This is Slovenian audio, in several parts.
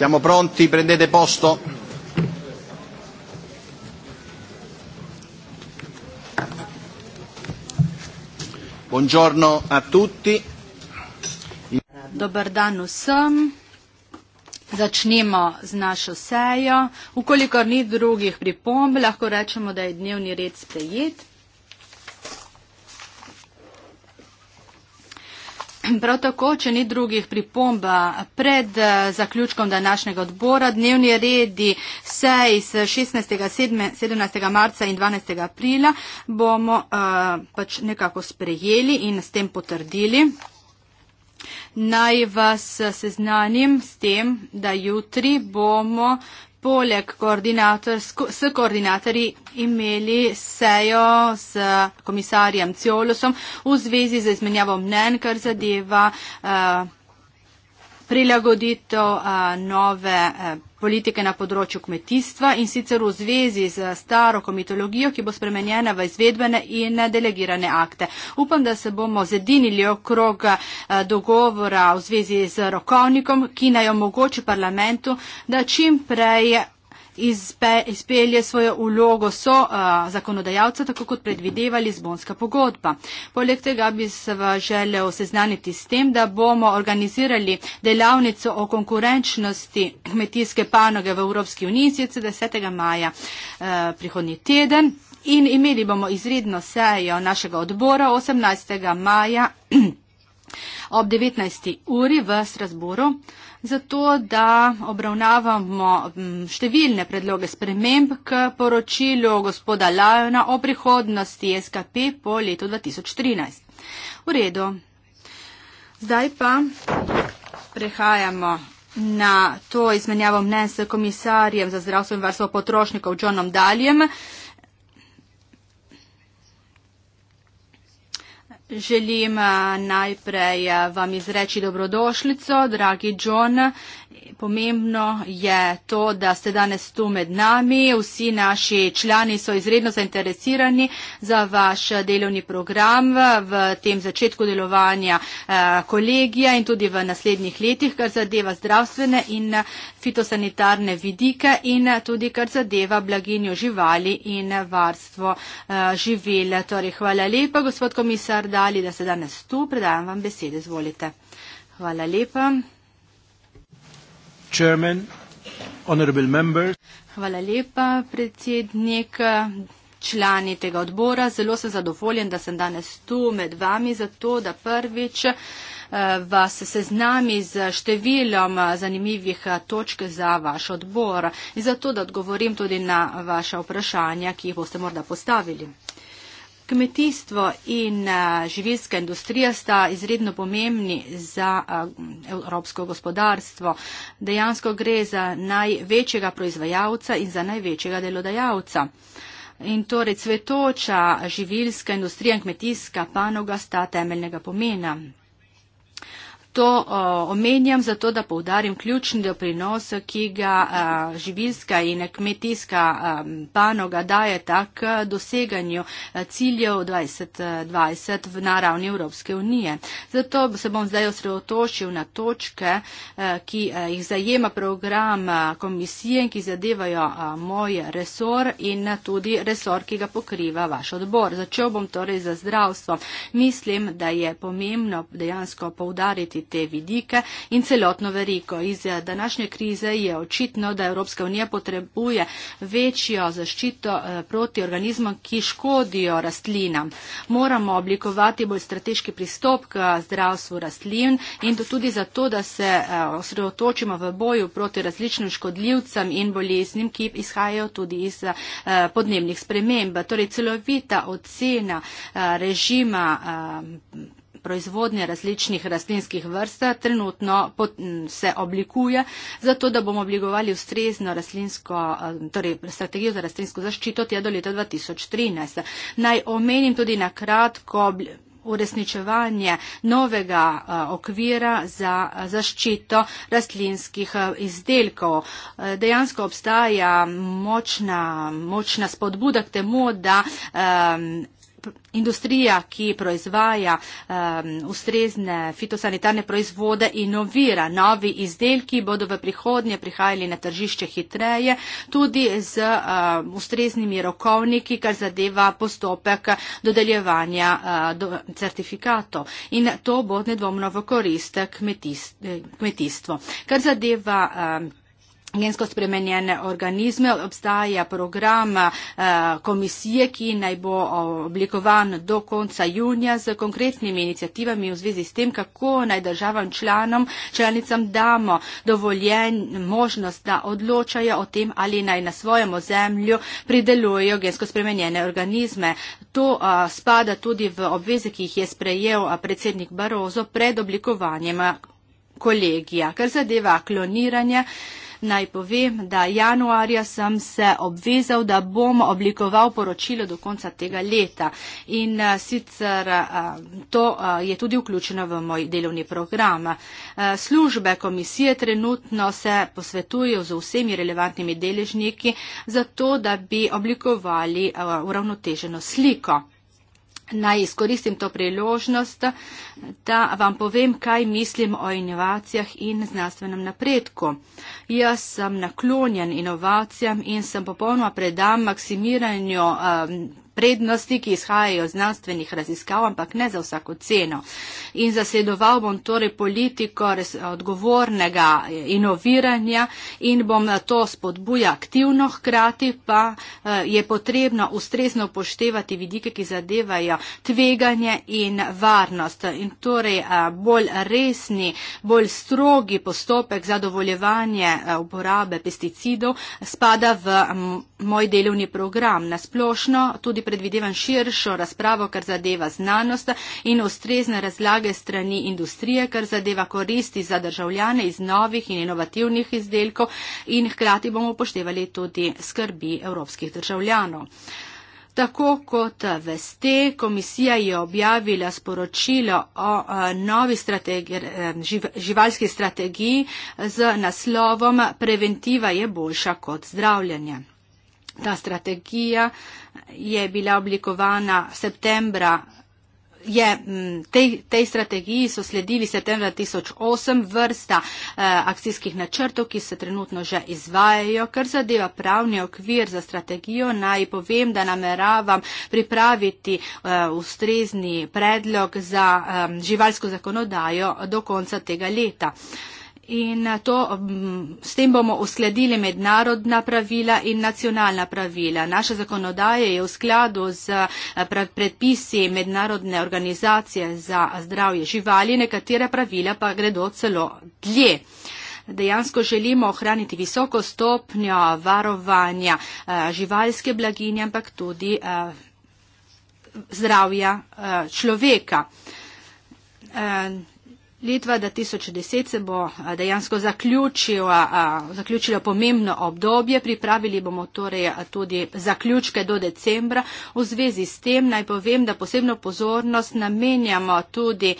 Siamo pronti, prendete posto. Buongiorno a tutti. Dobar dan vsem. Začnemo z našo sejo. Ukolikor ni drugih pripomb, lahko rečemo, da je dnevni red sprejet. Prav tako, če ni drugih pripomb, pred zaključkom današnjega odbora dnevni redi sej s 16. 17. marca in 12. aprila bomo uh, pač nekako sprejeli in s tem potrdili. Naj vas seznanim s tem, da jutri bomo poleg koordinator, s koordinatorji imeli sejo s komisarjem Ciolosom v zvezi z izmenjavo mnen, kar zadeva uh, prilagoditev uh, nove. Uh, politike na področju kmetijstva in sicer v zvezi z staro komitologijo, ki bo spremenjena v izvedbene in delegirane akte. Upam, da se bomo zedinili okrog eh, dogovora v zvezi z rokovnikom, ki naj omogoči parlamentu, da čim prej izpe, izpelje svojo ulogo so uh, zakonodajalca, tako kot predvidevali zbonska pogodba. Poleg tega bi se želel seznaniti s tem, da bomo organizirali delavnico o konkurenčnosti kmetijske panoge v Evropski uniji 10. maja uh, prihodnji teden. In imeli bomo izredno sejo našega odbora 18. maja ob 19. uri v Strasboru. Uh, zato da obravnavamo številne predloge sprememb k poročilu gospoda Lajona o prihodnosti SKP po letu 2013. V redu. Zdaj pa prehajamo na to izmenjavo mnen s komisarjem za zdravstvo in varstvo potrošnikov Johnom Daljem. Želim eh, najprej eh, vam izreči dobrodošljico, dragi John, pomembno je to, da ste danes tu med nami. Vsi naši člani so izredno zainteresirani za vaš delovni program v tem začetku delovanja eh, kolegija in tudi v naslednjih letih, kar zadeva zdravstvene in eh, fitosanitarne vidike in eh, tudi kar zadeva blaginjo živali in varstvo živele. Torej, hvala lepa, gospod komisar Dali, da ste danes tu. Predajam vam besede. Izvolite. Hvala lepa. Chairman, honorable members. Hvala lepa, predsednik, člani tega odbora. Zelo sem zadovoljen, da sem danes tu med vami, zato da prvič eh, vas seznami z številom eh, zanimivih eh, točk za vaš odbor in zato da odgovorim tudi na vaše vprašanja, ki jih boste morda postavili kmetijstvo in živilska industrija sta izredno pomembni za evropsko gospodarstvo. Dejansko gre za največjega proizvajalca in za največjega delodajalca. In torej cvetoča živilska industrija in kmetijska panoga sta temeljnega pomena. To uh, omenjam zato, da povdarim ključni doprinos, ki ga uh, živilska in kmetijska um, panoga daje tak doseganju uh, ciljev 2020 na ravni Evropske unije. Zato se bom zdaj osredotočil na točke, uh, ki uh, jih zajema program uh, komisije in ki zadevajo uh, moj resor in tudi resor, ki ga pokriva vaš odbor. Začel bom torej za zdravstvo. Mislim, da je pomembno dejansko povdariti povezati te vidike in celotno veriko. Iz eh, današnje krize je očitno, da Evropska unija potrebuje večjo zaščito eh, proti organizmom, ki škodijo rastlinam. Moramo oblikovati bolj strateški pristop k zdravstvu rastlin in to tudi zato, da se eh, osredotočimo v boju proti različnim škodljivcem in boleznim, ki izhajajo tudi iz podnebnih sprememb. Torej, celovita ocena režima proizvodnje različnih rastlinskih vrst trenutno pot, se oblikuje, zato da bomo oblikovali ustrezno rastlinsko, torej strategijo za rastlinsko zaščito tja do leta 2013. Naj omenim tudi na kratko uresničevanje novega okvira za zaščito rastlinskih izdelkov. Dejansko obstaja močna, močna spodbuda k temu, da um, industrija, ki proizvaja um, ustrezne fitosanitarne proizvode, inovira novi izdelki, bodo v prihodnje prihajali na tržišče hitreje, tudi z um, ustreznimi rokovniki, kar zadeva postopek dodeljevanja uh, do, certifikatov. In to bo nedvomno v korist eh, kmetist, eh, kmetijstvo. Kar zadeva um, gensko spremenjene organizme. Obstaja program eh, komisije, ki naj bo oblikovan do konca junija z konkretnimi inicijativami v zvezi s tem, kako naj državam članom, članicam damo dovoljen možnost, da odločajo o tem, ali naj na svojem ozemlju pridelujejo gensko spremenjene organizme. To eh, spada tudi v obveze, ki jih je sprejel eh, predsednik Barozo pred oblikovanjem kolegija. Kar zadeva kloniranje, Naj povem, da januarja sem se obvezal, da bom oblikoval poročilo do konca tega leta. In eh, sicer eh, to eh, je tudi vključeno v moj delovni program. Službe komisije trenutno se posvetujejo z vsemi relevantnimi deležniki, zato da bi oblikovali uravnoteženo sliko. Naj izkoristim to priložnost, da vam povem, kaj mislim o inovacijah in znanstvenem napredku. Jaz sem naklonjen inovacijam in sem popolnoma predan maksimiranju. Um, prednosti, ki izhajajo iz znanstvenih raziskav, ampak ne za vsako ceno. In zasedoval bom torej politiko odgovornega eh, inoviranja in bom to spodbuja aktivno, hkrati pa eh, je potrebno ustrezno upoštevati vidike, ki zadevajo tveganje in varnost. In torej eh, bolj resni, bolj strogi postopek za dovoljevanje uporabe pesticidov spada v moj delovni program. Nasplošno tudi predvidevam širšo razpravo, kar zadeva znanost in ustrezne razlage strani industrije, kar zadeva koristi za državljane iz novih in inovativnih izdelkov in hkrati bomo upoštevali tudi skrbi evropskih državljanov. Tako kot veste, komisija je objavila sporočilo o novi strategi, živalski strategiji z naslovom Preventiva je boljša kot zdravljanje. Ta strategija je bila oblikovana septembra. Je, mm, tej, tej strategiji so sledili septembra 2008 vrsta eh, akcijskih načrtov, ki se trenutno že izvajajo. Ker zadeva pravni okvir za strategijo, naj povem, da nameravam pripraviti eh, ustrezni predlog za eh, živalsko zakonodajo do konca tega leta. Eh, in eh, to, mm, s tem bomo uskladili mednarodna pravila in nacionalna pravila. Naša zakonodaja je v skladu z eh, predpisi mednarodne organizacije za zdravje živali, nekatera pravila pa gredo celo dlje. Dejansko želimo ohraniti visoko stopnjo varovanja eh, živalske blaginje, ampak tudi zdravja človeka. Litva 2010 se bo dejansko zaključila, zaključila pomembno obdobje. Pripravili bomo torej tudi zaključke do decembra. V zvezi s tem naj povem, da posebno pozornost namenjamo tudi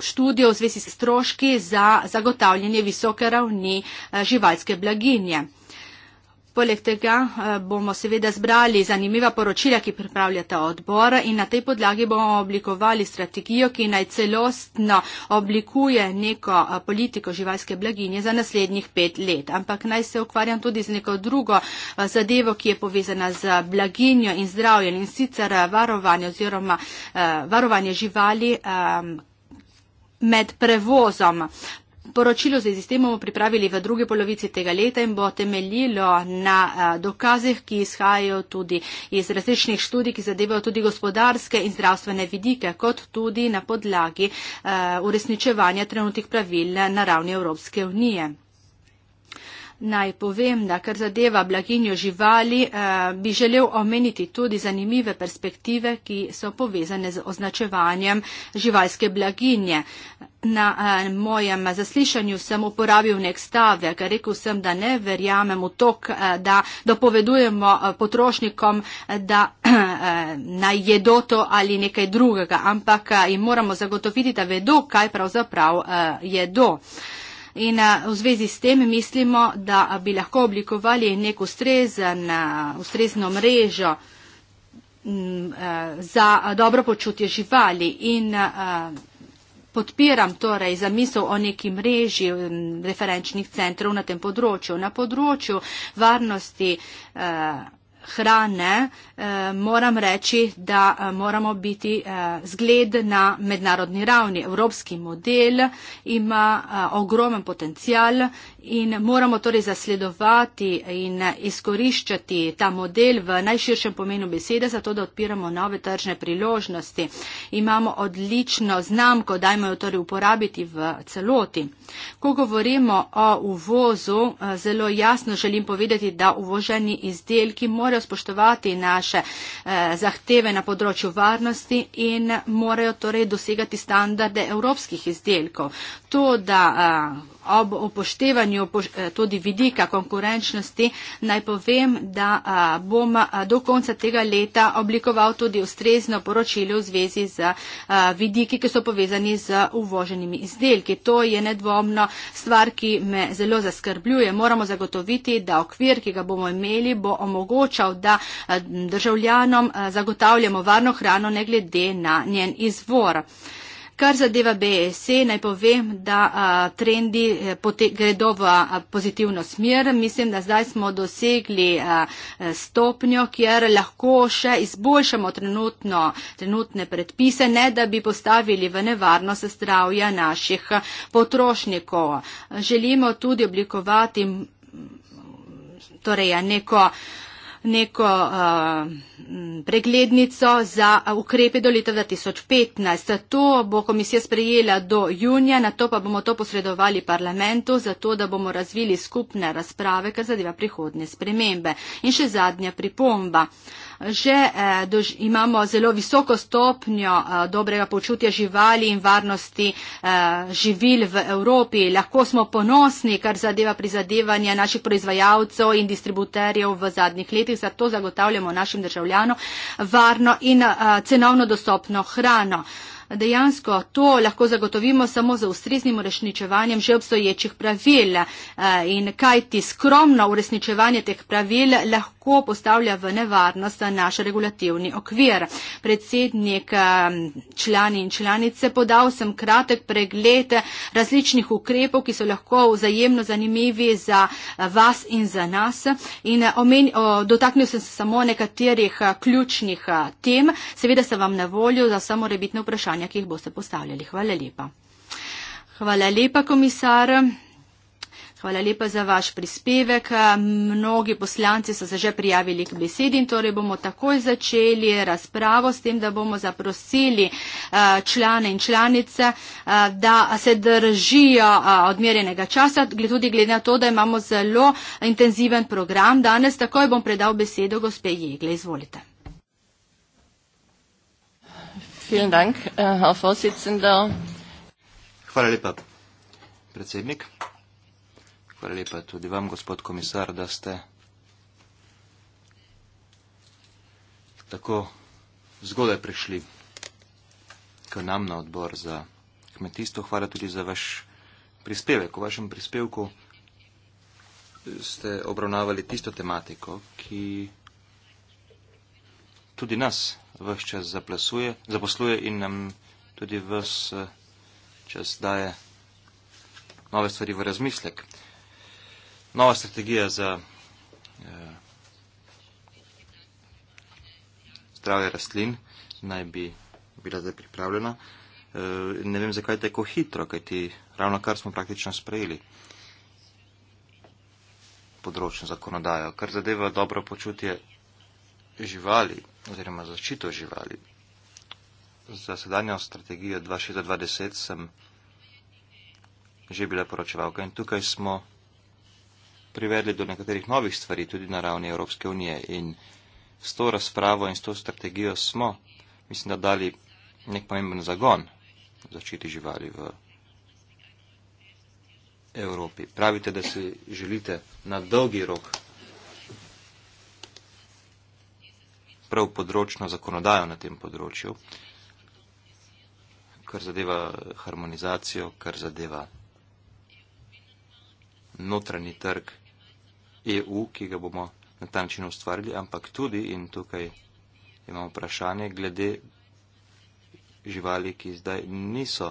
študijo v zvezi s stroški za zagotavljanje visoke ravni živalske blaginje. Poleg tega eh, bomo seveda zbrali zanimiva poročila, ki pripravljata odbor in na tej podlagi bomo oblikovali strategijo, ki naj celostno oblikuje neko eh, politiko živalske blaginje za naslednjih pet let. Ampak naj se ukvarjam tudi z neko drugo eh, zadevo, ki je povezana z blaginjo in zdravjem in sicer varovanje oziroma varovanje živali med prevozom. Poročilo z izistem bomo pripravili v drugi polovici tega leta in bo temeljilo na eh, dokazih, ki izhajajo tudi iz različnih študij, ki zadevajo tudi gospodarske in zdravstvene vidike, kot tudi na podlagi eh, uresničevanja trenutnih pravil na ravni Evropske unije. Naj povem, da kar zadeva blaginjo živali, eh, bi želel omeniti tudi zanimive perspektive, ki so povezane z označevanjem živalske blaginje. Na eh, mojem zaslišanju sem uporabil nek stavek, rekel sem, da ne verjamem v to, eh, da dopovedujemo potrošnikom, da naj jedo to ali nekaj drugega, ampak jim moramo zagotoviti, da vedo, kaj pravzaprav jedo. In eh, v zvezi s tem mislimo, da bi lahko oblikovali nek ustrezen, eh, ustrezno mrežo mm, eh, za dobro počutje živali in podpiram torej zamisel o neki mreži mm, referenčnih centrov na tem področju. Na področju varnosti hrane, eh, moram reči, da eh, moramo biti eh, zgled na mednarodni ravni. Evropski model ima ogromen potencial in moramo torej zasledovati in izkoriščati ta model v najširšem pomenu besede, zato da odpiramo nove tržne priložnosti. Imamo odlično znamko, dajmo jo torej uporabiti v celoti. Ko govorimo o uvozu, zelo jasno želim povedati, da uvoženi izdelki morajo morajo spoštovati naše eh, zahteve na področju varnosti in morajo torej dosegati standarde evropskih izdelkov. To, da eh, ob upoštevanju eh, tudi vidika konkurenčnosti naj povem, da eh, bom eh, do konca tega leta oblikoval tudi ustrezno poročilo v zvezi z vidiki, ki so povezani z uvoženimi izdelki. To je nedvomno stvar, ki me zelo zaskrbljuje. Moramo zagotoviti, da okvir, ki ga bomo imeli, bo omogočal, da državljanom zagotavljamo varno hrano ne glede na njen izvor. Kar zadeva BEC, naj povem, da a, trendi e, pote, gredo v a, pozitivno smer. Mislim, da zdaj smo dosegli a, e, stopnjo, kjer lahko še izboljšamo trenutno, trenutne predpise, ne da bi postavili v nevarnost zdravja naših potrošnikov. Želimo tudi oblikovati torej, neko. A, neko preglednico za ukrepe do leta 2015. To bo komisija sprejela do junija, na to pa bomo to posredovali parlamentu, zato da bomo razvili skupne razprave, kar zadeva prihodne spremembe. In še zadnja pripomba že eh, dož, imamo zelo visoko stopnjo uh, dobrega počutja živali in varnosti uh, živil v Evropi. Lahko smo ponosni, kar zadeva prizadevanje naših proizvajalcev in distributerjev v zadnjih letih, zato zagotavljamo našim državljanom varno in uh, cenovno dostopno hrano. Uh, dejansko to lahko zagotovimo samo z ustreznim urešničevanjem že obstoječih pravil eh, in kaj ti skromno urešničevanje teh pravil lahko postavlja v nevarnost naš regulativni okvir. Predsednik eh, člani in članice podal sem kratek pregled različnih ukrepov, ki so lahko vzajemno zanimivi za eh, vas in za nas in omen, o, dotaknil sem se samo nekaterih ključnih tem, seveda se vam na volju za samorebitne vprašanje vprašanja, ki jih boste postavljali. Hvala lepa. Hvala lepa, komisar. Hvala lepa za vaš prispevek. Mnogi poslanci so se že prijavili k besedi in torej bomo takoj začeli razpravo s tem, da bomo zaprosili eh, člane in članice, eh, da se držijo eh, odmerjenega časa, tudi glede na to, da imamo zelo intenziven program. Danes takoj bom predal besedo gospe Jegle. Izvolite. Vielen Dank, äh, Herr Vorsitzender. Hvala lepa, predsednik. Hvala lepa tudi vam, gospod komisar, da ste tako zgodaj prišli k nam na odbor za kmetijstvo. Hvala tudi za vaš prispevek. V vašem prispevku ste obravnavali tisto tematiko, ki tudi nas vse čas zaplesuje, zaposluje in nam tudi vse eh, čas daje nove stvari v razmislek. Nova strategija za eh, zdravje rastlin naj bi bila zdaj pripravljena. Eh, ne vem, zakaj tako hitro, kajti ravno kar smo praktično sprejeli področno zakonodajo. Kar zadeva dobro počutje živali oziroma zaščito živali. Za sedanjo strategijo 2620 sem že bila poročevalka in tukaj smo privedli do nekaterih novih stvari tudi na ravni Evropske unije in s to razpravo in s to strategijo smo, mislim, da dali nek pomemben zagon zaščiti živali v Evropi. Pravite, da si želite na dolgi rok prav področno zakonodajo na tem področju, kar zadeva harmonizacijo, kar zadeva notranji trg EU, ki ga bomo na ta način ustvarili, ampak tudi in tukaj imamo vprašanje glede živali, ki zdaj niso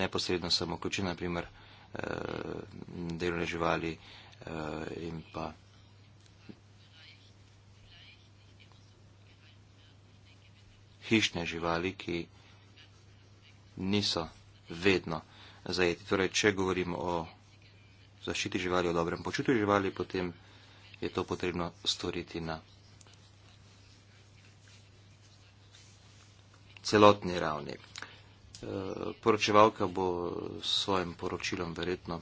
neposredno samo kočina, naprimer eh, delovne živali eh, in pa hišne živali, ki niso vedno zajeti. Torej, če govorimo o zaščiti živali, o dobrem počutju živali, potem je to potrebno storiti na celotni ravni. E, poročevalka bo s svojim poročilom verjetno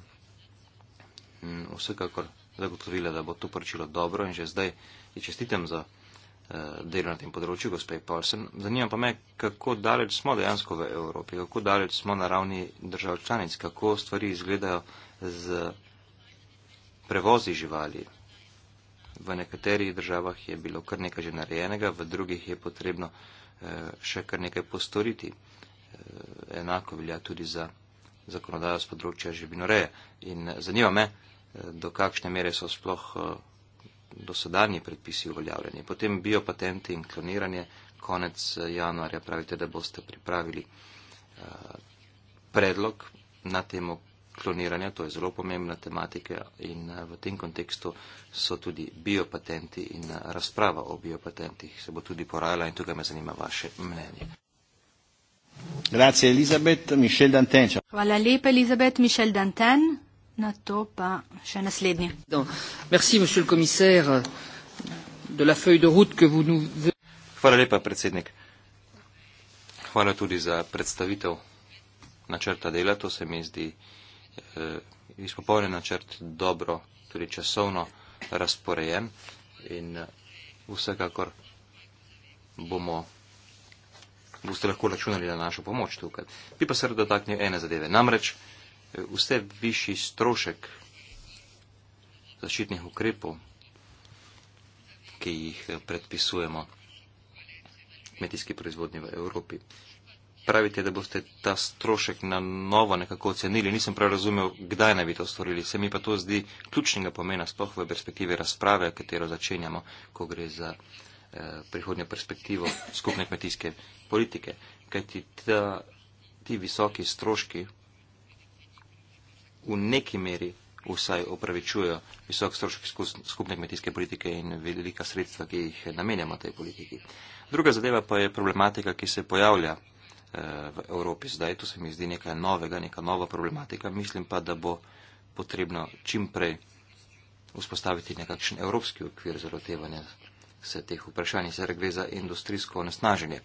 vsekakor zagotovila, da bo to poročilo dobro in že zdaj je čestitem za. Eh, delo na tem področju, gospe Paulsen. Zanima pa me, kako daleč smo dejansko v Evropi, kako daleč smo na ravni držav članic, kako stvari izgledajo z prevozi živali. V nekaterih državah je bilo kar nekaj že narejenega, v drugih je potrebno eh, še kar nekaj postoriti. Eh, enako velja tudi za zakonodajo z področja živinoreje. In zanima me, do kakšne mere so sploh dosedanji predpisi uveljavljeni. Potem biopatente in kloniranje, konec eh, januarja pravite, da boste pripravili eh, predlog na temo kloniranja, to je zelo pomembna tematika in eh, v tem kontekstu so tudi biopatenti in razprava o biopatentih se bo tudi porajala in tukaj me zanima vaše mnenje. Grazie Elizabeth, Michel Danten. Hvala lepa Elizabeth, Michel Danten. Na to pa še naslednji. Merci, monsieur le commissaire, de la feuille de route que vous nous... Hvala lepa, predsednik. Hvala tudi za predstavitev načrta dela. To se mi zdi eh, izpopolnjen načrt, dobro, tudi časovno razporejen. In eh, vsekakor bomo, boste lahko računali na našo pomoč tukaj. Bi pa se rad dotaknil ene zadeve. Namreč, vse višji strošek zaščitnih ukrepov, ki jih predpisujemo kmetijski proizvodnji v Evropi. Pravite, da boste ta strošek na novo nekako ocenili. Nisem prav razumel, kdaj naj bi to storili. Se mi pa to zdi ključnega pomena, sploh v perspektivi razprave, katero začenjamo, ko gre za eh, prihodnjo perspektivo skupne kmetijske politike. Kajti ta, ti visoki stroški, v neki meri vsaj opravičujejo visok strošek skupne kmetijske politike in velika sredstva, ki jih namenjamo tej politiki. Druga zadeva pa je problematika, ki se pojavlja eh, v Evropi zdaj. To se mi zdi nekaj novega, neka nova problematika. Mislim pa, da bo potrebno čimprej vzpostaviti nekakšen evropski okvir za lotevanje se teh vprašanj, se gre za industrijsko onesnaženje.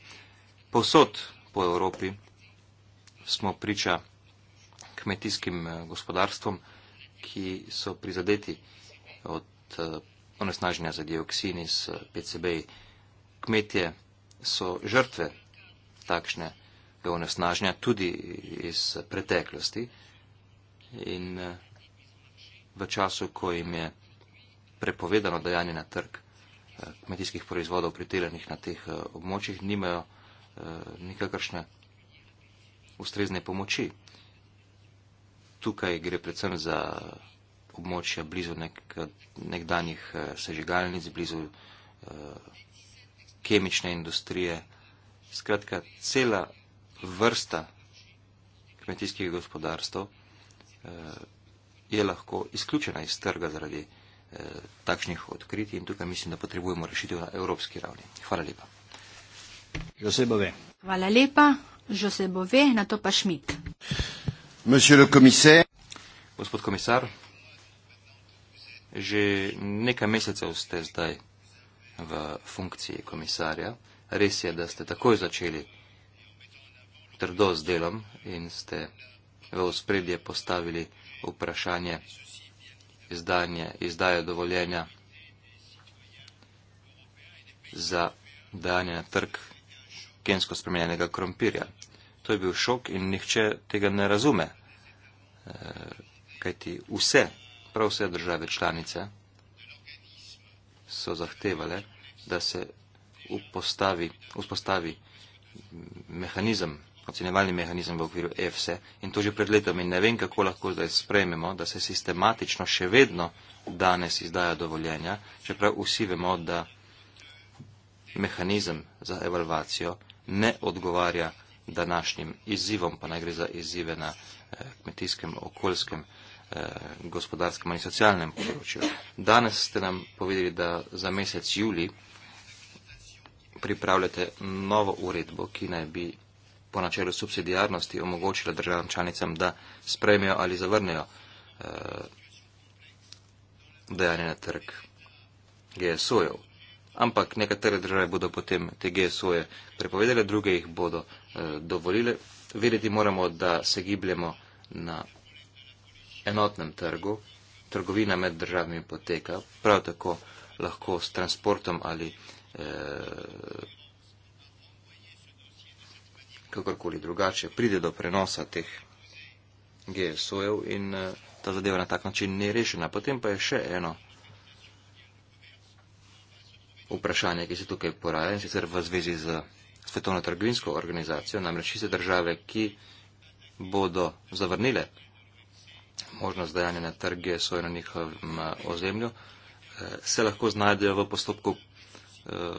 Posod po Evropi smo priča kmetijskim eh, gospodarstvom, ki so prizadeti od eh, onesnaženja za dioksin iz eh, PCB. Kmetje so žrtve takšne onesnaženja tudi iz preteklosti in v času, ko jim je prepovedano dajanje na trg kmetijskih proizvodov pritiranih na teh območjih, nimajo nikakršne ustrezne pomoči tukaj gre predvsem za območja blizu nek, nekdanjih eh, sežigalnic, blizu eh, kemične industrije. Skratka, cela vrsta kmetijskih gospodarstv eh, je lahko izključena iz trga zaradi eh, takšnih odkritij in tukaj mislim, da potrebujemo rešitev na evropski ravni. Hvala lepa. Hvala lepa. Že se bo ve, na to pa šmit. Monsieur le commissaire. Gospod komisar, že nekaj mesecev ste zdaj v funkciji komisarja. Res je, da ste takoj začeli trdo z delom in ste v ospredje postavili vprašanje izdanje, izdaje dovoljenja za dajanje na trg gensko spremenjenega krompirja. To je bil šok in nihče tega ne razume. E, kajti vse, prav vse države članice so zahtevale, da se upostavi, uspostavi mehanizem, ocenevalni mehanizem v okviru EFSE in to že pred letom in ne vem, kako lahko zdaj sprejmemo, da se sistematično še vedno danes izdaja dovoljenja, čeprav vsi vemo, da mehanizem za evalvacijo ne odgovarja današnjim izzivom, pa naj gre za izzive na eh, kmetijskem, okoljskem, eh, gospodarskem ali socialnem področju. Danes ste nam povedali, da za mesec juli pripravljate novo uredbo, ki naj bi po načelu subsidijarnosti omogočila državam članicam, da sprejmejo ali zavrnejo eh, dejanje na trg GSO-jev. Ampak nekatere države bodo potem te GSO-je prepovedale, druge jih bodo eh, dovolile. Vedeti moramo, da se gibljemo na enotnem trgu, trgovina med državami poteka, prav tako lahko s transportom ali eh, kakorkoli drugače pride do prenosa teh GSO-jev in eh, ta zadeva na tak način ni rešena. Potem pa je še eno vprašanje, ki se tukaj poraja in sicer v zvezi z Svetovno trgovinsko organizacijo, namreč vse države, ki bodo zavrnile možnost dajanja na trge svoje na njihovem eh, ozemlju, eh, se lahko znajdejo v postopku eh,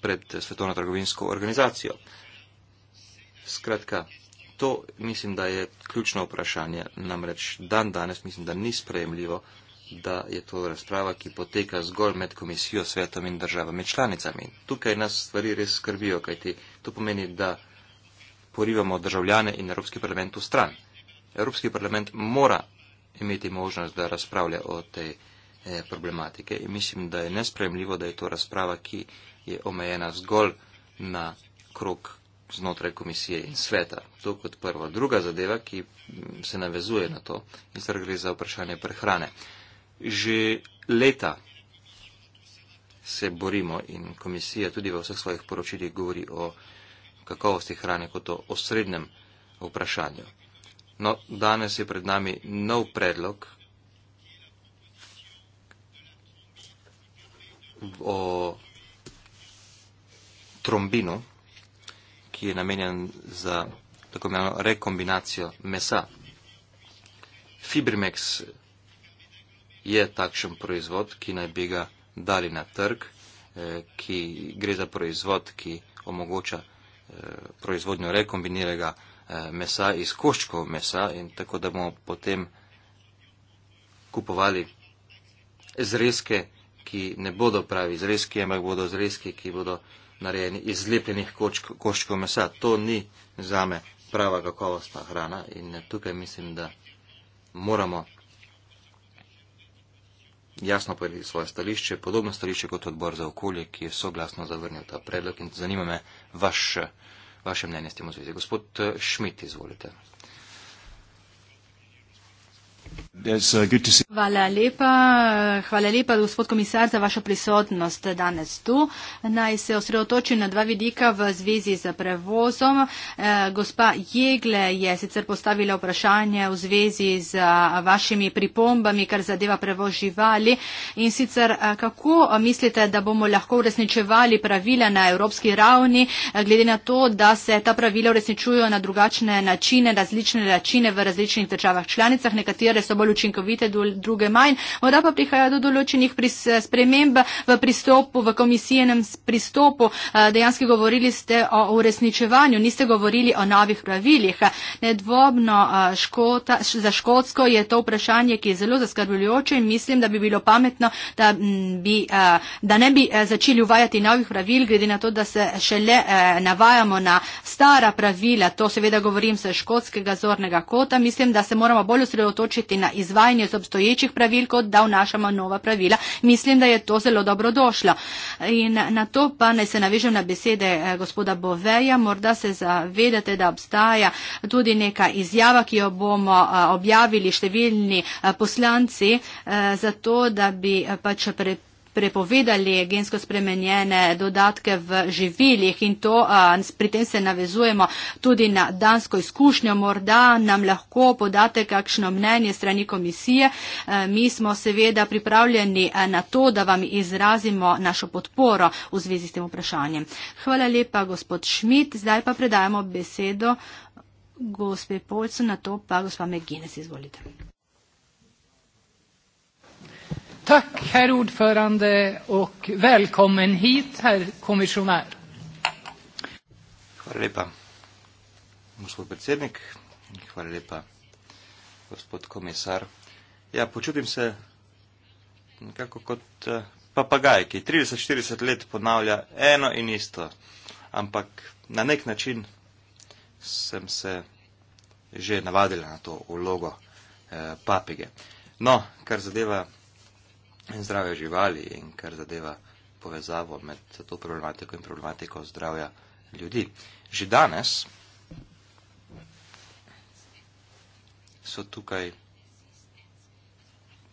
pred Svetovno trgovinsko organizacijo. Skratka, to mislim, da je ključno vprašanje, namreč dan danes mislim, da ni sprejemljivo, da je to razprava, ki poteka zgolj med komisijo, svetom in državami članicami. Tukaj nas stvari res skrbijo, kajti to pomeni, da porivamo državljane in Evropski parlament v stran. Evropski parlament mora imeti možnost, da razpravlja o tej eh, problematike in mislim, da je nespremljivo, da je to razprava, ki je omejena zgolj na krok znotraj komisije in sveta. To kot prvo. Druga zadeva, ki mm, se navezuje na to, in sicer gre za vprašanje prehrane. Eh, že leta se borimo in komisija tudi v vseh svojih poročilih govori o kakovosti hrane kot o osrednjem vprašanju. No, danes je pred nami nov predlog o trombinu, ki je namenjen za tako imenovano rekombinacijo mesa. Fibrimex je takšen proizvod, ki naj bi ga dali na trg, eh, ki gre za proizvod, ki omogoča eh, proizvodnjo rekombiniranega eh, mesa iz koščkov mesa in tako da bomo potem kupovali zrezke, ki ne bodo pravi zrezki, ampak bodo zrezki, ki bodo narejeni iz lepljenih koščkov mesa. To ni zame prava kakovostna hrana in tukaj mislim, da moramo jasno povedali svoje stališče, podobno stališče kot odbor za okolje, ki je soglasno zavrnil ta predlog in zanima me vaš, vaše mnenje s tem v zvezi. Gospod Šmit, eh, izvolite. Uh, hvala lepa. Eh, hvala lepa, gospod komisar, za vašo prisotnost danes tu. Naj se osredotočim na dva vidika v zvezi z prevozom. Eh, gospa Jegle je sicer postavila vprašanje v zvezi z eh, vašimi pripombami, kar zadeva prevoz živali. In sicer, kako mislite, da bomo lahko uresničevali pravila na evropski ravni, glede na to, da se ta pravila uresničujo na drugačne načine, različne načine v različnih državah članicah? so bolj učinkovite, druge manj. Morda pa prihaja do določenih pris, sprememb v pristopu, v komisijenem pristopu. Dejansko govorili ste o uresničevanju, niste govorili o novih pravilih. Nedvobno škota, za Škotsko je to vprašanje, ki je zelo zaskrbljujoče in mislim, da bi bilo pametno, da, bi, da ne bi začeli uvajati novih pravil, glede na to, da se šele navajamo na stara pravila. To seveda govorim se škotskega zornega kota. Mislim, da se moramo bolj osredotočiti na izvajanje z obstoječih pravil, kot da vnašamo nova pravila. Mislim, da je to zelo dobro došlo. In na to pa ne se navežem na besede eh, gospoda Boveja. Morda se zavedate, da obstaja tudi neka izjava, ki jo bomo eh, objavili številni eh, poslanci, zato da bi pač preprečili prepovedali gensko spremenjene dodatke v živilih in to pri tem se navezujemo tudi na dansko izkušnjo. Morda nam lahko podate kakšno mnenje strani komisije. Mi smo seveda pripravljeni na to, da vam izrazimo našo podporo v zvezi s tem vprašanjem. Hvala lepa, gospod Šmit. Zdaj pa predajamo besedo gospe Polcu, na to pa gospa Megines, izvolite. Tack, herr ordförande, och välkommen hit, herr kommissionär. Hvala lepa, gospod predsednik. Hvala lepa, gospod komisar. Ja, počutim se nekako kot eh, papagaj, ki 30-40 let ponavlja eno in isto. Ampak na nek način sem se že navadila na to vlogo eh, papige. No, kar zadeva in zdrave živali in kar zadeva povezavo med to problematiko in problematiko zdravja ljudi. Že danes so tukaj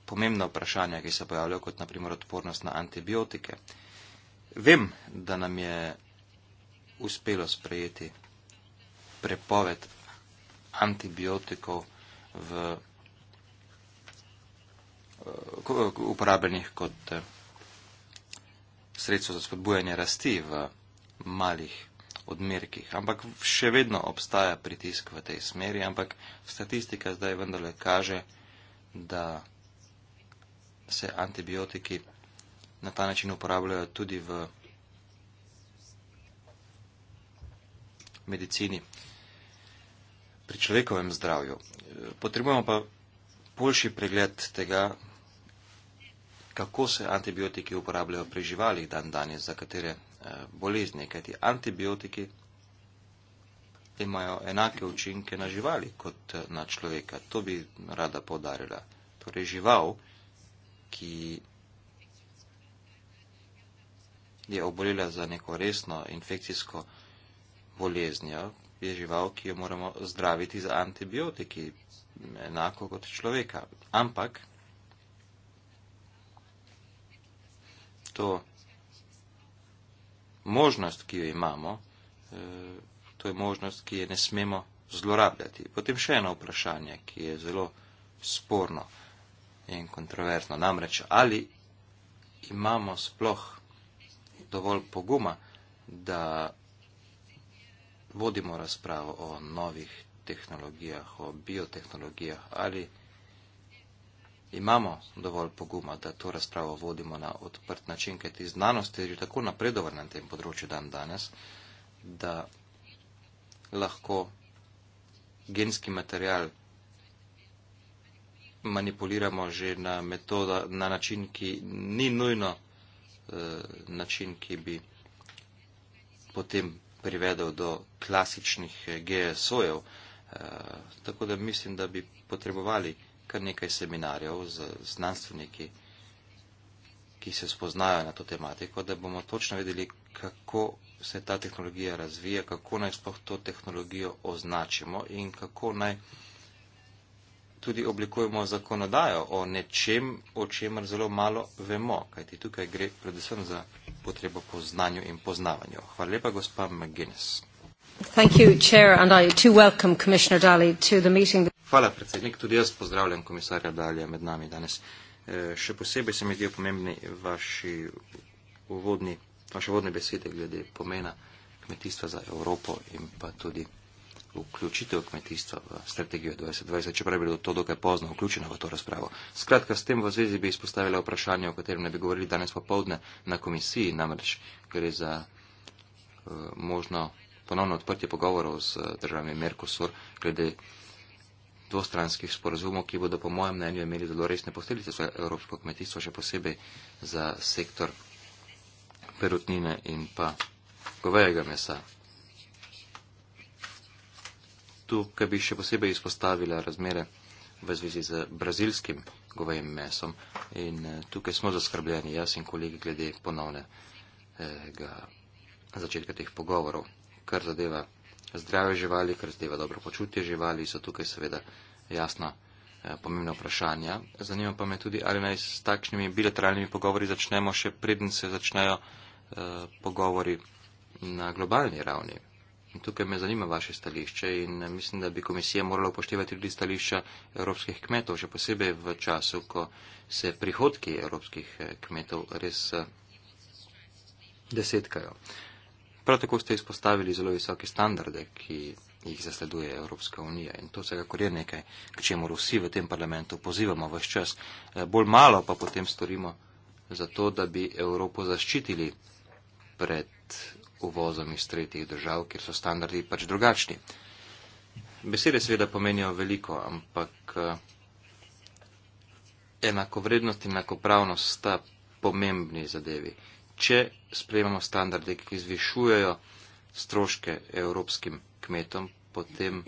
pomembna vprašanja, ki se pojavljajo, kot naprimer odpornost na antibiotike. Vem, da nam je uspelo sprejeti prepoved antibiotikov v Eh, uporabljenih kot eh, sredstvo za spodbujanje rasti v malih odmerkih. Ampak še vedno obstaja pritisk v tej smeri, ampak statistika zdaj vendarle kaže, da se antibiotiki na ta način uporabljajo tudi v medicini pri človekovem zdravju. Eh, potrebujemo pa boljši pregled tega, kako se antibiotiki uporabljajo pri živalih dan danes, za katere eh, bolezni, kajti antibiotiki imajo enake učinke na živali kot eh, na človeka. To bi rada povdarila. Torej, žival, ki je obolela za neko resno infekcijsko boleznjo, je žival, ki jo moramo zdraviti z antibiotiki, enako kot človeka. Ampak, to možnost, ki jo imamo, eh, to je možnost, ki je ne smemo zlorabljati. Potem še eno vprašanje, ki je zelo sporno in kontroverzno, namreč ali imamo sploh dovolj poguma, da vodimo razpravo o novih tehnologijah, o biotehnologijah ali imamo dovolj poguma, da to razpravo vodimo na odprt način, kajti znanost je že tako napredovan na tem področju dan danes, da lahko genski material manipuliramo že na, metoda, na način, ki ni nujno eh, način, ki bi potem privedel do klasičnih eh, GSO-jev. Eh, tako da mislim, da bi potrebovali eh, kar nekaj seminarjev z znanstveniki, ki se spoznajo na to tematiko, da bomo točno vedeli, kako se ta tehnologija razvija, kako naj sploh to tehnologijo označimo in kako naj tudi oblikujemo zakonodajo o nečem, o čemer zelo malo vemo, kajti tukaj gre predvsem za potrebo po znanju in poznavanju. Hvala lepa, gospa McGuinness. Thank you, Chair, and I too welcome Commissioner Daly to the meeting. Hvala, predsednik. Tudi jaz pozdravljam komisarja Dalja med nami danes. E, še posebej se mi zdijo pomembni vaši uvodni, vaše uvodne besede glede pomena kmetijstva za Evropo in pa tudi vključitev kmetijstva v strategijo 2020, čeprav je bilo to dokaj pozno vključeno v to razpravo. Skratka, s tem v zvezi bi izpostavila vprašanje, o katerem ne bi govorili danes popovdne na komisiji, namreč gre za e, možno ponovno odprtje pogovorov z e, državami Merkosur glede dvostranskih sporozumov, ki bodo po mojem mnenju imeli zelo resne posledice za evropsko kmetijstvo, še posebej za sektor perutnine in pa govejega mesa. Tukaj bi še posebej izpostavila razmere v zvezi z brazilskim govejim mesom in eh, tukaj smo zaskrbljeni, jaz in kolegi, glede ponovnega eh, začetka teh pogovorov, kar zadeva zdrave živali, ker zdeva dobro počutje živali, so tukaj seveda jasna eh, pomembna vprašanja. Zanima pa me tudi, ali naj s takšnimi bilateralnimi pogovori začnemo še preden se začnejo eh, pogovori na globalni ravni. In tukaj me zanima vaše stališče in eh, mislim, da bi komisija morala upoštevati tudi stališča evropskih kmetov, še posebej v času, ko se prihodki evropskih eh, kmetov res desetkajo. Eh, Prav tako ste izpostavili zelo visoke standarde, ki jih zasleduje Evropska unija in to vsekakor je nekaj, k čemu vsi v tem parlamentu pozivamo vse čas. Eh, bolj malo pa potem storimo za to, da bi Evropo zaščitili pred uvozom iz tretjih držav, kjer so standardi pač drugačni. Besede seveda pomenijo veliko, ampak eh, enakovrednost in enakopravnost sta pomembni zadevi če sprejemamo standarde, ki zvišujejo stroške evropskim kmetom, potem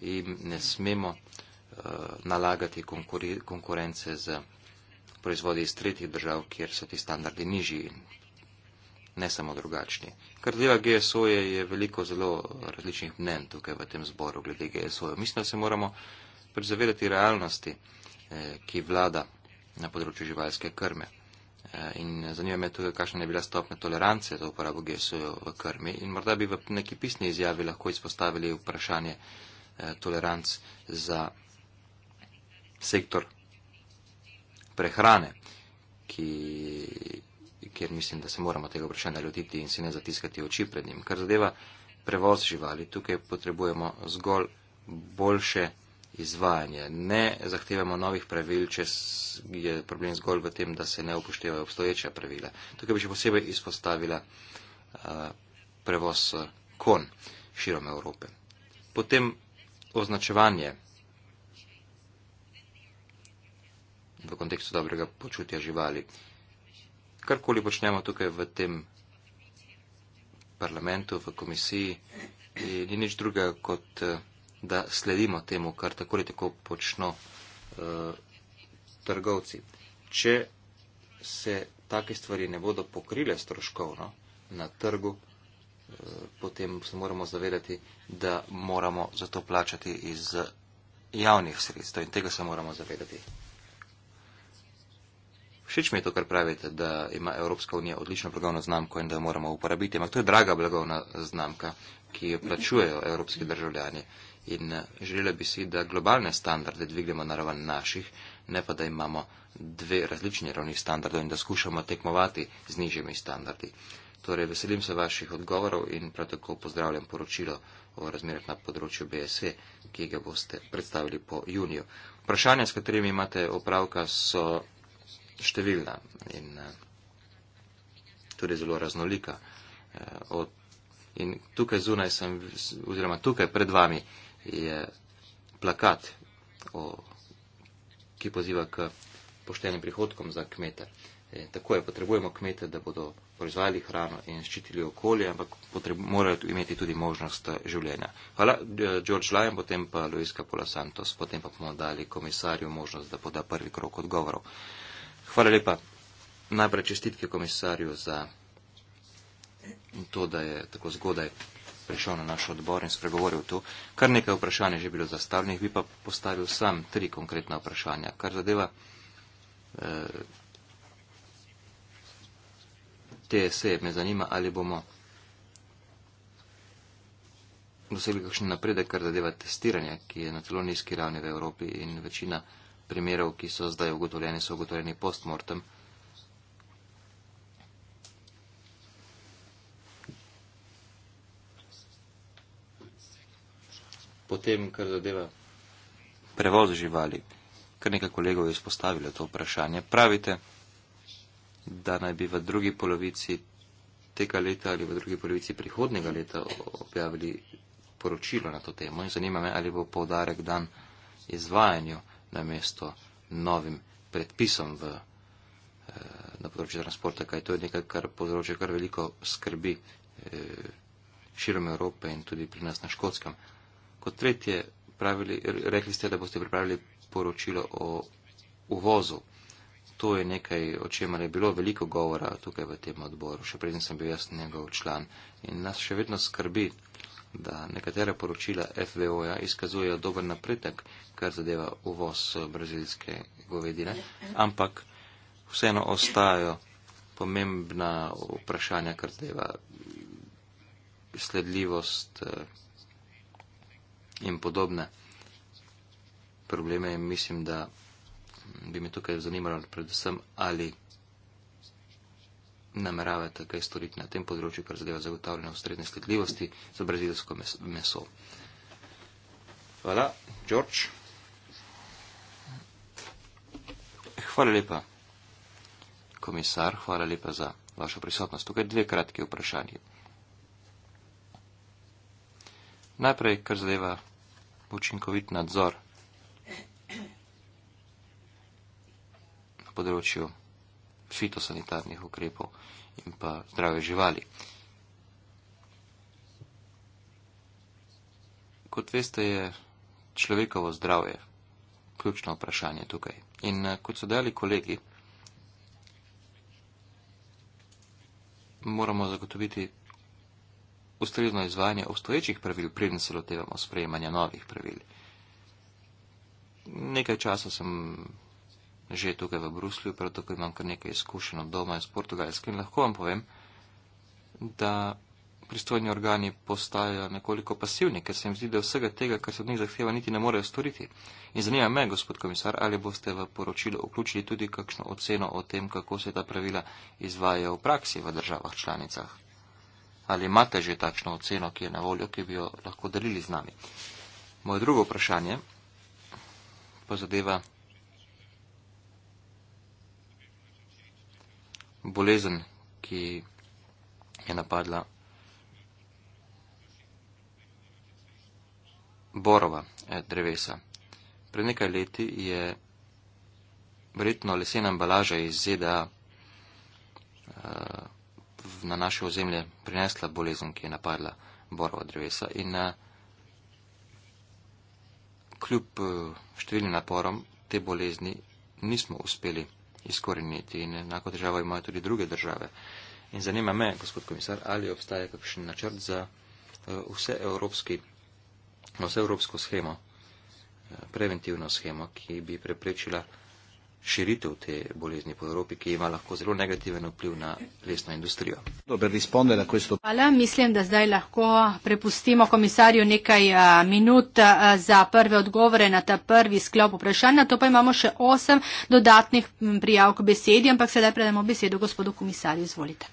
jim ne smemo uh, nalagati konkuri, konkurence z proizvodi iz tretjih držav, kjer so ti standardi nižji in ne samo drugačni. Kar zadeva GSO je, je veliko zelo različnih mnen tukaj v tem zboru glede GSO. -ja. Mislim, da se moramo prezavedati realnosti, eh, ki vlada na področju živalske krme. Eh, in zanima me tudi, kakšna je bila stopnja tolerance za uporabo GSO v krmi. In morda bi v neki pisni izjavi lahko izpostavili vprašanje eh, toleranc za sektor prehrane, ki, kjer mislim, da se moramo tega vprašanja lotiti in si ne zatiskati oči pred njim. Kar zadeva prevoz živali, tukaj potrebujemo zgolj boljše izvajanje. Ne zahtevamo novih pravil, če je problem zgolj v tem, da se ne upoštevajo obstoječa pravila. Tukaj bi še posebej izpostavila eh, prevoz eh, kon širom Evrope. Potem označevanje v kontekstu dobrega počutja živali. Karkoli počnemo tukaj v tem parlamentu, v komisiji, eh, ni nič drugega kot da sledimo temu, kar tako ali tako počno uh, trgovci. Če se take stvari ne bodo pokrile stroškovno na trgu, uh, potem se moramo zavedati, da moramo za to plačati iz javnih sredstev in tega se moramo zavedati. Všeč mi je to, kar pravite, da ima Evropska unija odlično blagovno znamko in da jo moramo uporabiti, ampak to je draga blagovna znamka, ki jo plačujejo evropski državljani. Uh, in eh, želela bi si, da globalne standarde dvignemo na raven naših, ne pa da imamo dve različni ravni standardov in da skušamo tekmovati z nižjimi standardi. Torej, veselim se vaših odgovorov in prav tako pozdravljam poročilo o razmerah na področju BSE, ki ga boste predstavili po juniju. Vprašanja, s katerimi imate opravka, so številna in eh, tudi zelo raznolika. Eh, in tukaj zunaj sem, oziroma tukaj pred vami je plakat, o, ki poziva k poštenim prihodkom za kmete. E, tako je, potrebujemo kmete, da bodo proizvajali hrano in ščitili okolje, ampak morajo imeti tudi možnost e, življenja. Hvala, e, George Lyon, potem pa Luiska Pola Santos, potem pa bomo dali komisarju možnost, da poda prvi krok odgovorov. Hvala lepa. Najprej čestitke komisarju za to, da je tako zgodaj prišel na naš odbor in spregovoril tu. Kar nekaj vprašanj je že bilo zastavljenih, bi pa postavil sam tri konkretna vprašanja. Kar zadeva eh, te seje, me zanima, ali bomo dosegli kakšen napredek, kar zadeva testiranje, ki je na celo nizki ravni v Evropi in večina primerov, ki so zdaj ugotovljeni, so ugotovljeni postmortem. Eh, potem, kar zadeva. Prevoz živali. Kar nekaj kolegov je izpostavilo to vprašanje. Pravite, da naj bi v drugi polovici tega leta ali v drugi polovici prihodnega leta objavili poročilo na to temo in zanima me, ali bo povdarek dan izvajanju na mesto novim predpisom v, eh, na področju transporta, kaj to je nekaj, kar povzroča kar veliko skrbi eh, širom Evrope in tudi pri nas na škotskem. Kot tretje, pravili, rekli ste, da boste pripravili poročilo o uvozu. To je nekaj, o čemer je bilo veliko govora tukaj v tem odboru, še preden sem bil jaz njegov član. In nas še vedno skrbi, da nekatera poročila FVO-ja izkazujejo dober napredek, kar zadeva uvoz brazilske govedine, ampak vseeno ostajajo pomembna vprašanja, kar zadeva sledljivost eh, in podobne probleme. In mislim, da bi me tukaj zanimalo predvsem, ali nameravate kaj storiti na tem področju, kar zadeva zagotavljanje ustrezne sledljivosti za brazilsko meso. Hvala, George. Hvala lepa, komisar, hvala lepa za vašo prisotnost. Tukaj dve kratki vprašanje. Najprej, kar zadeva učinkovit nadzor na področju fitosanitarnih ukrepov in pa zdrave živali. Kot veste, je človekovo zdravje ključno vprašanje tukaj. In eh, kot so dali kolegi, moramo zagotoviti ustrezno izvajanje obstoječih pravil, preden se lotevamo sprejemanja novih pravil. Nekaj časa sem že tukaj v Bruslju, prav tako imam kar nekaj izkušenj od doma iz Portugalske in lahko vam povem, da pristojni organi postajajo nekoliko pasivni, ker se jim zdi, da vsega tega, kar se od njih zahteva, niti ne morejo storiti. In zanima me, gospod komisar, ali boste v poročilo vključili tudi kakšno oceno o tem, kako se ta pravila izvajajo v praksi v državah članicah ali imate že takšno oceno, ki je na voljo, ki bi jo lahko delili z nami. Moje drugo vprašanje pa zadeva bolezen, ki je napadla borova eh, drevesa. Pred nekaj leti je verjetno lesena embalaža iz ZDA. Uh, eh, na naše ozemlje prinesla bolezen, ki je napadla borova drevesa in na, eh, kljub eh, številnim naporom te bolezni nismo uspeli izkoreniti in enako državo imajo tudi druge države. In zanima me, gospod komisar, ali obstaja kakšen načrt za eh, vse, evropski, vse evropsko schemo, preventivno schemo, ki bi preprečila širitev te bolezni po Evropi, ki ima lahko zelo negativen vpliv na lesno industrijo. Dobro, na questo... Hvala, mislim, da zdaj lahko prepustimo komisarju nekaj minut za prve odgovore na ta prvi sklop vprašanja. To pa imamo še osem dodatnih prijav k besedi, ampak sedaj predamo besedo gospodu komisarju. Izvolite.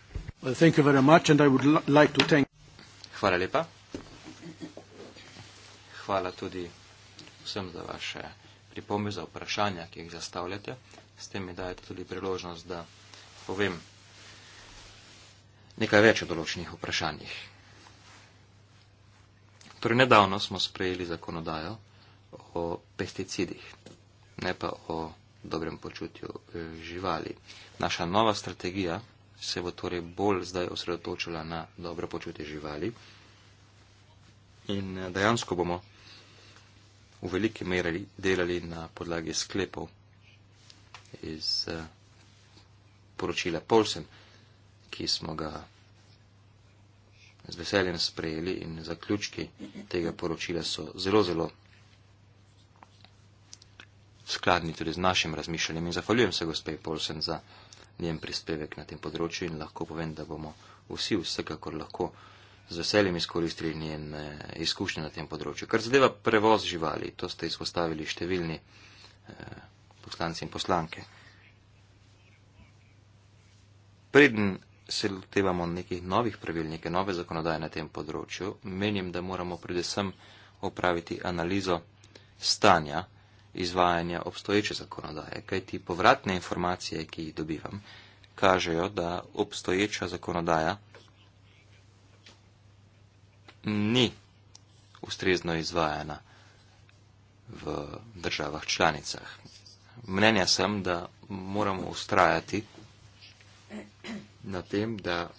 Hvala lepa. Hvala tudi vsem za vaše pripombe, za vprašanja, ki jih zastavljate. S tem mi dajete tudi priložnost, da povem nekaj več o določenih vprašanjih. Torej, nedavno smo sprejeli zakonodajo o pesticidih, ne pa o dobrem počutju eh, živali. Naša nova strategija se bo torej bolj zdaj osredotočila na dobro počutje živali in eh, dejansko bomo v veliki meri delali na podlagi sklepov iz eh, poročila Polsen, ki smo ga z veseljem sprejeli in zaključki tega poročila so zelo, zelo skladni tudi z našim razmišljanjem in zahvaljujem se gospe Polsen za njen prispevek na tem področju in lahko povem, da bomo vsi vsekakor lahko z veseljem izkoristili njene izkušnje na tem področju. Kar zadeva prevoz živali, to ste izpostavili številni eh, poslanci in poslanke. Preden se lotevamo nekih novih pravilnike, nove zakonodaje na tem področju, menim, da moramo predvsem opraviti analizo stanja izvajanja obstoječe zakonodaje, kajti povratne informacije, ki jih dobivam, kažejo, da obstoječa zakonodaja ni ustrezno izvajana v državah članicah. Mnenja sem, da moramo ustrajati na tem, da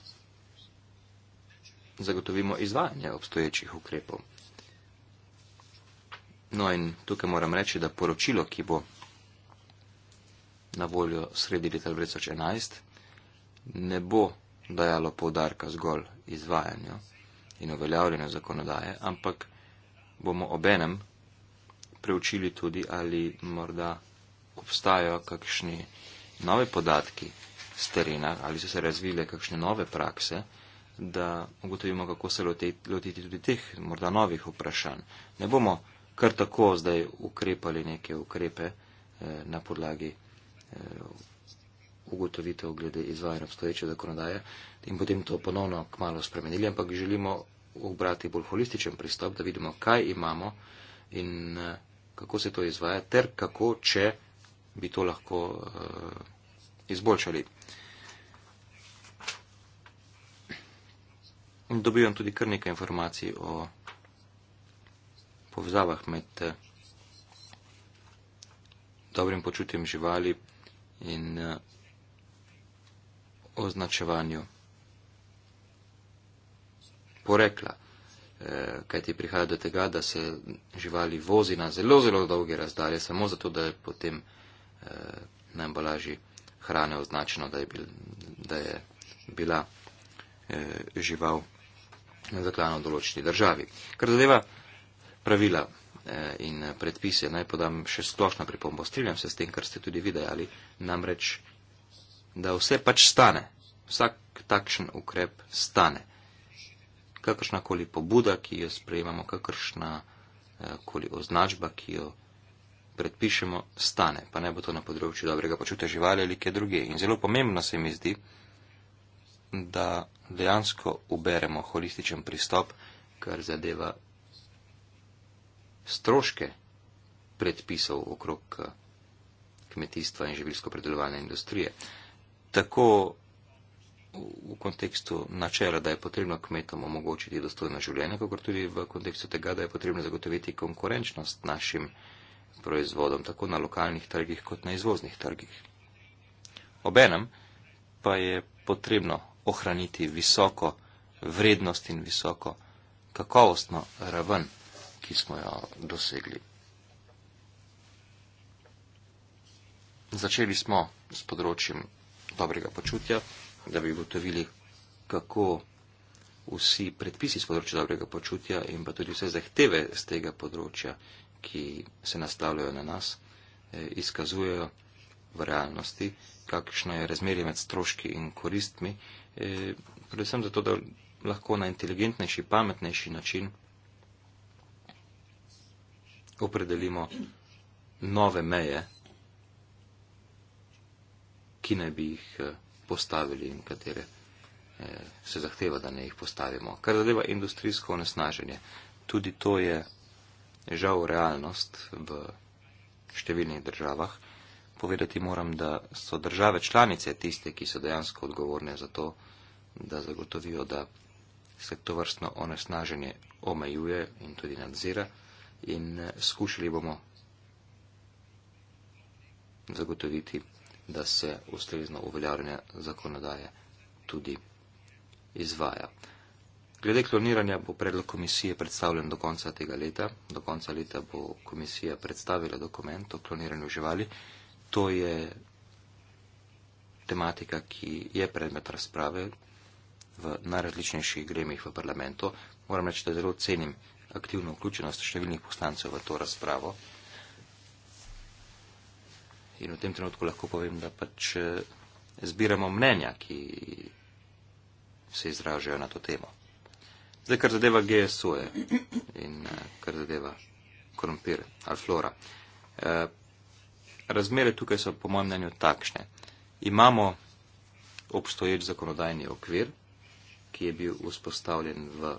zagotovimo izvajanje obstoječih ukrepov. No in tukaj moram reči, da poročilo, ki bo na voljo sredi leta 2011, ne bo dajalo povdarka zgolj izvajanju in uveljavljanju zakonodaje, ampak bomo obenem preučili tudi, ali morda obstajajo kakšni nove podatki z terena ali so se razvile kakšne nove prakse, da ugotovimo, kako se lotiti tudi teh morda novih vprašanj. Ne bomo kar tako zdaj ukrepali neke ukrepe eh, na podlagi. Eh, ugotovitev glede izvajanja obstoječe zakonodaje in potem to ponovno k malo spremenili, ampak želimo obrati bolj holističen pristop, da vidimo, kaj imamo in eh, kako se to izvaja, ter kako, če bi to lahko uh, izboljšali. Dobivam tudi kar nekaj informacij o povezavah med eh, dobrim počutjem živali in uh, označevanju porekla. Eh, Kaj ti prihaja do tega, da se živali vozi na zelo, zelo dolge razdalje, samo zato, da je potem eh, na embalaži hrane označeno, da je, bil, da je bila eh, žival zaklana v določeni državi. Kar zadeva pravila eh, in predpise, naj podam še splošno pripombo. Strinjam se s tem, kar ste tudi videli, namreč da vse pač stane, vsak takšen ukrep stane. Kakršnakoli pobuda, ki jo sprejemamo, kakršnakoli označba, ki jo predpišemo, stane, pa ne bo to na področju dobrega počutja živali ali kje druge. In zelo pomembno se mi zdi, da dejansko uberemo holističen pristop, kar zadeva stroške predpisov okrog eh, kmetijstva in živilsko predelovalne industrije. Uh, tako v kontekstu načela, da je potrebno kmetom omogočiti dostojno življenje, kako tudi v kontekstu tega, da je potrebno zagotoviti konkurenčnost našim proizvodom, tako na lokalnih trgih kot na izvoznih trgih. Obenem pa je potrebno ohraniti visoko vrednost in visoko kakovostno raven, ki smo jo dosegli. Začeli smo s področjem dobrega počutja, da bi ugotovili, kako vsi predpisi z področja dobrega počutja in pa tudi vse zahteve z tega področja, ki se nastavljajo na nas, eh, izkazujejo v realnosti, kakšno je razmerje med stroški in koristmi, eh, predvsem zato, da lahko na inteligentnejši, pametnejši način opredelimo nove meje ki naj bi jih eh, postavili in katere eh, se zahteva, da ne jih postavimo. Kar zadeva industrijsko onesnaženje, tudi to je žal realnost v številnih državah. Povedati moram, da so države članice tiste, ki so dejansko odgovorne za to, da zagotovijo, da se to vrstno onesnaženje omejuje in tudi nadzira in eh, skušali bomo zagotoviti da se ustrezno uveljavljanje zakonodaje tudi izvaja. Glede kloniranja bo predlog komisije predstavljen do konca tega leta. Do konca leta bo komisija predstavila dokument o kloniranju živali. To je tematika, ki je predmet razprave v najrazličnejših gremih v parlamentu. Moram reči, da zelo cenim aktivno vključenost številnih poslancev v to razpravo in v tem trenutku lahko povem, da pač eh, zbiramo mnenja, ki se izražajo na to temo. Zdaj, kar zadeva GSO-je in eh, kar zadeva korumpir ali flora. Eh, razmere tukaj so po mojem mnenju takšne. Imamo obstoječ zakonodajni okvir, ki je bil vzpostavljen v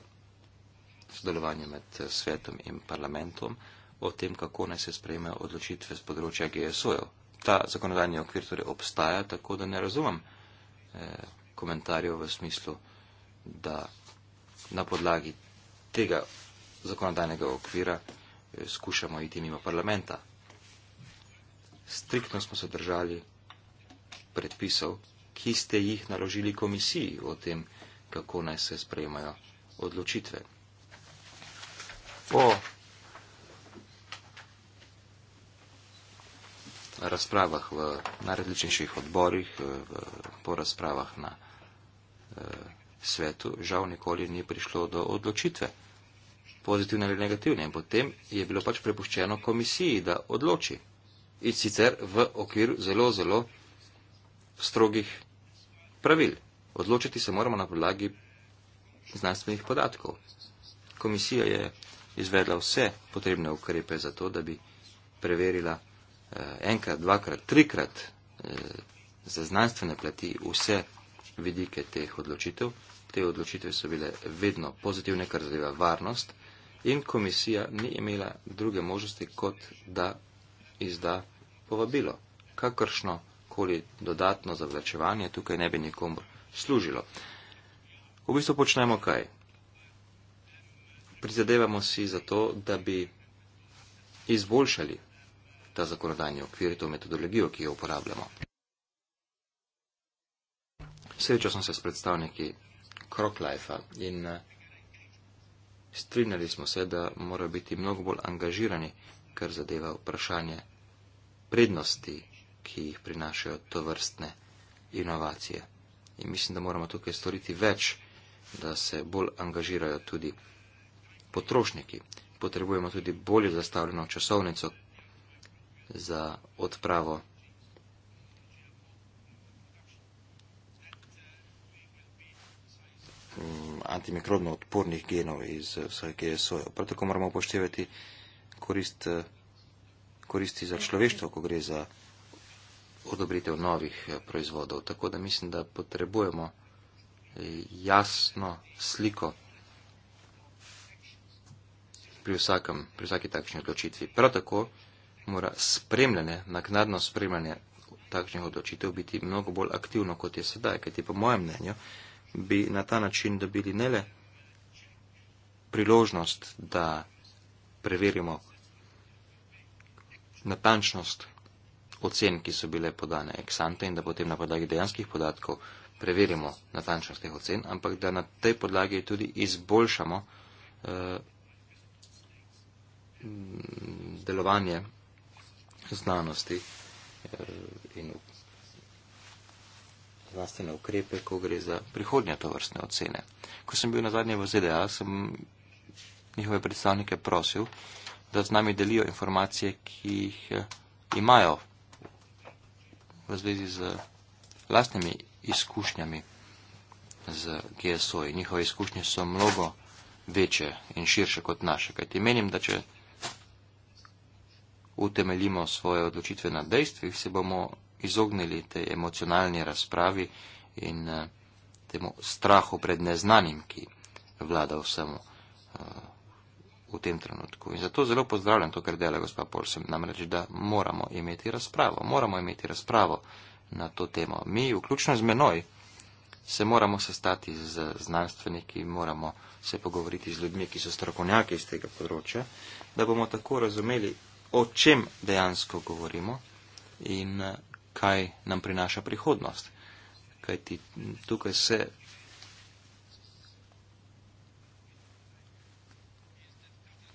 sodelovanju med svetom in parlamentom o tem, kako naj se sprejme odločitve z področja GSO-jev ta zakonodajni okvir torej obstaja, tako da ne razumem eh, komentarjev v smislu, da na podlagi tega zakonodajnega okvira eh, skušamo iti mimo parlamenta. Striktno smo se držali predpisov, ki ste jih naložili komisiji o tem, kako naj se sprejemajo odločitve. Po razpravah v najrazličnejših odborih, eh, po razpravah na eh, svetu, žal nikoli ni prišlo do odločitve, pozitivne ali negativne. In potem je bilo pač prepuščeno komisiji, da odloči. In sicer v okviru zelo, zelo strogih pravil. Odločiti se moramo na podlagi znanstvenih podatkov. Komisija je izvedla vse potrebne ukrepe za to, da bi preverila Eh, enkrat, dvakrat, trikrat eh, za znanstvene plati vse vidike teh odločitev. Te odločitve so bile vedno pozitivne, kar zadeva varnost in komisija ni imela druge možnosti, kot da izda povabilo. Kakršno koli dodatno zavlačevanje tukaj ne bi nikomu služilo. V bistvu počnemo kaj? Prizadevamo si za to, da bi izboljšali ta zakonodajni okvir, to metodologijo, ki jo uporabljamo. Srečal sem se s predstavniki CrocLife-a in eh, strinjali smo se, da morajo biti mnogo bolj angažirani, kar zadeva vprašanje prednosti, ki jih prinašajo to vrstne inovacije. In mislim, da moramo tukaj storiti več, da se bolj angažirajo tudi potrošniki. Potrebujemo tudi bolje zastavljeno časovnico, za odpravo. Mm, antimikrobno odpornih genov iz vseh GSO-jev. Prav tako moramo upoštevati korist, eh, koristi za človeštvo, ko gre za odobritev novih eh, proizvodov. Tako da mislim, da potrebujemo eh, jasno sliko pri, vsakem, pri vsaki takšni odločitvi. Prav tako mora spremljanje, naknadno spremljanje takšnih odločitev biti mnogo bolj aktivno, kot je sedaj, kajti po mojem mnenju bi na ta način dobili ne le priložnost, da preverimo natančnost ocen, ki so bile podane ex ante in da potem na podlagi dejanskih podatkov preverimo natančnost teh ocen, ampak da na tej podlagi tudi izboljšamo uh, delovanje znanosti eh, in znanstvene ukrepe, ko gre za prihodnje to vrstne ocene. Ko sem bil na zadnje v ZDA, sem njihove predstavnike prosil, da z nami delijo informacije, ki jih eh, imajo v zvezi z lastnimi izkušnjami z GSO. Njihove izkušnje so mnogo večje in širše kot naše. Kajti menim, da če utemeljimo svoje odločitve na dejstvih, se bomo izognili tej emocionalni razpravi in eh, temu strahu pred neznanim, ki vlada vsemu eh, v tem trenutku. In zato zelo pozdravljam to, kar dela gospa Polsem, namreč, da moramo imeti razpravo, moramo imeti razpravo na to temo. Mi, vključno z menoj, se moramo sestati z znanstveniki, moramo se pogovoriti z ljudmi, ki so strokovnjaki iz tega področja, da bomo tako razumeli o čem dejansko govorimo in eh, kaj nam prinaša prihodnost. Kaj ti tukaj se.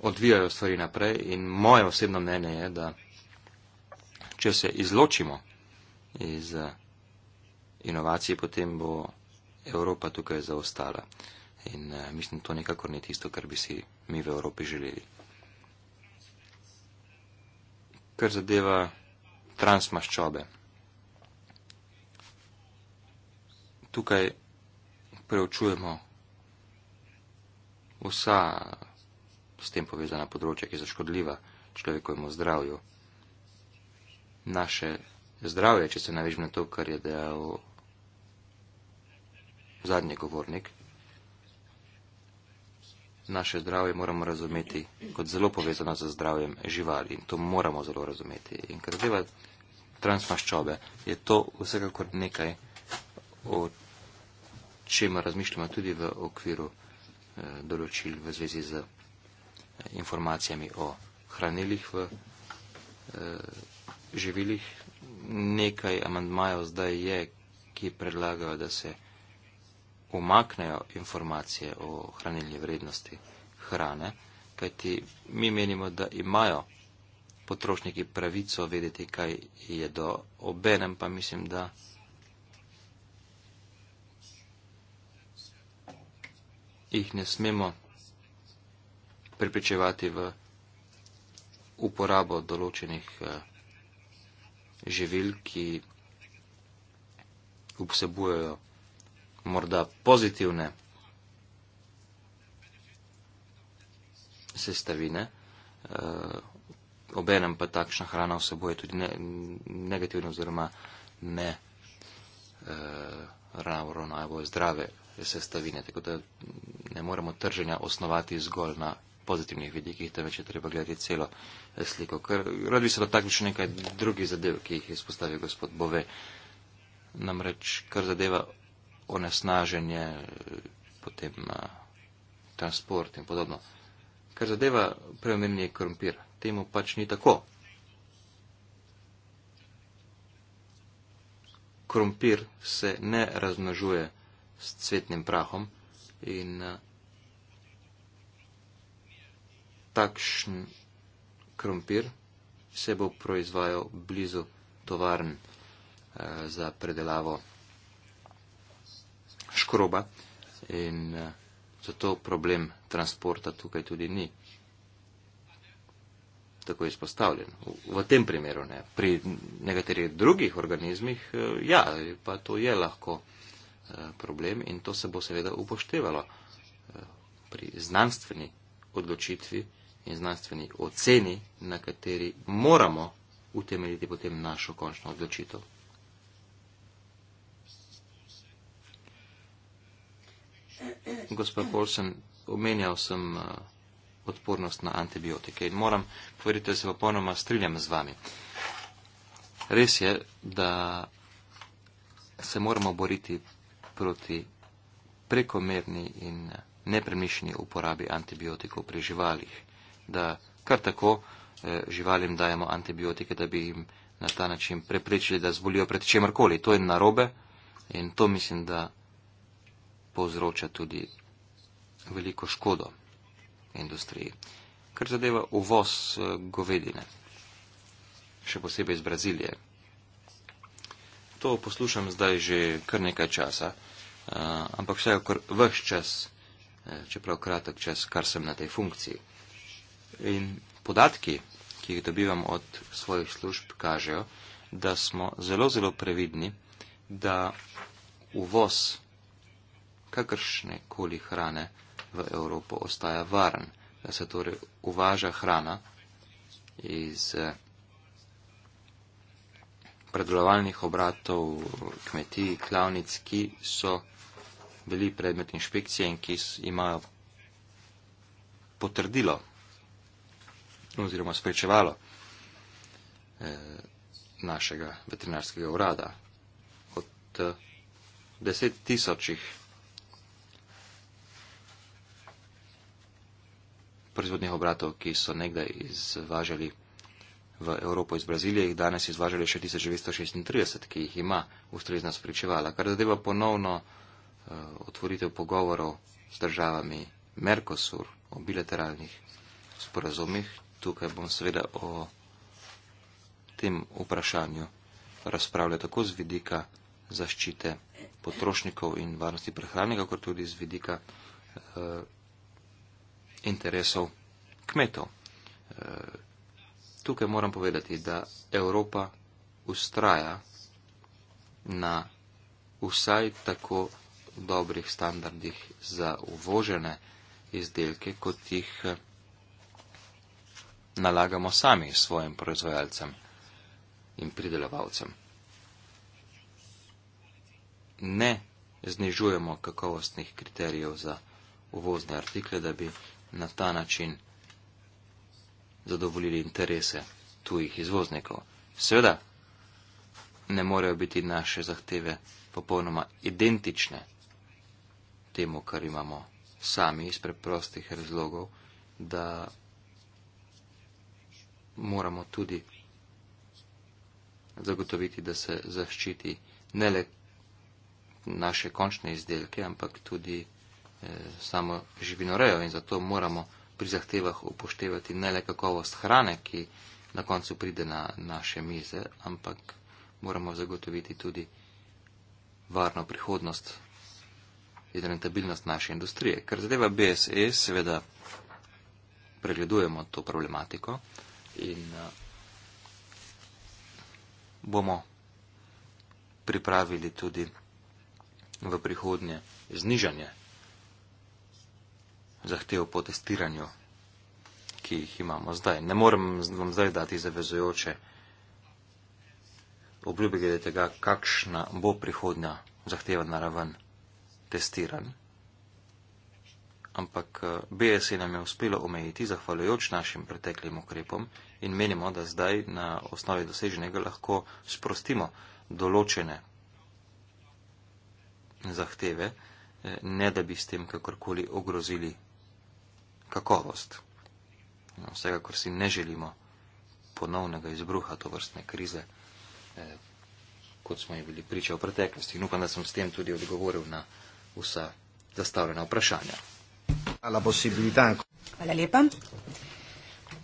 Odvijajo stvari naprej in moje osebno mnenje je, da če se izločimo iz eh, inovacij, potem bo Evropa tukaj zaostala. In eh, mislim, to nekako ni tisto, kar bi si mi v Evropi želeli kar zadeva transmaščobe. Tukaj preučujemo vsa s tem povezana področja, ki so škodljiva človekovemu zdravju. Naše zdravje, če se navežem na to, kar je dejal zadnji govornik, naše zdravje moramo razumeti kot zelo povezano z zdravjem živali in to moramo zelo razumeti. In kar zadeva transmaščobe, je to vsekakor nekaj, o čemer razmišljamo tudi v okviru eh, določil v zvezi z eh, informacijami o hranilih v eh, živilih. Nekaj amandmajev zdaj je, ki predlagajo, da se umaknejo informacije o hranilni vrednosti hrane, kajti mi menimo, da imajo potrošniki pravico vedeti, kaj je do obenem, pa mislim, da jih ne smemo prepričevati v uporabo določenih eh, živil, ki vsebujejo morda pozitivne sestavine, eh, obenem pa takšna hrana vseboje tudi ne, negativne oziroma ne eh, ravno najbolj zdrave sestavine. Tako da ne moremo trženja osnovati zgolj na pozitivnih vidikih, temveč je treba gledati celo eh, sliko. Ker rad bi se dotaknil še nekaj drugih zadev, ki jih je izpostavil gospod Bove. Namreč, kar zadeva onesnaženje, potem eh, transport in podobno. Kar zadeva preomenjenje krompir, temu pač ni tako. Krompir se ne raznožuje s cvetnim prahom in eh, takšen krompir se bo proizvajal blizu tovarn eh, za predelavo škroba in eh, zato problem transporta tukaj tudi ni tako izpostavljen. V tem primeru ne. Pri nekaterih drugih organizmih, eh, ja, pa to je lahko eh, problem in to se bo seveda upoštevalo pri znanstveni odločitvi in znanstveni oceni, na kateri moramo utemeljiti potem našo končno odločitev. Gospa Polsen, omenjal sem uh, odpornost na antibiotike in moram povedati, da se popolnoma strinjam z vami. Res je, da se moramo boriti proti prekomerni in nepremišljeni uporabi antibiotikov pri živalih, da kar tako eh, živalim dajemo antibiotike, da bi jim na ta način preprečili, da zbolijo pred čemarkoli. To je narobe in to mislim, da povzroča tudi veliko škodo industriji, kar zadeva uvoz eh, govedine, še posebej iz Brazilije. To poslušam zdaj že kar nekaj časa, eh, ampak vse je kar vse čas, eh, čeprav kratek čas, kar sem na tej funkciji. In podatki, ki jih dobivam od svojih služb, kažejo, da smo zelo, zelo previdni, da uvoz kakršne koli hrane v Evropo ostaja varen, da se torej uvaža hrana iz eh, predelovalnih obratov kmetij, klavnic, ki so bili predmet inšpekcije in ki imajo potrdilo oziroma sprečevalo eh, našega veterinarskega urada. Od eh, deset tisočih proizvodnih obratov, ki so nekdaj izvažali v Evropo iz Brazilije, jih danes izvažali še 1936, ki jih ima ustrezna spričevala. Kar zadeva ponovno uh, otvoritev pogovorov z državami Mercosur o bilateralnih sporazumih. Tukaj bom seveda o tem vprašanju razpravljal tako z vidika zaščite potrošnikov in varnosti prehrane, kot tudi z vidika. Uh, interesov kmetov. Eh, tukaj moram povedati, da Evropa ustraja na vsaj tako dobrih standardih za uvožene izdelke, kot jih eh, nalagamo sami svojim proizvajalcem in pridelovalcem. Ne znižujemo kakovostnih kriterijev za uvozne artikle, da bi na ta način zadovoljili interese tujih izvoznikov. Seveda, ne morejo biti naše zahteve popolnoma identične temu, kar imamo sami iz preprostih razlogov, da moramo tudi zagotoviti, da se zaščiti ne le naše končne izdelke, ampak tudi samo živinorejo in zato moramo pri zahtevah upoštevati ne le kakovost hrane, ki na koncu pride na naše mize, ampak moramo zagotoviti tudi varno prihodnost in rentabilnost naše industrije. Ker zadeva BSE, seveda pregledujemo to problematiko in bomo pripravili tudi v prihodnje znižanje zahtev po testiranju, ki jih imamo zdaj. Ne morem vam zdaj dati zavezujoče obljube glede tega, kakšna bo prihodnja zahteva na raven testiranj. Ampak eh, BSE nam je uspelo omejiti, zahvaljujoč našim preteklim ukrepom in menimo, da zdaj na osnovi doseženega lahko sprostimo določene zahteve, eh, ne da bi s tem kakorkoli ogrozili kakovost. No, vsekakor si ne želimo ponovnega izbruha to vrstne krize, eh, kot smo ji bili priča v preteklosti. In upam, da sem s tem tudi odgovoril na vsa zastavljena vprašanja. Hvala, Hvala lepa.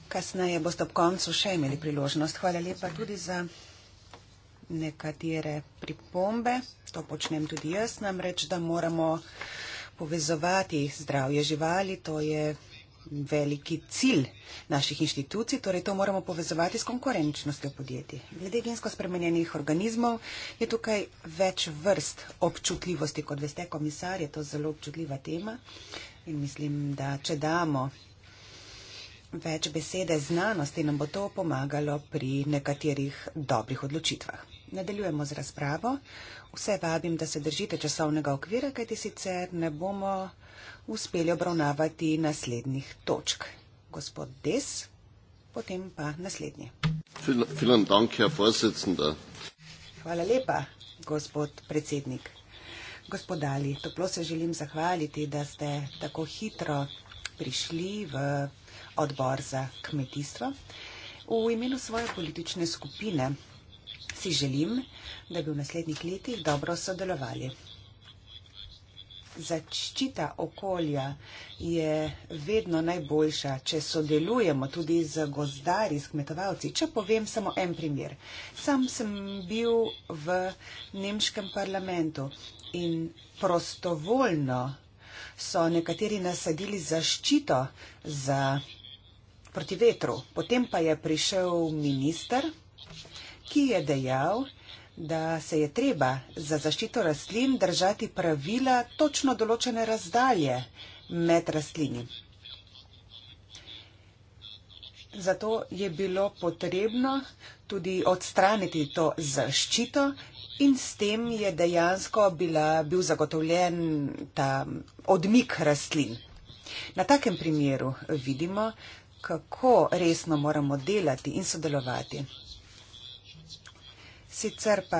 Kasneje boste ob koncu še imeli priložnost. Hvala lepa tudi za nekatere pripombe. To počnem tudi jaz, namreč, da moramo povezovati zdravje živali. To je veliki cilj naših inštitucij, torej to moramo povezovati s konkurenčnostjo podjetij. Glede gensko spremenjenih organizmov je tukaj več vrst občutljivosti, kot veste, komisar, je to zelo občutljiva tema in mislim, da če damo več besede znanosti, nam bo to pomagalo pri nekaterih dobrih odločitvah. Nadaljujemo z razpravo. Vse vabim, da se držite časovnega okvira, kajti sicer ne bomo uspeli obravnavati naslednjih točk. Gospod Des, potem pa naslednji. Hvala lepa, gospod predsednik. Gospodali, toplo se želim zahvaliti, da ste tako hitro prišli v odbor za kmetijstvo. V imenu svoje politične skupine si želim, da bi v naslednjih letih dobro sodelovali zaščita okolja je vedno najboljša, če sodelujemo tudi z gozdari, s kmetovalci. Če povem samo en primer. Sam sem bil v nemškem parlamentu in prostovoljno so nekateri nasadili zaščito za proti vetru. Potem pa je prišel minister, ki je dejal, da se je treba za zaščito rastlin držati pravila točno določene razdalje med rastlini. Zato je bilo potrebno tudi odstraniti to zaščito in s tem je dejansko bila, bil zagotovljen ta odmik rastlin. Na takem primeru vidimo, kako resno moramo delati in sodelovati. Sicer pa,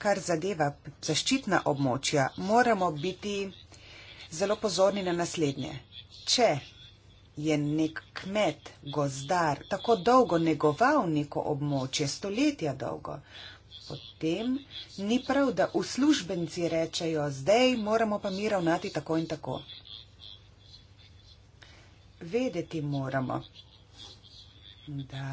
kar zadeva zaščitna območja, moramo biti zelo pozorni na naslednje. Če je nek kmet, gozdar tako dolgo negoval neko območje, stoletja dolgo, potem ni prav, da uslužbenci rečejo, zdaj moramo pa mi ravnati tako in tako. Vedeti moramo, da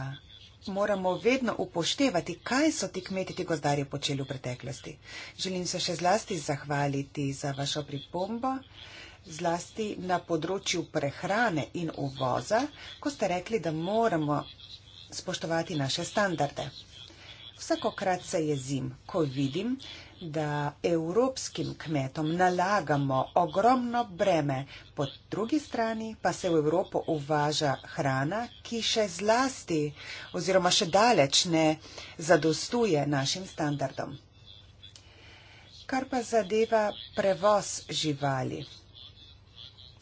moramo vedno upoštevati, kaj so ti kmeti, ti gozdarji počeli v preteklosti. Želim se še zlasti zahvaliti za vašo pripombo, zlasti na področju prehrane in uvoza, ko ste rekli, da moramo spoštovati naše standarde. Vsakokrat se je zim, ko vidim, da evropskim kmetom nalagamo ogromno breme, po drugi strani pa se v Evropo uvaža hrana, ki še zlasti oziroma še daleč ne zadostuje našim standardom. Kar pa zadeva prevoz živali.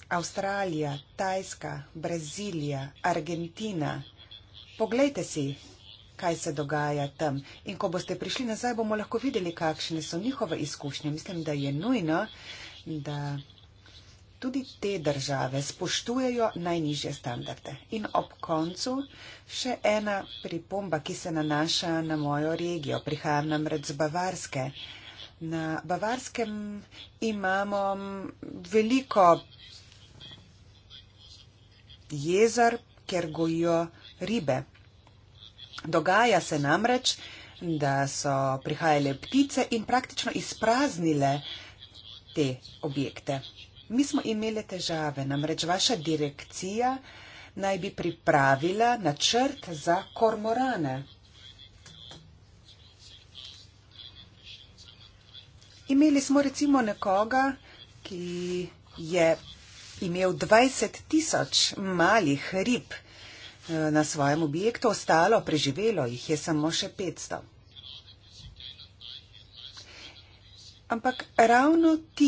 Avstralija, Tajska, Brazilija, Argentina. Poglejte si, kaj se dogaja tam. In ko boste prišli nazaj, bomo lahko videli, kakšne so njihove izkušnje. Mislim, da je nujno, da tudi te države spoštujejo najnižje standarde. In ob koncu še ena pripomba, ki se nanaša na mojo regijo. Prihajam namreč z Bavarske. Na Bavarskem imamo veliko jezer, ker gojijo ribe. Dogaja se namreč, da so prihajale ptice in praktično izpraznile te objekte. Mi smo imeli težave, namreč vaša direkcija naj bi pripravila načrt za kormorane. Imeli smo recimo nekoga, ki je imel 20 tisoč malih rib. Eh, na svojem objektu, ostalo, preživelo jih je samo še 500. Ampak ravno ti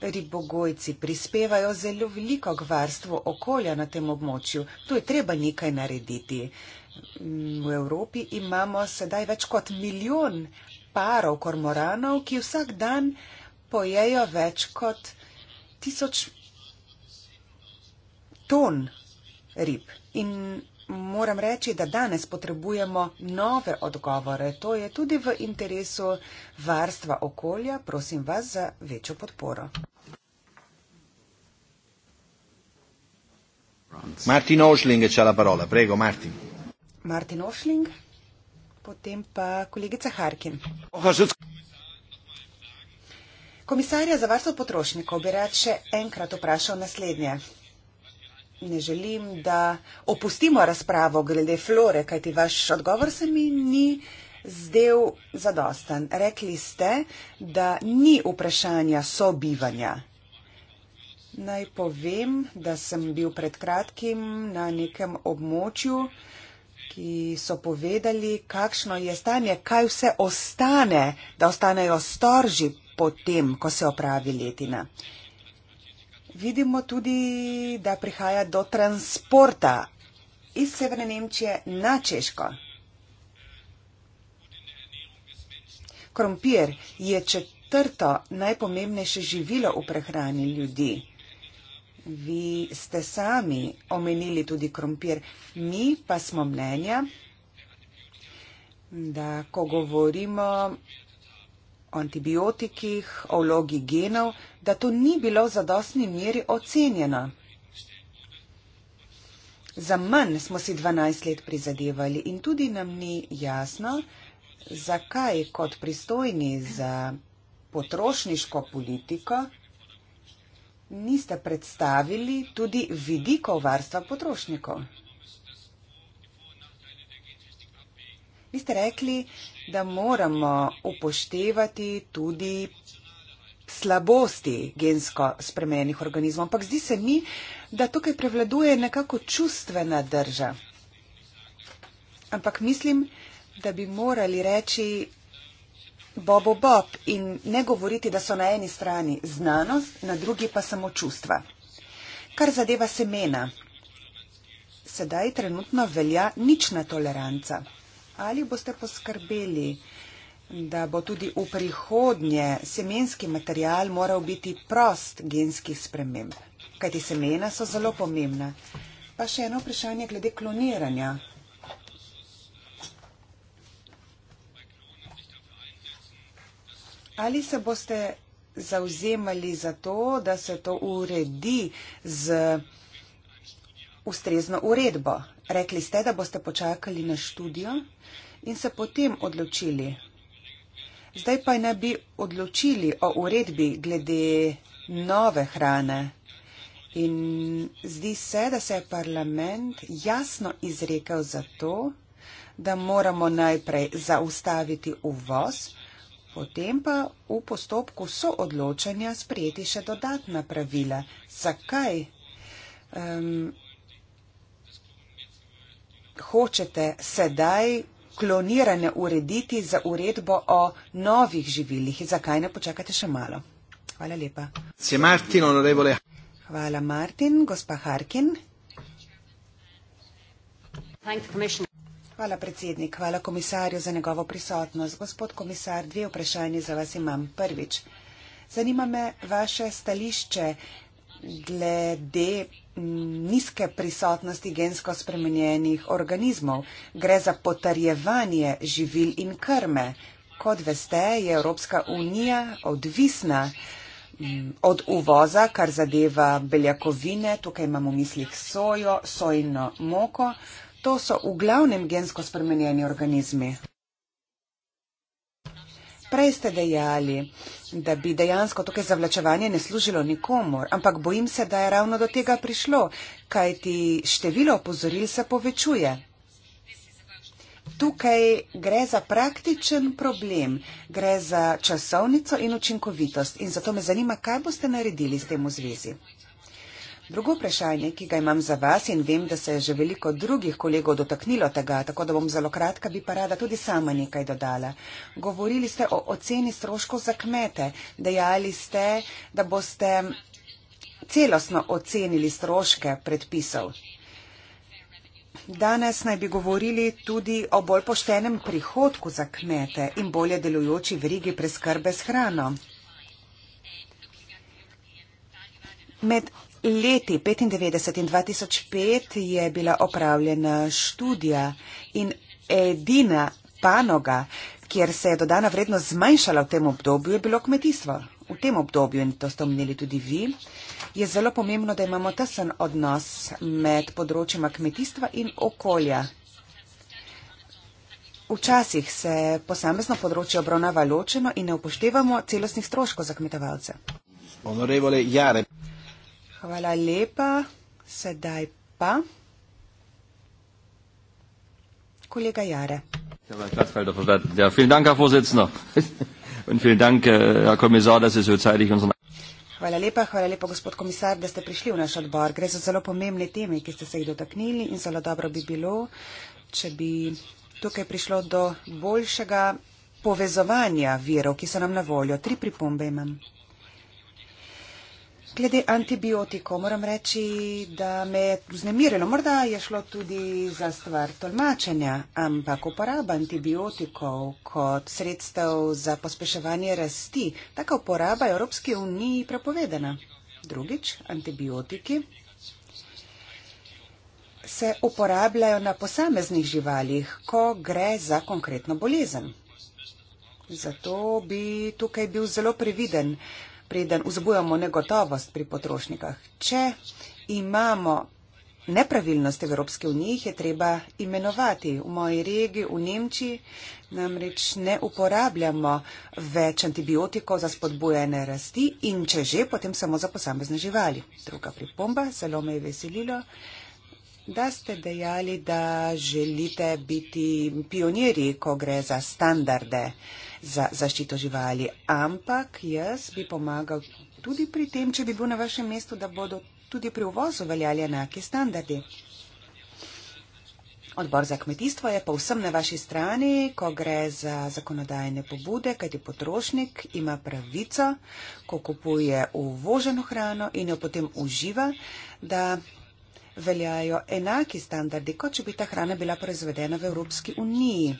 ribogojci prispevajo zelo veliko k varstvu okolja na tem območju. Tu je treba nekaj narediti. Mm, v Evropi imamo sedaj več kot milijon parov kormoranov, ki vsak dan pojejo več kot tisoč ton rib. In moram reči, da danes potrebujemo nove odgovore. To je tudi v interesu varstva okolja. Prosim vas za večjo podporo. Martin Ošling, če la parola. Prego, Martin. Martin Ošling, potem pa kolegica Harkin. Komisarja za varstvo potrošnikov bi rad še enkrat vprašal naslednje ne želim, da opustimo razpravo glede flore, kajti vaš odgovor se mi ni zdel zadosten. Rekli ste, da ni vprašanja sobivanja. Naj povem, da sem bil pred kratkim na nekem območju, ki so povedali, kakšno je stanje, kaj vse ostane, da ostanejo storži potem, ko se opravi letina vidimo tudi, da prihaja do transporta iz severne Nemčije na Češko. Krompir je četrto najpomembnejše živilo v prehrani ljudi. Vi ste sami omenili tudi krompir, mi pa smo mnenja, da ko govorimo antibiotikih, o vlogi genov, da to ni bilo v zadostni meri ocenjeno. Za manj smo si 12 let prizadevali in tudi nam ni jasno, zakaj kot pristojni za potrošniško politiko niste predstavili tudi vidikov varstva potrošnikov. Vi ste rekli, da moramo upoštevati tudi slabosti gensko spremenjenih organizmov, ampak zdi se mi, da tukaj prevladuje nekako čustvena drža. Ampak mislim, da bi morali reči bob o bob in ne govoriti, da so na eni strani znanost, na drugi pa samo čustva. Kar zadeva semena, sedaj trenutno velja nična toleranca ali boste poskrbeli, da bo tudi v prihodnje semenski material moral biti prost genskih sprememb, kajti semena so zelo pomembna. Pa še eno vprašanje glede kloniranja. Ali se boste zauzemali za to, da se to uredi z ustrezno uredbo. Rekli ste, da boste počakali na študijo in se potem odločili. Zdaj pa ne bi odločili o uredbi glede nove hrane. In zdi se, da se je parlament jasno izrekel za to, da moramo najprej zaustaviti uvoz, potem pa v postopku soodločanja sprejeti še dodatna pravila. Zakaj? Um, hočete sedaj kloniranje urediti za uredbo o novih živilih. Zakaj ne počakate še malo? Hvala lepa. Martin, Hvala Martin, gospa Harkin. Hvala predsednik, hvala komisarju za njegovo prisotnost. Gospod komisar, dve vprašanje za vas imam. Prvič, zanima me vaše stališče, glede nizke prisotnosti gensko spremenjenih organizmov. Gre za potrjevanje živil in krme. Kot veste, je Evropska unija odvisna mm, od uvoza, kar zadeva beljakovine, tukaj imamo v mislih sojo, sojno moko. To so v glavnem gensko spremenjeni organizmi. Prej ste dejali, da bi dejansko tukaj zavlačevanje ne služilo nikomor, ampak bojim se, da je ravno do tega prišlo, kaj ti število opozoril se povečuje. Tukaj gre za praktičen problem, gre za časovnico in učinkovitost in zato me zanima, kaj boste naredili s tem v zvezi. Drugo vprašanje, ki ga imam za vas in vem, da se je že veliko drugih kolegov dotaknilo tega, tako da bom zelo kratka, bi pa rada tudi sama nekaj dodala. Govorili ste o oceni stroškov za kmete. Dejali ste, da boste celostno ocenili stroške predpisov. Danes naj bi govorili tudi o bolj poštenem prihodku za kmete in bolje delujoči verigi preskrbe s hrano. Med leti 95 in 2005 je bila opravljena študija in edina panoga, kjer se je dodana vrednost zmanjšala v tem obdobju, je bilo kmetijstvo. V tem obdobju, in to ste omenili tudi vi, je zelo pomembno, da imamo tesen odnos med področjima kmetijstva in okolja. Včasih se posamezno področje obravnava ločeno in ne upoštevamo celostnih stroškov za kmetovalce. Onorevole Jare, Hvala lepa. Sedaj pa. Kolega Jare. Ja, ja, äh, hvala lepa, hvala lepa, gospod komisar, da ste prišli v naš odbor. Gre za zelo pomembne teme, ki ste se jih dotaknili in zelo dobro bi bilo, če bi tukaj prišlo do boljšega povezovanja virov, ki so nam na voljo. Tri pripombe imam glede antibiotikov moram reči, da me je vznemirilo. Morda je šlo tudi za stvar tolmačenja, ampak uporaba antibiotikov kot sredstev za pospeševanje rasti, taka uporaba je Evropske unije prepovedana. Drugič, antibiotiki se uporabljajo na posameznih živalih, ko gre za konkretno bolezen. Zato bi tukaj bil zelo previden preden vzbujamo negotovost pri potrošnikah. Če imamo nepravilnosti v Evropski uniji, jih je treba imenovati. V moji regiji, v Nemčiji, namreč ne uporabljamo več antibiotikov za spodbujene rasti in če že, potem samo za posamezne živali. Druga pripomba, zelo me je veselilo, da ste dejali, da želite biti pionirji, ko gre za standarde za zaščito živali. Ampak jaz bi pomagal tudi pri tem, če bi bil na vašem mestu, da bodo tudi pri uvozu veljali enake standardi. Odbor za kmetijstvo je pa vsem na vaši strani, ko gre za zakonodajne pobude, kajti potrošnik ima pravico, ko kupuje uvoženo hrano in jo potem uživa, da veljajo enaki standardi, kot če bi ta hrana bila proizvedena v Evropski uniji.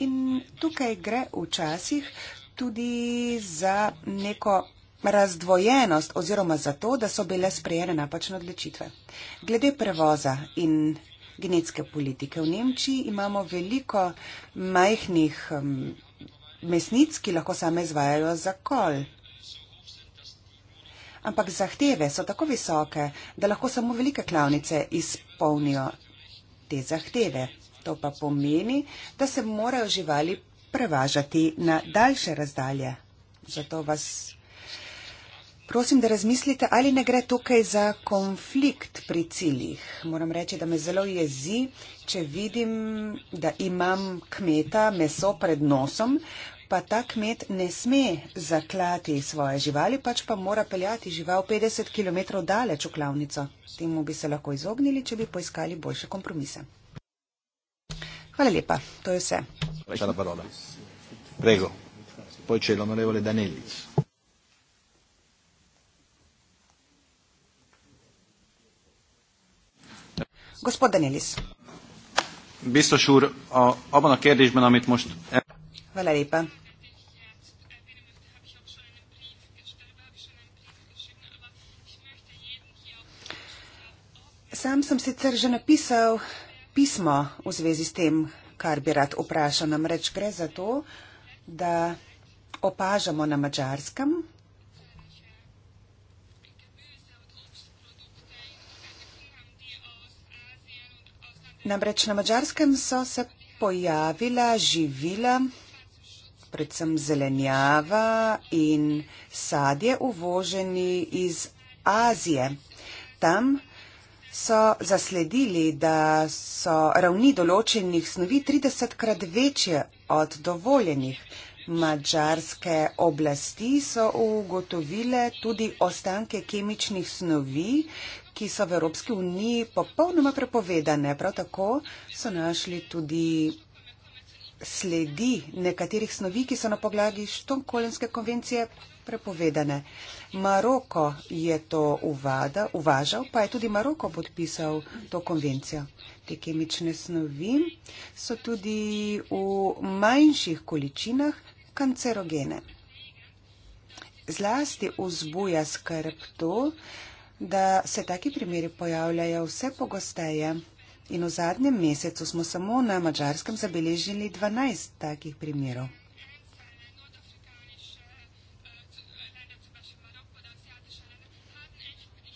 In tukaj gre včasih tudi za neko razdvojenost oziroma za to, da so bile sprejene napačne odločitve. Glede prevoza in genetske politike v Nemčiji imamo veliko majhnih mesnic, ki lahko same izvajajo zakol. Ampak zahteve so tako visoke, da lahko samo velike klavnice izpolnijo te zahteve. To pa pomeni, da se morajo živali prevažati na daljše razdalje. Zato vas prosim, da razmislite, ali ne gre tukaj za konflikt pri ciljih. Moram reči, da me zelo jezi, če vidim, da imam kmeta meso pred nosom, pa ta kmet ne sme zaklati svoje živali, pač pa mora peljati žival 50 km daleč v klavnico. Temu bi se lahko izognili, če bi poiskali boljše kompromise. Hvala lepa, to je vse. Hvala parola. Prego. Poi c'è l'onorevole Danellis. Gospod Danellis. Biztos úr, a, abban a kérdésben, amit most... Vele lépe. Sam sem sicer že napisal pismo v zvezi s tem, kar bi rad vprašal. Namreč gre za to, da opažamo na mačarskem, Namreč na mačarskem so se pojavila živila, predvsem zelenjava in sadje uvoženi iz Azije. Tam so zasledili, da so ravni določenih snovi 30krat večje od dovoljenih. Mačarske oblasti so ugotovile tudi ostanke kemičnih snovi, ki so v Evropski uniji popolnoma prepovedane. Prav tako so našli tudi sledi nekaterih snovi, ki so na poglavi Štonkolenske konvencije prepovedane. Maroko je to uvada, uvažal, pa je tudi Maroko podpisal to konvencijo. Te kemične snovi so tudi v manjših količinah kancerogene. Zlasti vzbuja skrb to, da se taki primeri pojavljajo vse pogosteje. In v zadnjem mesecu smo samo na Mačarskem zabeležili 12 takih primerov.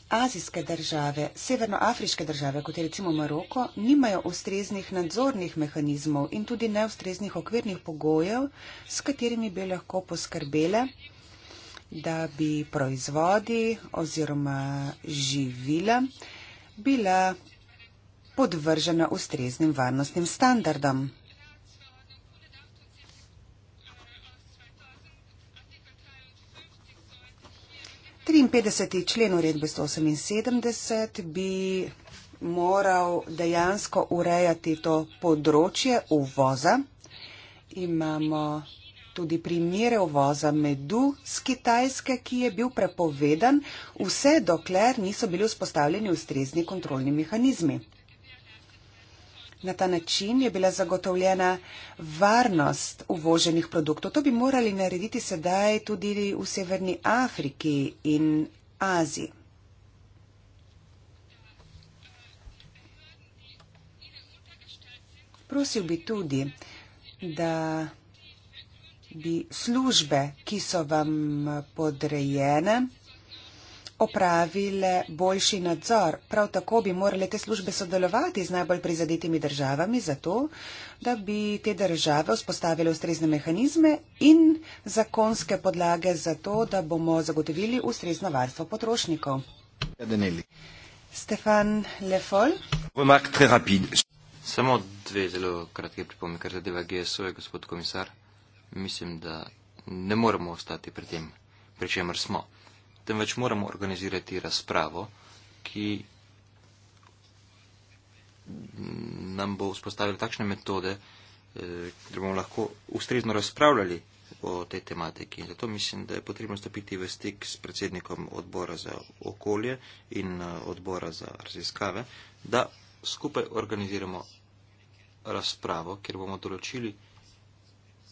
Azijske države, severnoafriške države, kot je recimo Maroko, nimajo ustreznih nadzornih mehanizmov in tudi neustreznih okvirnih pogojev, s katerimi bi lahko poskrbele, da bi proizvodi oziroma živila bila podvržena ustreznim varnostnim standardom. 53. člen uredbe 178 bi moral dejansko urejati to področje uvoza. Imamo tudi primere uvoza medu z Kitajske, ki je bil prepovedan, vse dokler niso bili vzpostavljeni ustrezni kontrolni mehanizmi. Na ta način je bila zagotovljena varnost uvoženih produktov. To bi morali narediti sedaj tudi v Severni Afriki in Aziji. Prosil bi tudi, da bi službe, ki so vam podrejene, opravile boljši nadzor. Prav tako bi morale te službe sodelovati z najbolj prizadetimi državami za to, da bi te države vzpostavile ustrezne mehanizme in zakonske podlage za to, da bomo zagotovili ustrezno varstvo potrošnikov. Stefan Lefol. Samo dve zelo kratke pripombe, kar zadeva GSO, gospod komisar. Mislim, da ne moremo ostati pri tem, pri čemer smo temveč moramo organizirati razpravo, ki nam bo vzpostavila takšne metode, da eh, bomo lahko ustrezno razpravljali o tej tematiki. Zato mislim, da je potrebno stopiti v stik s predsednikom odbora za okolje in eh, odbora za raziskave, da skupaj organiziramo razpravo, kjer bomo določili,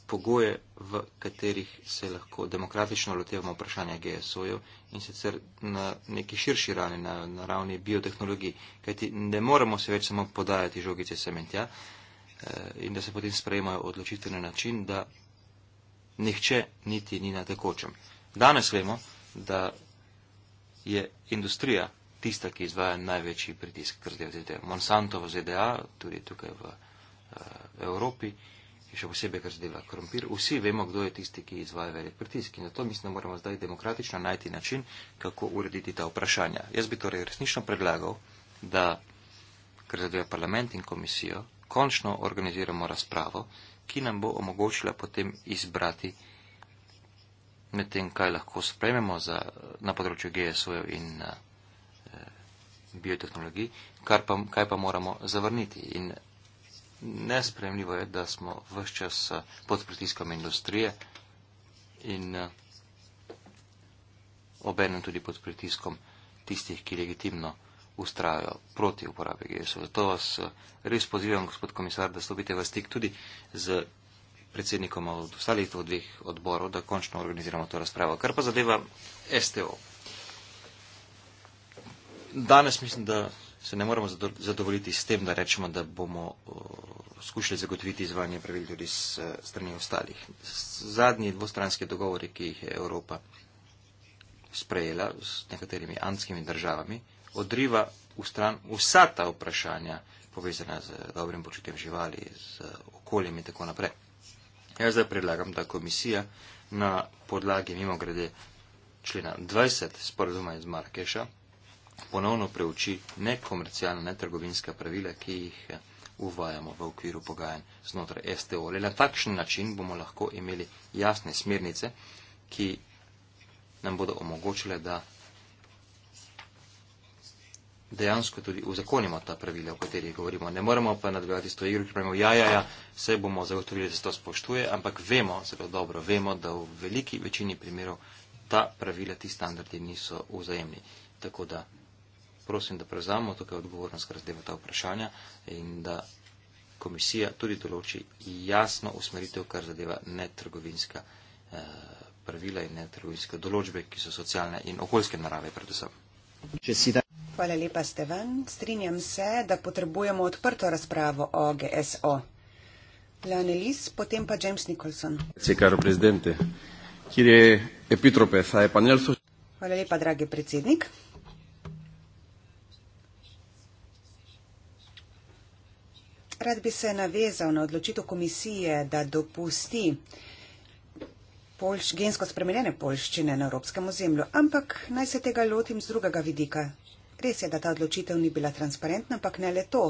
pogoje, v katerih se lahko demokratično lotevamo vprašanja GSO-jev in sicer na neki širši ravni, na, na ravni biotehnologij. Kajti ne moremo se več samo podajati žogice sementja eh, in da se potem sprejemajo odločitve na način, da nihče niti ni na tekočem. Danes vemo, da je industrija tista, ki izvaja največji pritisk, kar zdaj v ZDA. Monsanto v ZDA, tudi tukaj v uh, Evropi, uh, še posebej, ker zadeva krompir. Vsi vemo, kdo je tisti, ki izvaja velik pritisk in zato mislim, da moramo zdaj demokratično najti način, kako urediti ta vprašanja. Jaz bi torej resnično predlagal, da, ker zadeva parlament in komisijo, končno organiziramo razpravo, ki nam bo omogočila potem izbrati med tem, kaj lahko sprememo za, na področju GSO-jev in eh, biotehnologij, pa, kaj pa moramo zavrniti. In, Nespremljivo je, da smo vse čas eh, pod pritiskom industrije in eh, obenem tudi pod pritiskom tistih, ki legitimno ustrajajo proti uporabi GSO. Zato vas eh, res pozivam, gospod komisar, da stopite v stik tudi z predsednikom od ostalih dveh odborov, da končno organiziramo to razpravo. Kar pa zadeva STO. Danes mislim, da se ne moramo zadovoljiti s tem, da rečemo, da bomo uh, skušali zagotoviti izvajanje pravil tudi s eh, strani ostalih. Zadnji dvostranski dogovori, ki jih je Evropa sprejela z nekaterimi anskimi državami, odriva v stran vsa ta vprašanja, povezana z dobrim počutjem živali, z eh, okoljem in tako naprej. Jaz zdaj predlagam, da komisija na podlagi mimo grede člena 20 sporozuma iz Marakeša ponovno preuči nekomercialna, netrgovinska pravila, ki jih eh, uvajamo v okviru pogajanj znotraj STO. Le na takšen način bomo lahko imeli jasne smernice, ki nam bodo omogočile, da dejansko tudi uzakonimo ta pravila, o katerih govorimo. Ne moremo pa nadgledati s to igro, ki pravimo, ja, ja, ja, vse bomo zagotovili, da se to spoštuje, ampak vemo, zelo dobro vemo, da v veliki večini primerov ta pravila, ti standardi niso vzajemni. Tako da prosim, da prevzamemo tukaj odgovornost, ker zdaj ta vprašanja in da komisija tudi določi jasno usmeritev, kar zadeva netrgovinska eh, pravila in netrgovinske določbe, ki so socialne in okoljske narave predvsem. Hvala lepa, Stevan. Strinjam se, da potrebujemo odprto razpravo o GSO. Lane Lis, potem pa James Nicholson. Hvala lepa, dragi predsednik. Rad bi se navezal na odločitev komisije, da dopusti polš, gensko spremenjene polščine na evropskem ozemlju, ampak naj se tega lotim z drugega vidika. Res je, da ta odločitev ni bila transparentna, ampak ne le to,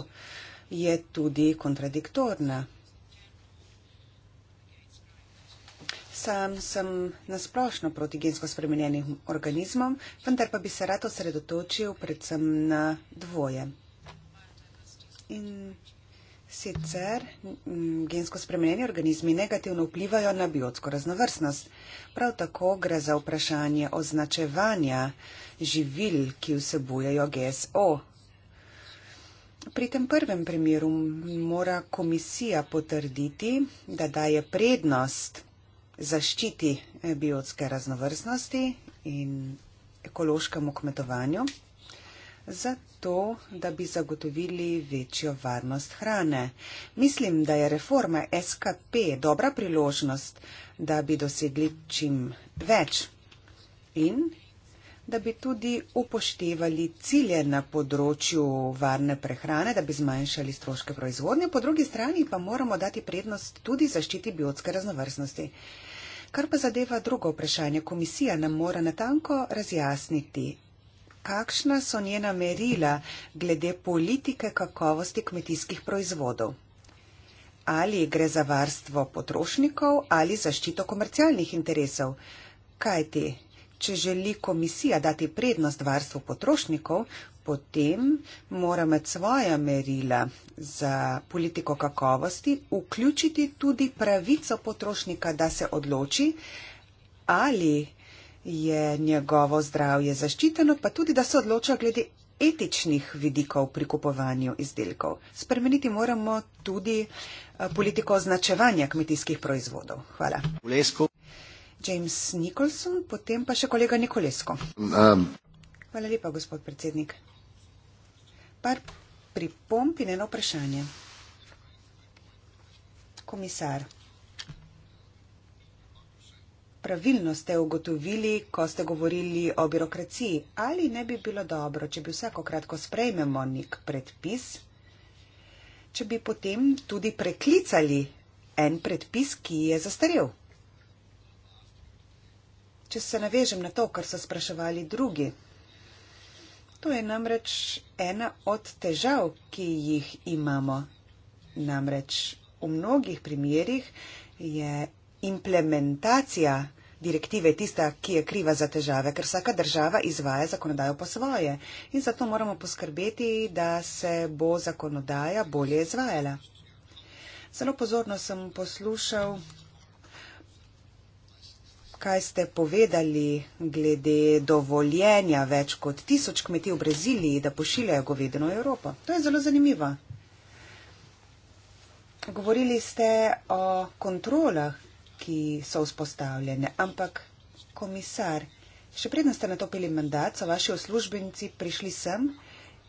je tudi kontradiktorna. Sam sem nasplošno proti gensko spremenjenim organizmom, vendar pa bi se rad osredotočil predvsem na dvoje. In Sicer mm, gensko spremenjeni organizmi negativno vplivajo na biotsko raznovrstnost. Prav tako gre za vprašanje označevanja živil, ki vsebujejo GSO. Pri tem prvem primeru mora komisija potrditi, da daje prednost zaščiti eh, biotske raznovrstnosti in ekološkemu kmetovanju zato, da bi zagotovili večjo varnost hrane. Mislim, da je reforma SKP dobra priložnost, da bi dosegli čim več in da bi tudi upoštevali cilje na področju varne prehrane, da bi zmanjšali stroške proizvodnje, po drugi strani pa moramo dati prednost tudi zaščiti biotske raznovrstnosti. Kar pa zadeva drugo vprašanje, komisija nam mora natanko razjasniti, kakšna so njena merila glede politike kakovosti kmetijskih proizvodov? Ali gre za varstvo potrošnikov ali zaščito komercialnih interesov? Kaj ti, če želi komisija dati prednost varstvu potrošnikov, potem mora med svoja merila za politiko kakovosti vključiti tudi pravico potrošnika, da se odloči, ali je njegovo zdravje zaščiteno, pa tudi, da se odloča glede etičnih vidikov pri kupovanju izdelkov. Spremeniti moramo tudi eh, politiko označevanja kmetijskih proizvodov. Hvala. Nikolesko. James Nicholson, potem pa še kolega Nikolesko. Um. Hvala lepa, gospod predsednik. Par pripomp in eno vprašanje. Komisar pravilno ste ugotovili, ko ste govorili o birokraciji, ali ne bi bilo dobro, če bi vsakokrat, ko sprejmemo nek predpis, če bi potem tudi preklicali en predpis, ki je zastarel. Če se navežem na to, kar so spraševali drugi. To je namreč ena od težav, ki jih imamo. Namreč v mnogih primerjih je implementacija direktive tista, ki je kriva za težave, ker vsaka država izvaja zakonodajo po svoje in zato moramo poskrbeti, da se bo zakonodaja bolje izvajala. Zelo pozorno sem poslušal, kaj ste povedali glede dovoljenja več kot tisoč kmetij v Braziliji, da pošiljajo govedeno v Evropo. To je zelo zanimivo. Govorili ste o kontrolah, ki so vzpostavljene, ampak komisar, še predna ste natopili mandat, so vaši uslužbenci prišli sem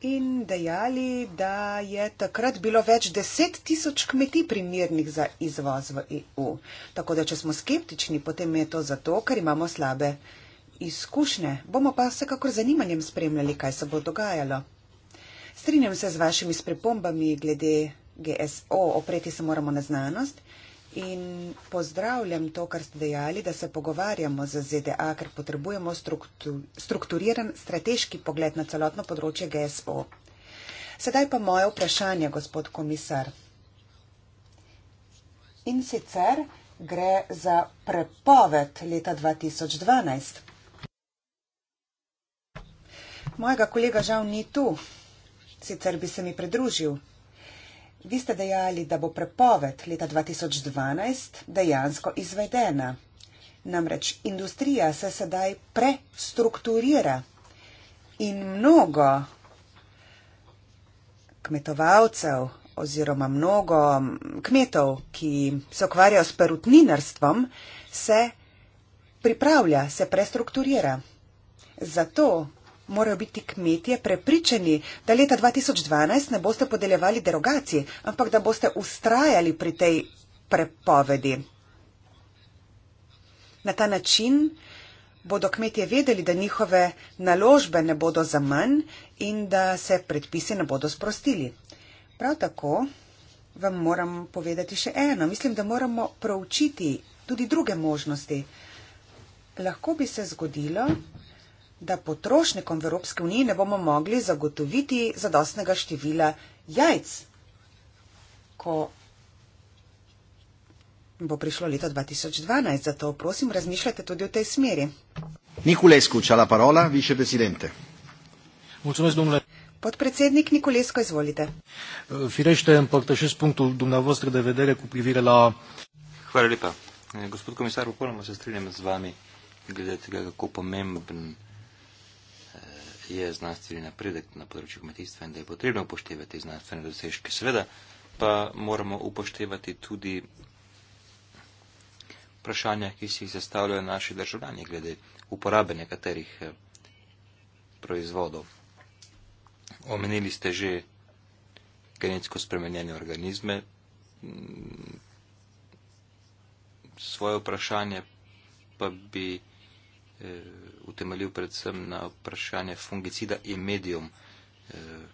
in dejali, da je takrat bilo več deset tisoč kmetij primernih za izvoz v EU. Tako da, če smo skeptični, potem je to zato, ker imamo slabe izkušnje. Bomo pa vsekakor zanimanjem spremljali, kaj se bo dogajalo. Strinjam se z vašimi pripombami glede GSO, opreti se moramo na znanost in pozdravljam to, kar ste dejali, da se pogovarjamo z ZDA, ker potrebujemo strukturiran strateški pogled na celotno področje GSO. Sedaj pa moje vprašanje, gospod komisar. In sicer gre za prepoved leta 2012. Mojega kolega žal ni tu, sicer bi se mi pridružil. Vi ste dejali, da bo prepoved leta 2012 dejansko izvedena. Namreč industrija se sedaj prestrukturira in mnogo kmetovalcev oziroma mnogo kmetov, ki se ukvarjajo s perutninarstvom, se pripravlja, se prestrukturira. Zato morajo biti kmetje prepričani, da leta 2012 ne boste podeljevali derogacij, ampak da boste ustrajali pri tej prepovedi. Na ta način bodo kmetje vedeli, da njihove naložbe ne bodo za manj in da se predpisi ne bodo sprostili. Prav tako vam moram povedati še eno. Mislim, da moramo proučiti tudi druge možnosti. Lahko bi se zgodilo, da potrošnikom v Evropski uniji ne bomo mogli zagotoviti zadostnega števila jajc, ko bo prišlo leto 2012. Zato prosim, razmišljajte tudi v tej smeri. Nikolesku, čala parola, više presidente. Podpredsednik Nikolesko, izvolite. Eh, Firešte, ampak ta šest punktov dumnavostre, da je vedere, ko privirala. Hvala lepa. Eh, gospod komisar, popolnoma se strinjam z vami, glede tega, kako pomemben je znanstveni napredek na področju kmetijstva in da je potrebno upoštevati znanstvene dosežke. Seveda pa moramo upoštevati tudi vprašanja, ki si jih zastavljajo naši državljani glede uporabe nekaterih eh, proizvodov. Omenili ste že genetsko spremenjene organizme. Mm, svoje vprašanje pa bi. Eh, utemeljil predvsem na vprašanje fungicida in medijum. Eh,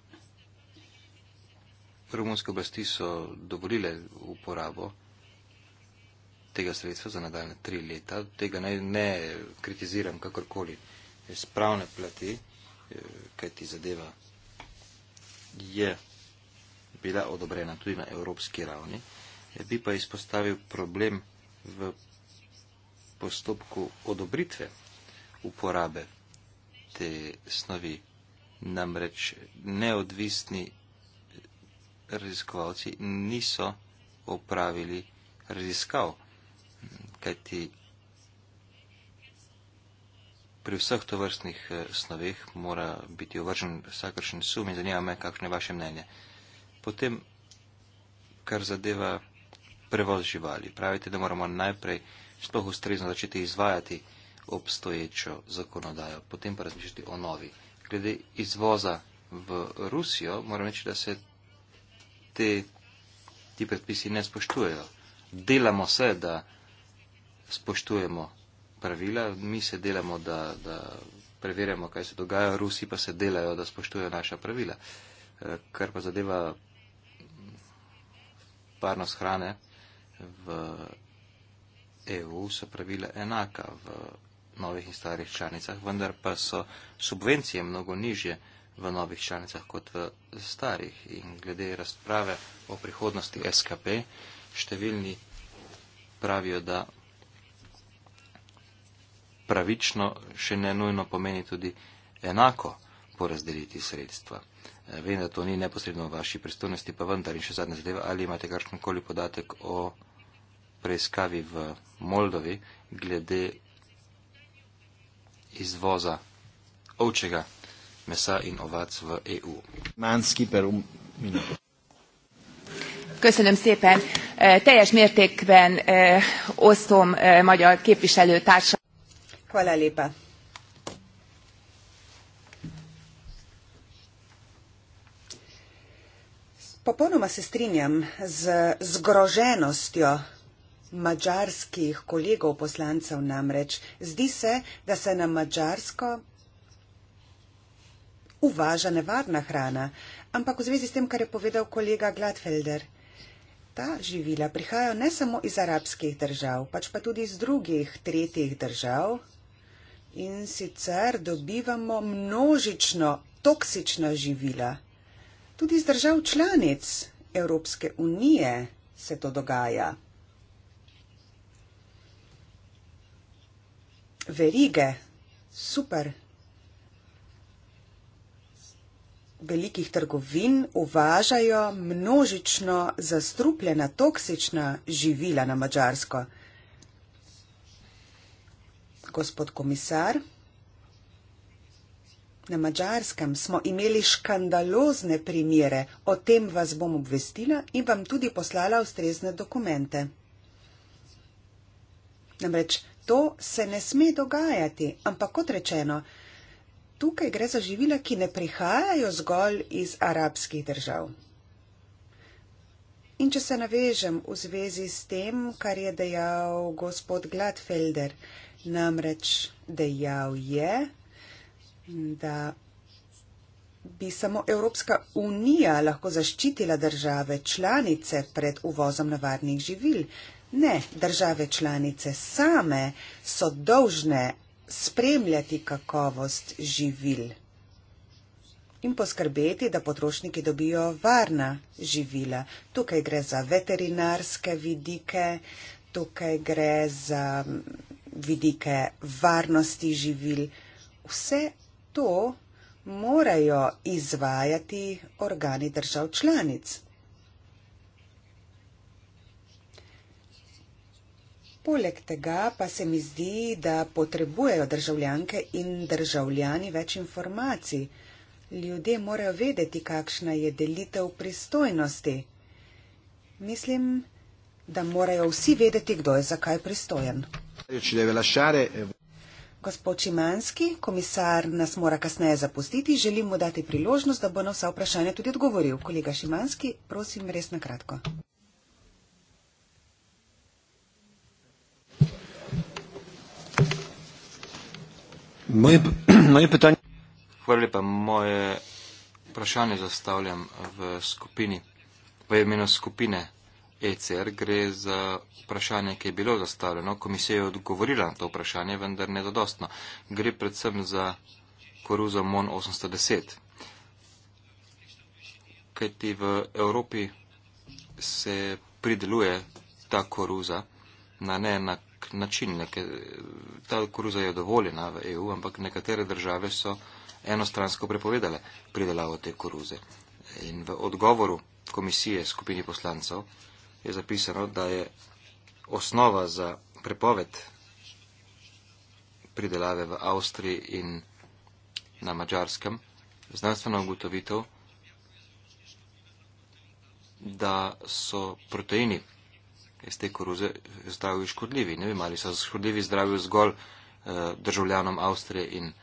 romunske oblasti so dovolile uporabo tega sredstva za nadaljne tri leta. Tega naj ne kritiziram kakorkoli spravne plati, eh, kaj ti zadeva je bila odobrena tudi na evropski ravni. Bi pa izpostavil problem v postopku odobritve uporabe te snovi. Namreč neodvisni raziskovalci niso opravili raziskav, kajti pri vseh tovrstnih eh, snoveh mora biti uvržen vsakršen sum in zanima me, kakšno je vaše mnenje. Potem, kar zadeva prevoz živali, pravite, da moramo najprej sploh ustrezno začeti izvajati uh, obstoječo zakonodajo, potem pa razmišljati o novi. Glede izvoza v Rusijo, moram reči, da se te, ti predpisi ne spoštujejo. Delamo se, da spoštujemo pravila, mi se delamo, da, da preverjamo, kaj se dogaja, Rusi pa se delajo, da spoštujejo naša pravila. Eh, kar pa zadeva varnost hrane v EU, so pravila enaka. V novih in starih članicah, vendar pa so subvencije mnogo nižje v novih članicah kot v starih. In glede razprave o prihodnosti SKP, številni pravijo, da pravično še ne nujno pomeni tudi enako porazdeliti sredstva. Eh, vem, da to ni neposredno v vaši pristojnosti, pa vendar in še zadnja zadeva, ali imate kakšenkoli podatek o preiskavi v Moldovi glede izvoza ovčega mesa in ovac v EU. Um, Köszönöm szépen. E, teljes mértékben e, osztom e, magyar képviselő társa. Hvala lepa. Popolnoma se strinjam z zgroženostjo mađarskih kolegov poslancev namreč. Zdi se, da se na mađarsko uvaža nevarna hrana, ampak v zvezi s tem, kar je povedal kolega Gladfelder, ta živila prihajajo ne samo iz arabskih držav, pač pa tudi iz drugih tretjih držav in sicer dobivamo množično toksična živila. Tudi iz držav članic Evropske unije se to dogaja. verige, super, velikih trgovin uvažajo množično zastrupljena toksična živila na Mačarsko. Gospod komisar, na Mačarskem smo imeli škandalozne primere, o tem vas bom obvestila in vam tudi poslala ustrezne dokumente. Namreč, To se ne sme dogajati, ampak kot rečeno, tukaj gre za živila, ki ne prihajajo zgolj iz arabskih držav. In če se navežem v zvezi s tem, kar je dejal gospod Gladfelder, namreč dejal je, da bi samo Evropska unija lahko zaščitila države članice pred uvozom navarnih živil, Ne, države članice same so dolžne spremljati kakovost živil in poskrbeti, da potrošniki dobijo varna živila. Tukaj gre za veterinarske vidike, tukaj gre za vidike varnosti živil. Vse to morajo izvajati organi držav članic. Poleg tega pa se mi zdi, da potrebujejo državljanke in državljani več informacij. Ljudje morajo vedeti, kakšna je delitev pristojnosti. Mislim, da morajo vsi vedeti, kdo je zakaj pristojen. Eh, Gospod Čimanski, komisar nas mora kasneje zapustiti. Želim mu dati priložnost, da bo na vsa vprašanja tudi odgovoril. Kolega Šimanski, prosim, res na kratko. Moje, moje pitanje. Hvala lepa. Moje vprašanje zastavljam v skupini, v imenu skupine ECR. Gre za vprašanje, ki je bilo zastavljeno. Komisija je odgovorila na to vprašanje, vendar nedodostno. Gre predvsem za koruzo MON 810. Kajti v Evropi se prideluje ta koruza na neenak nek način. Neke, ta koruza je dovoljena v EU, ampak nekatere države so enostransko prepovedale pridelavo te koruze. In v odgovoru komisije skupini poslancev je zapisano, da je osnova za prepoved pridelave v Avstriji in na Mačarskem znanstveno ugotovitev, da so proteini iz te koruze zdravju škodljivi. Ne vem, ali so škodljivi zdravju zgolj eh, državljanom Avstrije in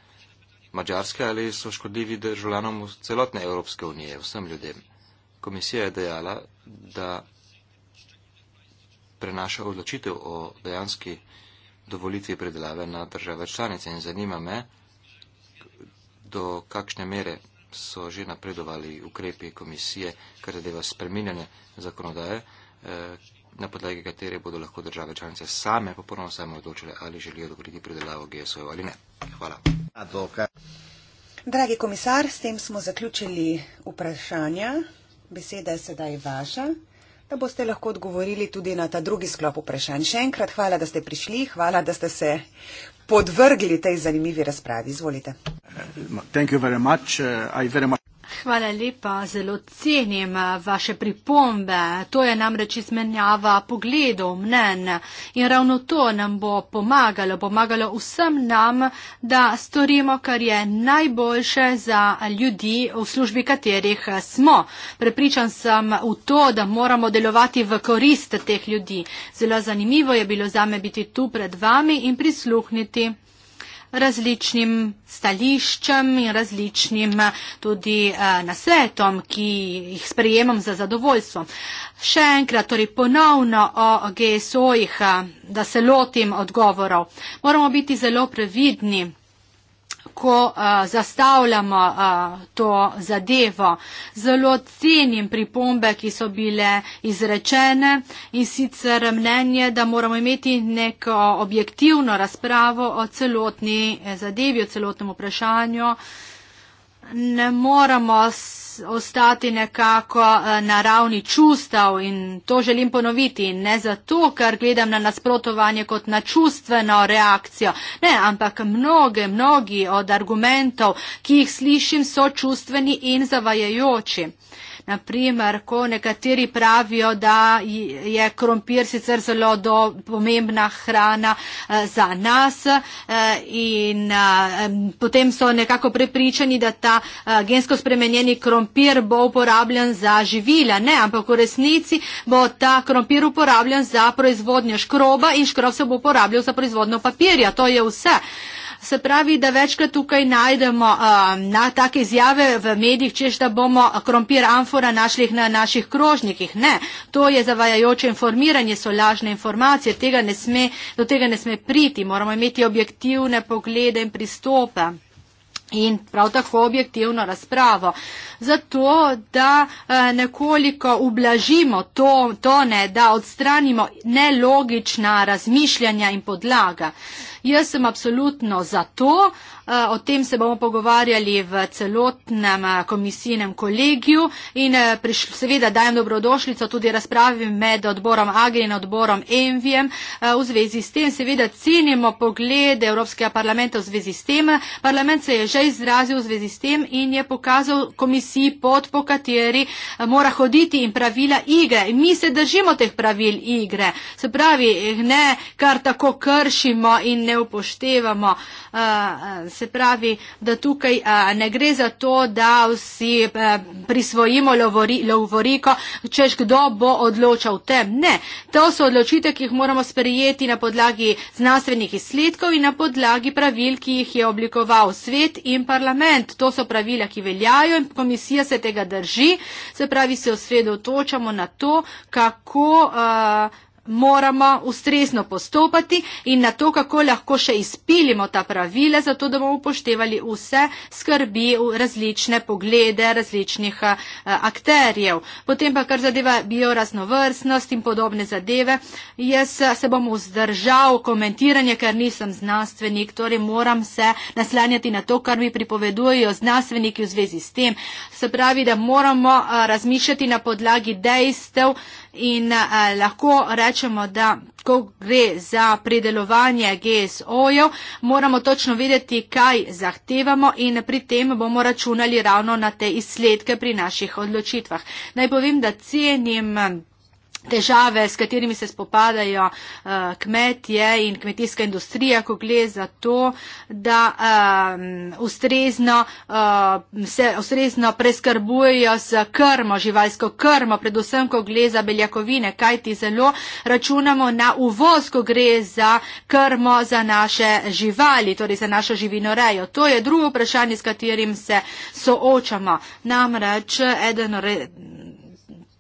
Mačarske, ali so škodljivi državljanom celotne Evropske unije, vsem ljudem. Komisija je dejala, da prenaša odločitev o dejanski dovolitvi predelave na države članice in zanima me, do kakšne mere so že napredovali ukrepi komisije, kar zadeva spreminjanje zakonodaje. Eh, na podlagi katere bodo lahko države članice same popolnoma same odločile, ali želijo odobriti predelavo GSO ali ne. Hvala. Dragi komisar, s tem smo zaključili vprašanja. Beseda je sedaj vaša, da boste lahko odgovorili tudi na ta drugi sklop vprašanj. Še enkrat hvala, da ste prišli, hvala, da ste se podvrgli tej zanimivi razpravi. Izvolite. Uh, Hvala lepa, zelo cenim eh, vaše pripombe. To je namreč izmenjava pogledov, mnen in ravno to nam bo pomagalo, pomagalo vsem nam, da storimo, kar je najboljše za ljudi, v službi katerih eh, smo. Prepričan sem v to, da moramo delovati v korist teh ljudi. Zelo zanimivo je bilo zame biti tu pred vami in prisluhniti različnim stališčem in različnim eh, tudi eh, nasvetom, ki jih sprejemam za zadovoljstvo. Še enkrat, torej ponovno o GSO-jih, eh, da se lotim odgovorov. Moramo biti zelo previdni lahko uh, zastavljamo uh, to zadevo. Zelo cenim pripombe, ki so bile izrečene in sicer mnenje, da moramo imeti neko objektivno razpravo o celotni e, zadevi, o celotnem vprašanju. Uh, ne moramo ostati nekako eh, na ravni čustav in to želim ponoviti. Ne zato, ker gledam na nasprotovanje kot na čustveno reakcijo. Ne, ampak mnoge, mnogi od argumentov, ki jih slišim, so čustveni in zavajajoči. Naprimer, ko nekateri pravijo, da je krompir sicer zelo do, pomembna hrana eh, za nas eh, in eh, potem so nekako prepričani, da ta eh, gensko spremenjeni krompir bo uporabljen za živila. Ne, ampak v resnici bo ta krompir uporabljen za proizvodnjo škroba in škrob se bo uporabljal za proizvodnjo papirja. To je vse. Se pravi, da večkrat tukaj najdemo uh, na take izjave v medijih, češ da bomo krompir amfora našli na naših krožnikih. Ne, to je zavajajoče informiranje, so lažne informacije, tega sme, do tega ne sme priti, moramo imeti objektivne poglede in pristope. In prav tako objektivno razpravo. Zato, da eh, nekoliko ublažimo to, to ne, da odstranimo nelogična razmišljanja in podlaga. Jaz sem apsolutno za to, Eh, o tem se bomo pogovarjali v celotnem eh, komisijnem kolegiju in eh, seveda dajem dobrodošljico tudi razpravi med odborom Agri in odborom Envijem v zvezi s tem. Seveda cenimo poglede Evropskega parlamenta v zvezi s tem. Parlament se je že izrazil v zvezi s tem in je pokazal komisiji pot, po kateri mora hoditi in pravila igre. In mi se držimo teh pravil igre. Se pravi, ne kar tako kršimo in ne upoštevamo se pravi, da tukaj uh, ne gre za to, da vsi uh, prisvojimo lovoriko, češ kdo bo odločal v tem. Ne, to so odločitev, ki jih moramo sprejeti na podlagi znanstvenih izsledkov in na podlagi pravil, ki jih je oblikoval svet in parlament. To so pravila, ki veljajo in komisija se tega drži, se pravi, se osredotočamo na to, kako uh, moramo ustrezno postopati in na to, kako lahko še izpilimo ta pravila, zato da bomo upoštevali vse skrbi, različne poglede različnih eh, akterjev. Potem pa, kar zadeva bioraznovrstnost in podobne zadeve, jaz eh, se bom vzdržal komentiranje, ker nisem znanstvenik, torej moram se naslanjati na to, kar mi pripovedujejo znanstveniki v zvezi s tem. Se pravi, da moramo eh, razmišljati na podlagi dejstev in lahko rečemo, rečemo, da ko gre za predelovanje GSO-jo, moramo točno vedeti, kaj zahtevamo in pri tem bomo računali ravno na te izsledke pri naših odločitvah. Naj povem, da cenim težave, s katerimi se spopadajo eh, kmetje in kmetijska industrija, ko gre za to, da eh, ustrezno, eh, se ustrezno preskrbujejo z krmo, živalsko krmo, predvsem, ko gre za beljakovine, kajti zelo računamo na uvoz, ko gre za krmo za naše živali, torej za našo živinorejo. To je drugo vprašanje, s katerim se soočamo. Namreč, eden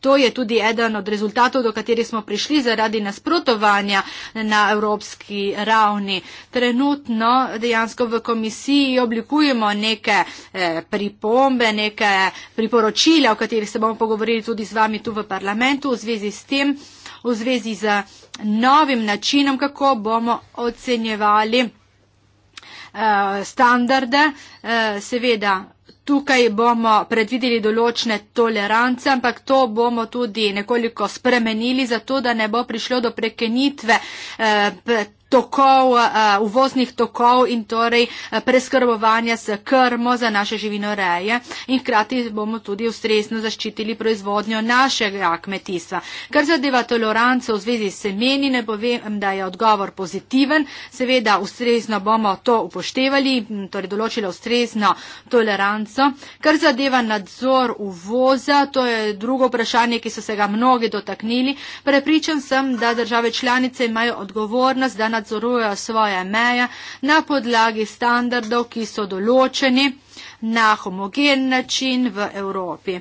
To je tudi eden od rezultatov, do katerih smo prišli zaradi nasprotovanja na evropski ravni. Trenutno dejansko v komisiji oblikujemo neke eh, pripombe, neke priporočila, o katerih se bomo pogovorili tudi z vami tu v parlamentu v zvezi s tem, v zvezi z novim načinom, kako bomo ocenjevali eh, standarde, eh, seveda Tukaj bomo predvideli določne tolerance, ampak to bomo tudi nekoliko spremenili, zato da ne bo prišlo do prekenitve eh, tokov, eh, uvoznih tokov in torej eh, preskrbovanja s krmo za naše živinoreje in hkrati bomo tudi ustrezno zaščitili proizvodnjo našega kmetijstva. Kar zadeva toleranco v zvezi s semeni, ne povem, da je odgovor pozitiven, seveda ustrezno bomo to upoštevali, torej določili ustrezno toleranco. Kar zadeva nadzor uvoza, to je drugo vprašanje, ki so se ga mnogi dotaknili, prepričan sem, da države članice imajo odgovornost, da na nadzorujejo svoje meje na podlagi standardov, ki so določeni na homogen način v Evropi.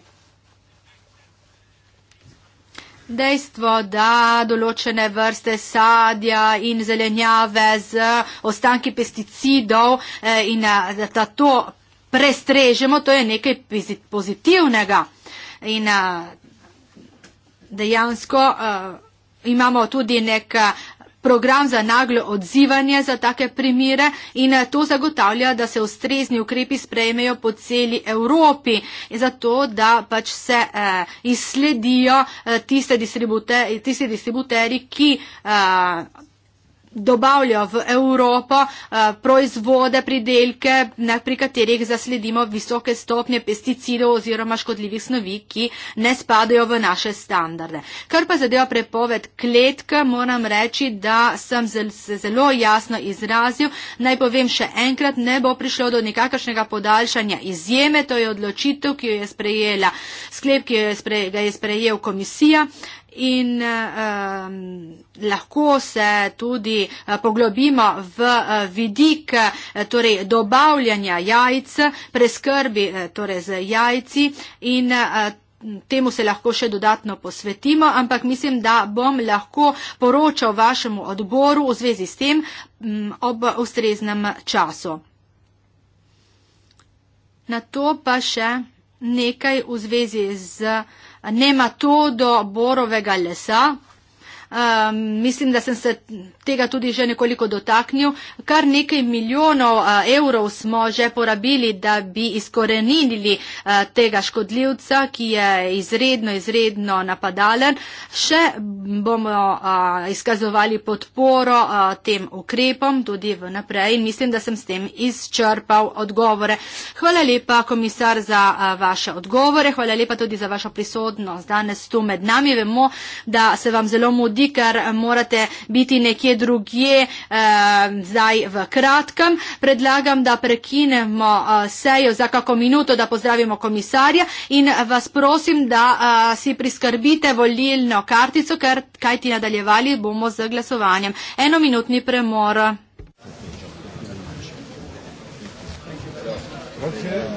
Dejstvo, da določene vrste sadja in zelenjave z ostanki pesticidov eh, in eh, da to prestrežemo, to je nekaj pozitivnega. In eh, dejansko imamo tudi neka program za naglo odzivanje za take primere in eh, to zagotavlja, da se ustrezni ukrepi sprejmejo po celi Evropi, zato da pač se eh, izsledijo eh, tiste distributerji, ki. Eh, dobavljajo v Evropo eh, proizvode, pridelke, pri katerih zasledimo visoke stopnje pesticidov oziroma škodljivih snovi, ki ne spadajo v naše standarde. Kar pa zadeva prepoved kletka, moram reči, da sem se zelo jasno izrazil. Naj povem še enkrat, ne bo prišlo do nekakšnega podaljšanja izjeme, to je odločitev, ki jo je sprejela sklep, ki jo je sprejel komisija in um, lahko se tudi uh, poglobimo v uh, vidik uh, torej dobavljanja jajc, preskrbi uh, torej z jajci in uh, Temu se lahko še dodatno posvetimo, ampak mislim, da bom lahko poročal vašemu odboru v zvezi s tem mm, ob ustreznem času. Na to pa še nekaj v zvezi z uh, nematodo borovega lesa, Um, mislim, da sem se tega tudi že nekoliko dotaknil. Kar nekaj milijonov uh, evrov smo že porabili, da bi izkorenili uh, tega škodljivca, ki je izredno, izredno napadalen. Še bomo uh, izkazovali podporo uh, tem ukrepom tudi v naprej in mislim, da sem s tem izčrpal odgovore. Hvala lepa, komisar, za uh, vaše odgovore. Hvala lepa tudi za vašo prisotnost danes tu med nami. Vemo, da se vam zelo mudi ljudi, ker eh, morate biti nekje drugje eh, zdaj v kratkem. Predlagam, da prekinemo eh, sejo za kako minuto, da pozdravimo komisarja in eh, vas prosim, da eh, si priskrbite volilno kartico, ker kaj ti nadaljevali bomo z glasovanjem. Eno minutni premor. Okay.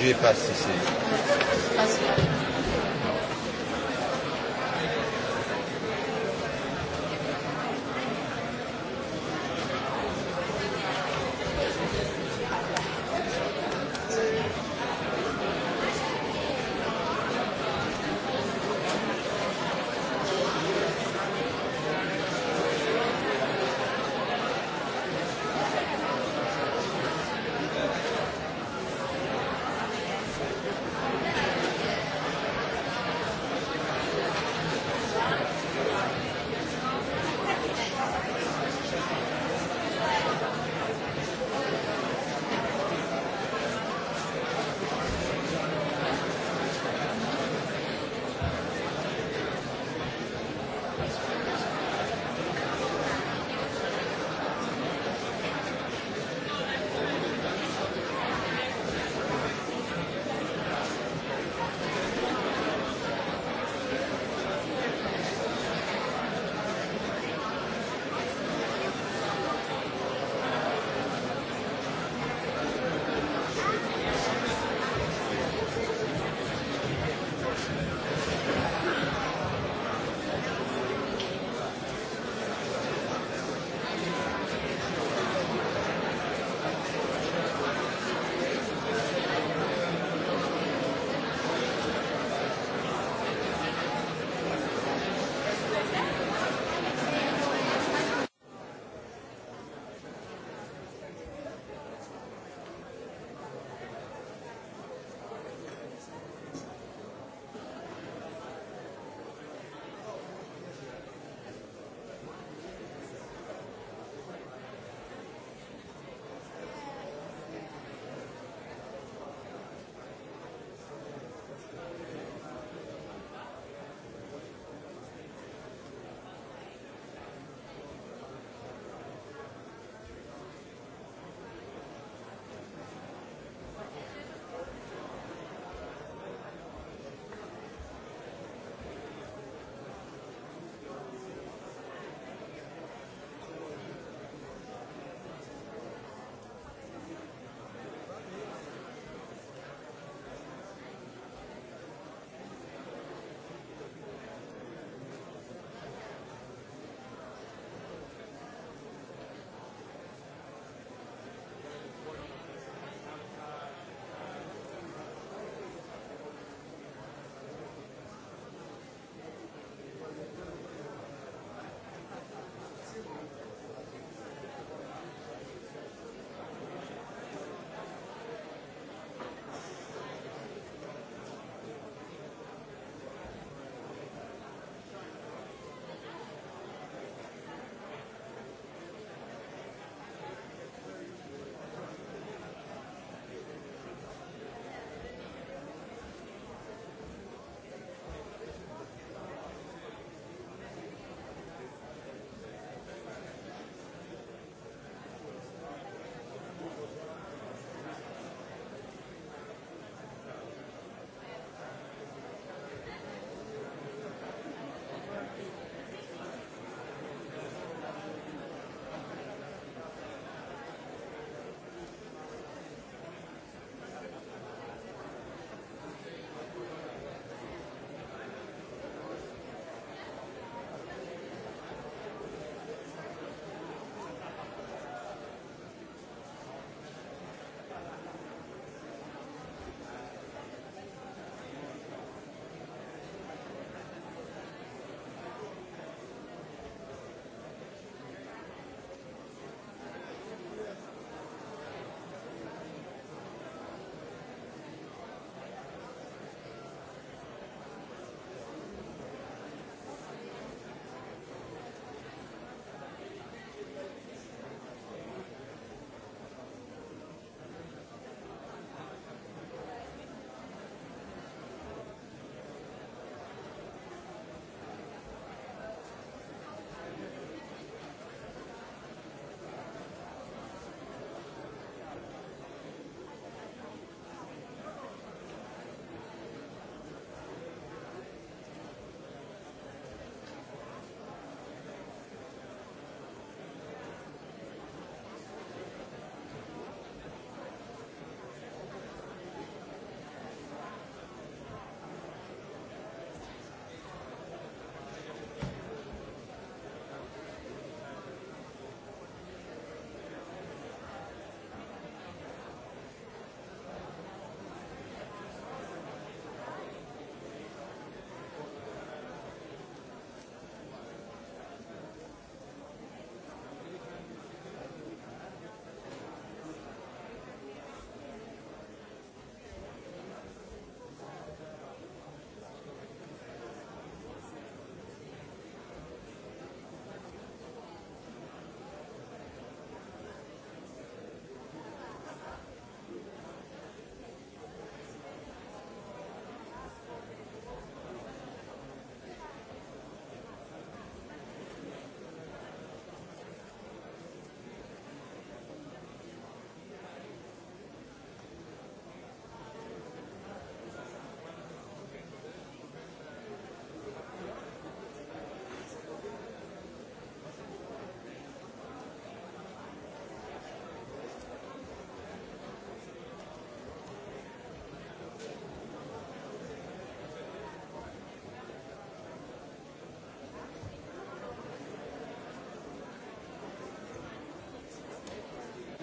je passe ici. Merci.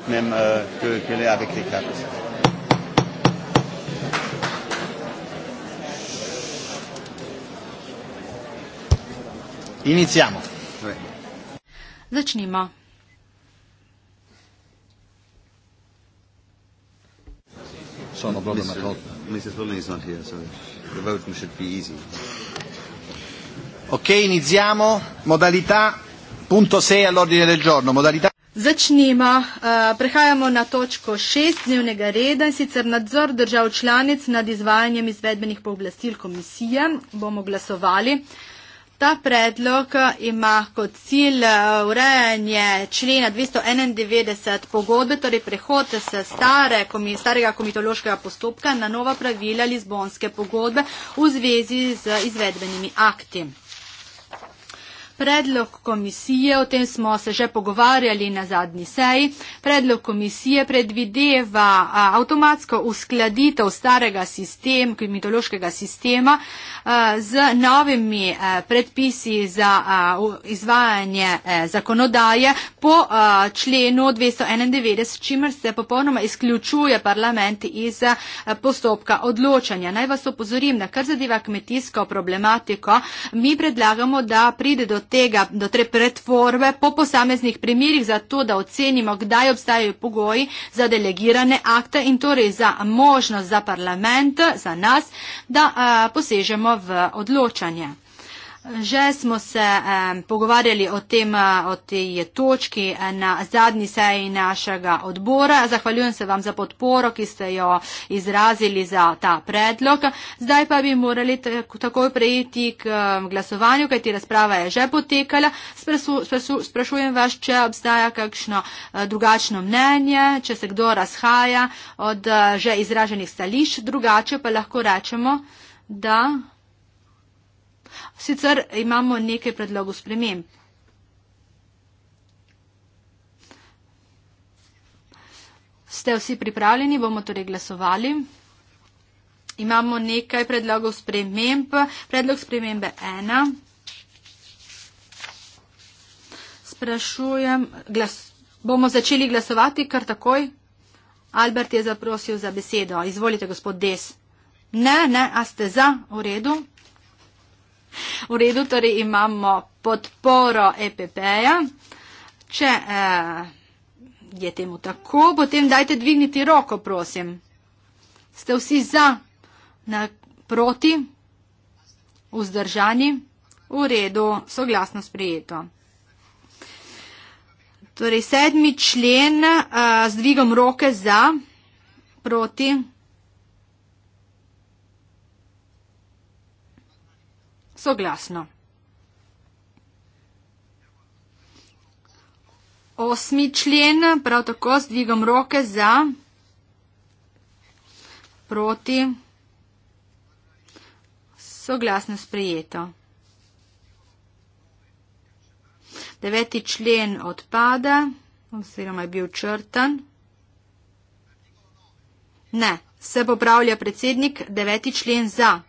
même euh, qu'elle que est avec les cartes. Iniziamo. Zacznijmy. Sono proprio Marcotta. Mr. Sloan is not here, so the voting should be easy. Ok, iniziamo. Modalità punto 6 all'ordine del giorno. Modalità Začnimo. Eh, prehajamo na točko šest dnevnega reda in sicer nadzor držav članic nad izvajanjem izvedbenih pooblastil komisije. Bomo glasovali. Ta predlog eh, ima kot cilj eh, urejanje člena 291 pogodbe, torej prehod se stare, starega komitološkega postopka na nova pravila Lizbonske pogodbe v zvezi z izvedbenimi akti. Predlog komisije, o tem smo se že pogovarjali na zadnji seji, predlog komisije predvideva a, avtomatsko uskladitev starega sistema, kriminološkega sistema, a, z novimi a, predpisi za a, izvajanje a, e, zakonodaje po a, členu 291, čimer se popolnoma izključuje parlament iz a, postopka odločanja. Naj vas opozorim, da kar zadeva kmetijsko problematiko, mi predlagamo, da pride do tega do te pretvorbe po posameznih primirjih za to, da ocenimo, kdaj obstajajo pogoji za delegirane akte in torej za možnost za parlament, za nas, da a, posežemo v odločanje. Že smo se um, pogovarjali o tem, eh, o tej točki eh, na zadnji seji našega odbora. Zahvaljujem se vam za podporo, ki ste jo izrazili za ta predlog. Zdaj pa bi morali takoj prejiti k glasovanju, kajti razprava je že potekala. Sprasu, sprasu, sprašujem vas, če obstaja kakšno eh, drugačno mnenje, če se kdo razhaja od že izraženih stališč, drugače pa lahko rečemo, da. Sicer imamo nekaj predlogov sprememb. Ste vsi pripravljeni, bomo torej glasovali. Imamo nekaj predlogov sprememb. Predlog spremembe ena. Sprašujem, glas, bomo začeli glasovati kar takoj. Albert je zaprosil za besedo. Izvolite, gospod Des. Ne, ne, a ste za? V redu. V redu, torej imamo podporo EPP-ja. Če eh, je temu tako, potem dajte dvigniti roko, prosim. Ste vsi za, na, proti, vzdržani? V redu, soglasno sprejeto. Torej, sedmi člen eh, z dvigom roke za, proti. soglasno. Osmi člen, prav tako s dvigom roke za, proti, soglasno sprejeto. Deveti člen odpada, oziroma je bil črtan. Ne, se popravlja predsednik, deveti člen za,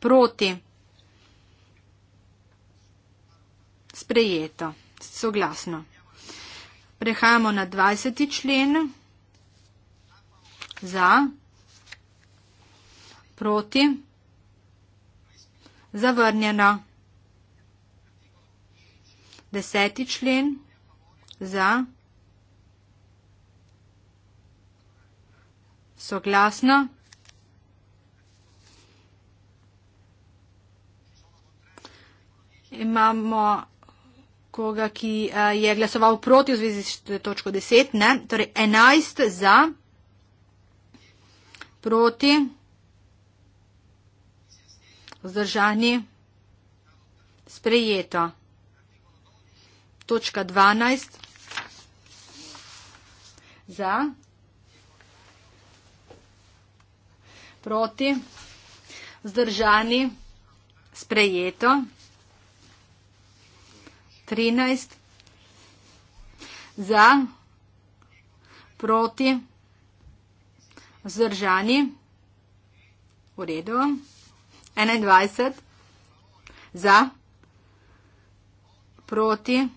proti. sprejeto, soglasno. Prehajamo na 20. člen. Za, proti, zavrnjeno. 10. člen. Za, soglasno. Imamo koga, ki eh, je glasoval proti v zvezi s točko 10, ne, torej 11 za, proti, vzdržani, sprejeto. Točka 12 za, proti, vzdržani, sprejeto. 13 za, proti, vzdržani, v redu, 21 za, proti,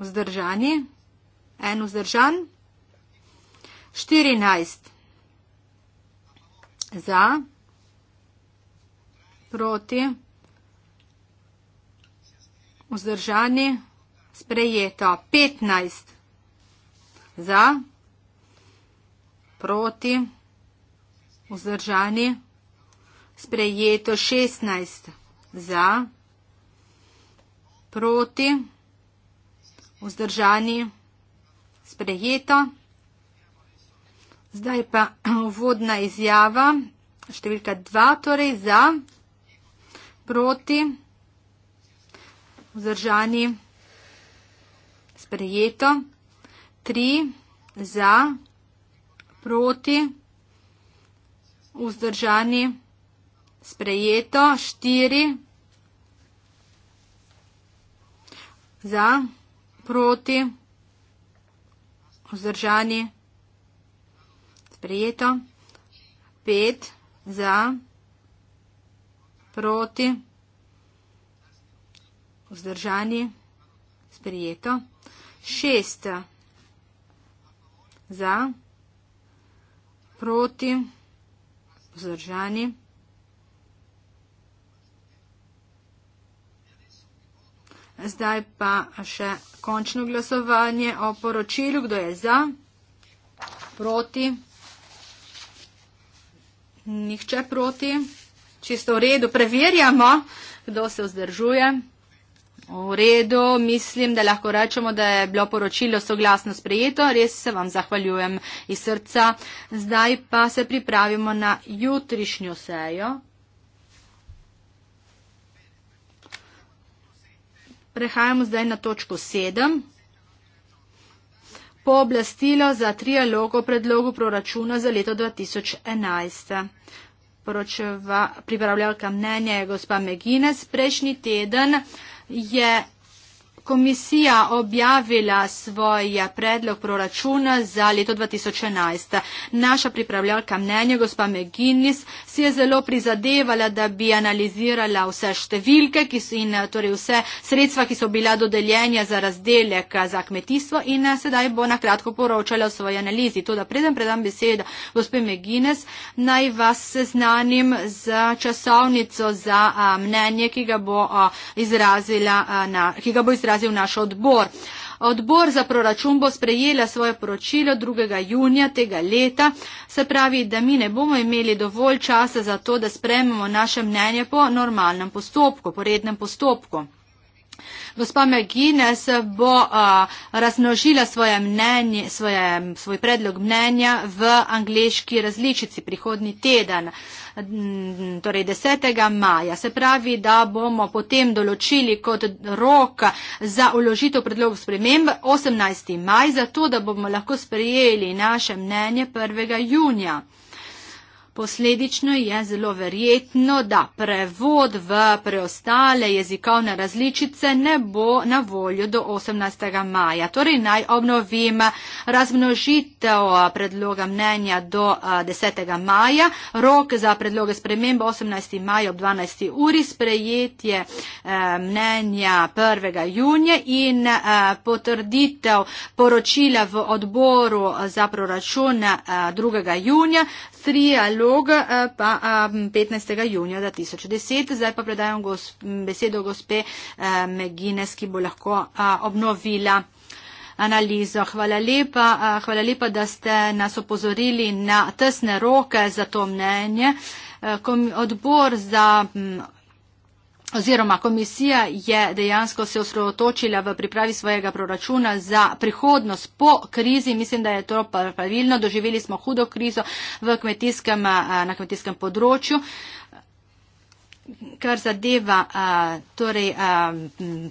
vzdržani, en vzdržan, 14 za, proti, vzdržani, vzdržani, sprejeto 15 za, proti, vzdržani, sprejeto 16 za, proti, vzdržani, sprejeto. Zdaj pa uvodna izjava, številka 2, torej za, proti, vzdržani, sprejeto vzdržani, sprejeto, tri za, proti, vzdržani, sprejeto, štiri za, proti, vzdržani, sprejeto, pet za, proti, vzdržani, sprejeto, vzdržani, sprijeto. Šest za, proti, vzdržani. Zdaj pa še končno glasovanje o poročilu, kdo je za, proti, nihče proti. Čisto v redu, preverjamo, kdo se vzdržuje. V redu, mislim, da lahko rečemo, da je bilo poročilo soglasno sprejeto. Res se vam zahvaljujem iz srca. Zdaj pa se pripravimo na jutrišnjo sejo. Prehajamo zdaj na točko 7. Pooblastilo za trialog o predlogu proračuna za leto 2011. Poročeva, pripravljalka mnenja je gospa Megines. Prejšnji teden je komisija objavila svoj predlog proračuna za leto 2011. Naša pripravljalka mnenja, gospa McGinnis, si je zelo prizadevala, da bi analizirala vse številke so, in torej vse sredstva, ki so bila dodeljenja za razdelek za kmetijstvo in sedaj bo nakratko poročala o svoji analizi. Tudi predem predam besedo gospe McGinnis, naj vas seznanim z časovnico za mnenje, ki ga bo izrazila na, ki ga bo izrazila izrazil naš odbor. Odbor za proračun bo sprejela svoje poročilo 2. junija tega leta, se pravi, da mi ne bomo imeli dovolj časa za to, da sprememo naše mnenje po normalnem postopku, po rednem postopku. Gospa Megine se bo a, raznožila svoje mnenje, svoje, svoj predlog mnenja v angliški različici prihodni teden, torej 10. maja. Se pravi, da bomo potem določili kot rok za uložitev predlogov sprememb 18. maj, zato da bomo lahko sprejeli naše mnenje 1. junija. Posledično je zelo verjetno, da prevod v preostale jezikovne različice ne bo na voljo do 18. maja. Torej naj obnovim razmnožitev eh, predloga mnenja do 10. Eh, maja. Rok za predloge spremembe 18. maja ob 12. uri sprejetje eh, mnenja 1. junija in potrditev poročila v odboru za proračun 2. junija. Avstrija, Log, eh, pa 15. Eh, junija 2010. Zdaj pa predajam gos, besedo gospe eh, Megines, ki bo lahko obnovila analizo. Hvala lepa, hvala lepa, da ste nas opozorili na tesne roke za to mnenje. Odbor za mm, oziroma komisija je dejansko se osredotočila v pripravi svojega proračuna za prihodnost po krizi. Mislim, da je to pravilno. Doživeli smo hudo krizo kmetijskem, eh, na kmetijskem področju kar zadeva a, torej, a,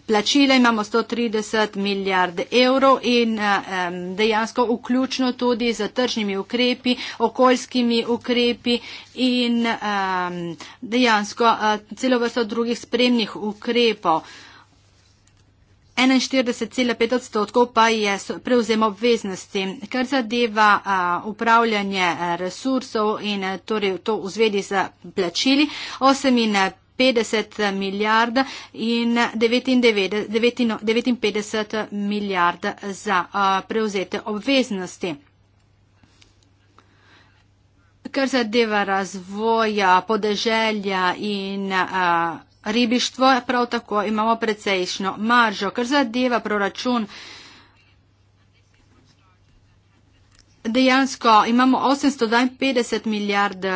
plačile, imamo 130 milijard evrov in a, a, dejansko vključno tudi z tržnimi ukrepi, okoljskimi ukrepi in a, dejansko a, celo vrsto drugih spremnih ukrepov. A, 41,5 odstotkov pa je prevzem obveznosti, kar zadeva uh, upravljanje resursov in torej to v zvedi z plačili. 50 milijard in 59 milijard za preuzete obveznosti. Kar zadeva razvoja podeželja in ribištvo prav tako imamo precejšno maržo, kar zadeva proračun. Dejansko imamo 852 milijard, uh,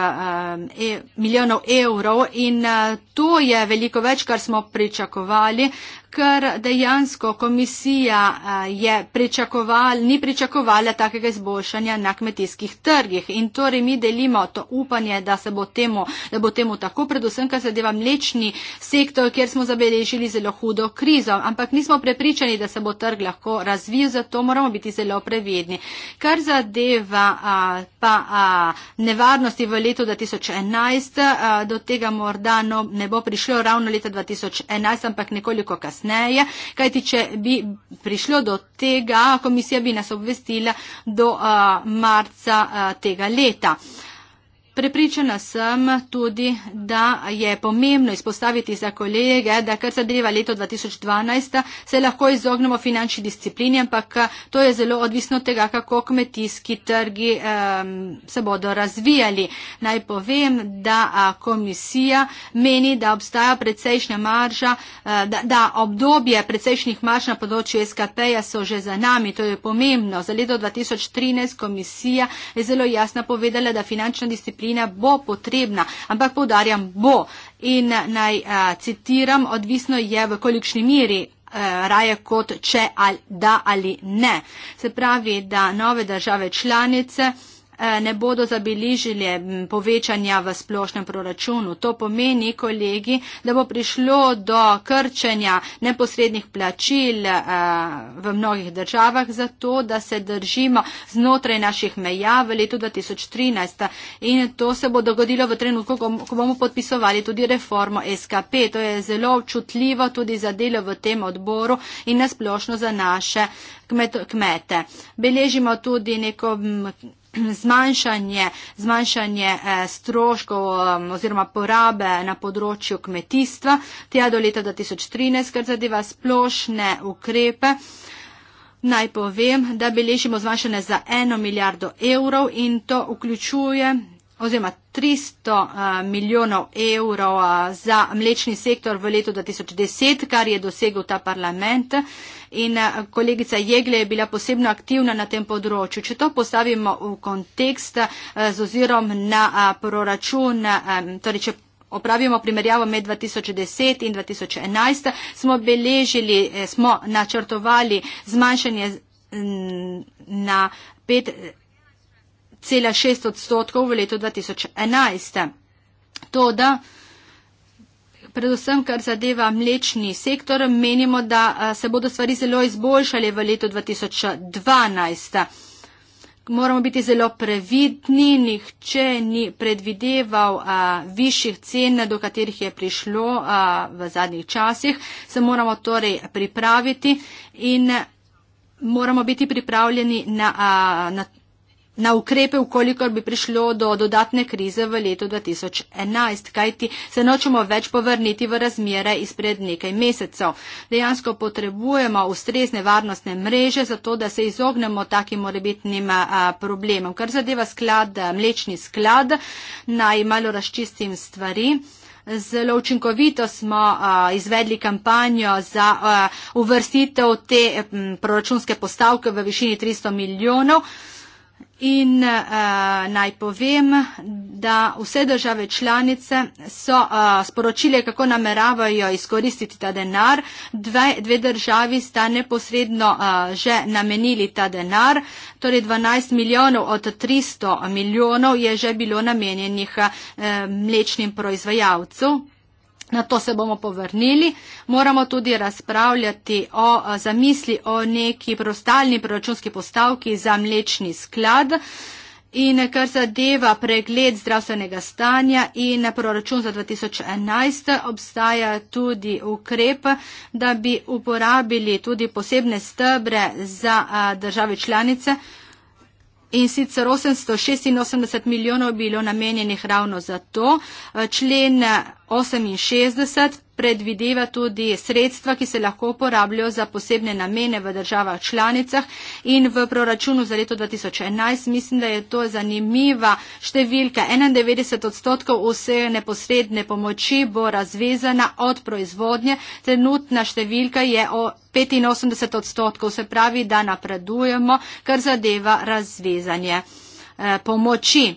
e, milijonov evrov in uh, to je veliko več, kar smo pričakovali, ker dejansko komisija eh, je pričakovala, ni pričakovala takega izboljšanja na kmetijskih trgih. In torej mi delimo to upanje, da se bo temu, da bo temu tako, predvsem, kar se deva mlečni sektor, kjer smo zabeležili zelo hudo krizo. Ampak nismo prepričani, da se bo trg lahko razvil, zato moramo biti zelo previdni. Kar zadeva a, eh, pa a, eh, nevarnosti v letu 2011, a, do tega morda no, ne bo prišlo ravno leta 2011, ampak nekoliko kasneje kasneje, kajti če bi prišlo do tega, komisija bi nas obvestila do uh, marca uh, tega leta. Uh, Prepričana sem tudi, da je pomembno izpostaviti za kolege, da kar zadeva leto 2012, se lahko izognemo finančni disciplini, ampak to je zelo odvisno od tega, kako kmetijski trgi um, se bodo razvijali. Naj povem, da komisija meni, da obstaja precejšnja marža, e, da, da obdobje precejšnjih marž na področju SKP-ja so že za nami. To je pomembno. Za leto 2013 komisija je zelo jasno povedala, da finančna disciplina disciplina bo potrebna, ampak povdarjam bo in eh, naj a, eh, citiram, odvisno je v kolikšni miri eh, raje kot če ali da ali ne. Se pravi, da nove države članice Eh, ne bodo zabeležile mm, povečanja v splošnem proračunu. To pomeni, kolegi, da bo prišlo do krčenja neposrednih plačil eh, v mnogih državah, zato da se držimo znotraj naših meja v letu 2013. In to se bo dogodilo v trenutku, ko bomo podpisovali tudi reformo SKP. To je zelo občutljivo tudi za delo v tem odboru in nasplošno za naše kmete. Beležimo tudi neko mm, zmanjšanje, zmanjšanje eh, stroškov oziroma porabe na področju kmetijstva, tja do leta 2013, kar zadeva splošne ukrepe. Naj povem, da beležimo zmanjšanje za eno milijardo evrov in to vključuje oziroma 300 eh, milijonov evrov eh, za mlečni sektor v letu 2010, kar je dosegel ta parlament. In eh, kolegica Jegle je bila posebno aktivna na tem področju. Če to postavimo v kontekst z ozirom na proračun, torej če opravimo primerjavo med 2010 in 2011, smo beležili, smo načrtovali zmanjšanje mm, na 5 cela šest odstotkov v letu 2011. To, da predvsem, kar zadeva mlečni sektor, menimo, da se bodo stvari zelo izboljšali v letu 2012. Moramo biti zelo previdni, nihče ni predvideval a, višjih cen, do katerih je prišlo a, v zadnjih časih. Se moramo torej pripraviti in moramo biti pripravljeni na, a, na na ukrepe, ukolikor bi prišlo do dodatne krize v letu 2011, kajti se nočemo več povrniti v razmere izpred nekaj mesecev. Dejansko potrebujemo ustrezne varnostne mreže, zato da se izognemo takim morebitnim problemom. Kar zadeva sklad, mlečni sklad, naj malo razčistim stvari. Zelo učinkovito smo a, izvedli kampanjo za a, uvrstitev te m, proračunske postavke v višini 300 milijonov. In uh, naj povem, da vse države članice so uh, sporočile, kako nameravajo izkoristiti ta denar. Dve, dve državi sta neposredno uh, že namenili ta denar, torej 12 milijonov od 300 milijonov je že bilo namenjenih uh, mlečnim proizvajalcem. Na to se bomo povrnili. Moramo tudi razpravljati o zamisli o neki prostalni proračunski postavki za mlečni sklad. In kar zadeva pregled zdravstvenega stanja in proračun za 2011, obstaja tudi ukrep, da bi uporabili tudi posebne stebre za države članice, In sicer 886 milijonov je bilo namenjenih ravno za to. Eh, člen 68 eh, predvideva tudi sredstva, ki se lahko uporabljajo za posebne namene v državah članicah in v proračunu za leto 2011. Mislim, da je to zanimiva številka. 91 odstotkov vse neposredne pomoči bo razvezana od proizvodnje. Trenutna številka je o 85 odstotkov, se pravi, da napredujemo, kar zadeva razvezanje eh, pomoči.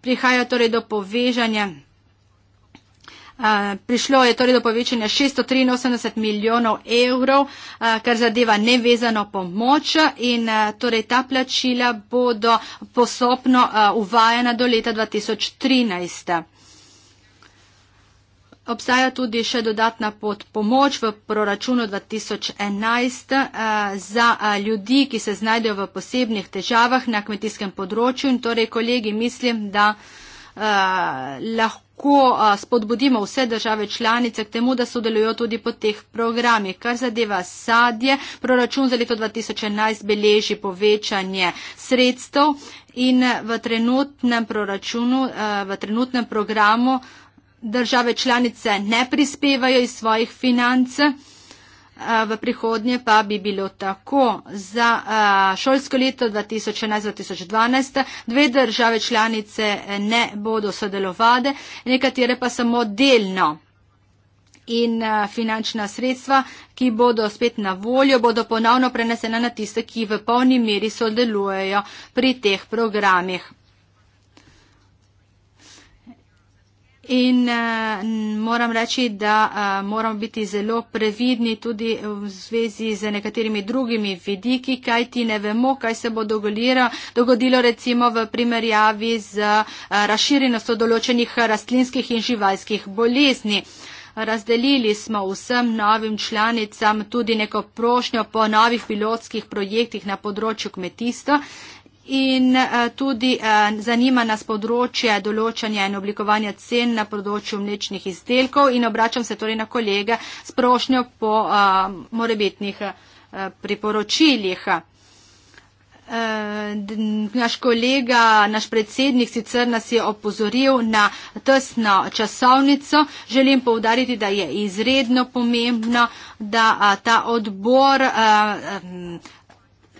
Prihaja torej do povežanja. Eh, prišlo je torej do povečanja 683 milijonov evrov, eh, kar zadeva nevezano pomoč in eh, torej ta plačila bodo posopno uvajana do leta 2013. Obstaja tudi še dodatna podpomoč v proračunu 2011 za ljudi, ki se znajdejo v posebnih težavah na kmetijskem področju in torej kolegi mislim, da lahko lahko a, spodbudimo vse države članice k temu, da sodelujo tudi po teh programih. Kar zadeva sadje, proračun za leto 2011 beleži povečanje sredstev in v trenutnem proračunu, a, v trenutnem programu države članice ne prispevajo iz svojih financ v prihodnje pa bi bilo tako za šolsko leto 2011-2012. Dve države članice ne bodo sodelovale, nekatere pa samo delno. In finančna sredstva, ki bodo spet na voljo, bodo ponovno prenesena na tiste, ki v polni meri sodelujejo pri teh programih. In uh, moram reči, da uh, moramo biti zelo previdni tudi v zvezi z nekaterimi drugimi vidiki, kaj ti ne vemo, kaj se bo dogodilo, dogodilo recimo v primerjavi z uh, razširjenostjo določenih rastlinskih in živalskih bolezni. Razdelili smo vsem novim članicam tudi neko prošnjo po novih pilotskih projektih na področju kmetijstva in eh, tudi eh, zanima nas področje določanja in oblikovanja cen na področju mlečnih izdelkov in obračam se torej na kolege s prošnjo po eh, morebitnih priporočilih. Naš kolega, naš predsednik sicer nas je opozoril na tesno časovnico. Želim povdariti, da je izredno pomembno, da ta odbor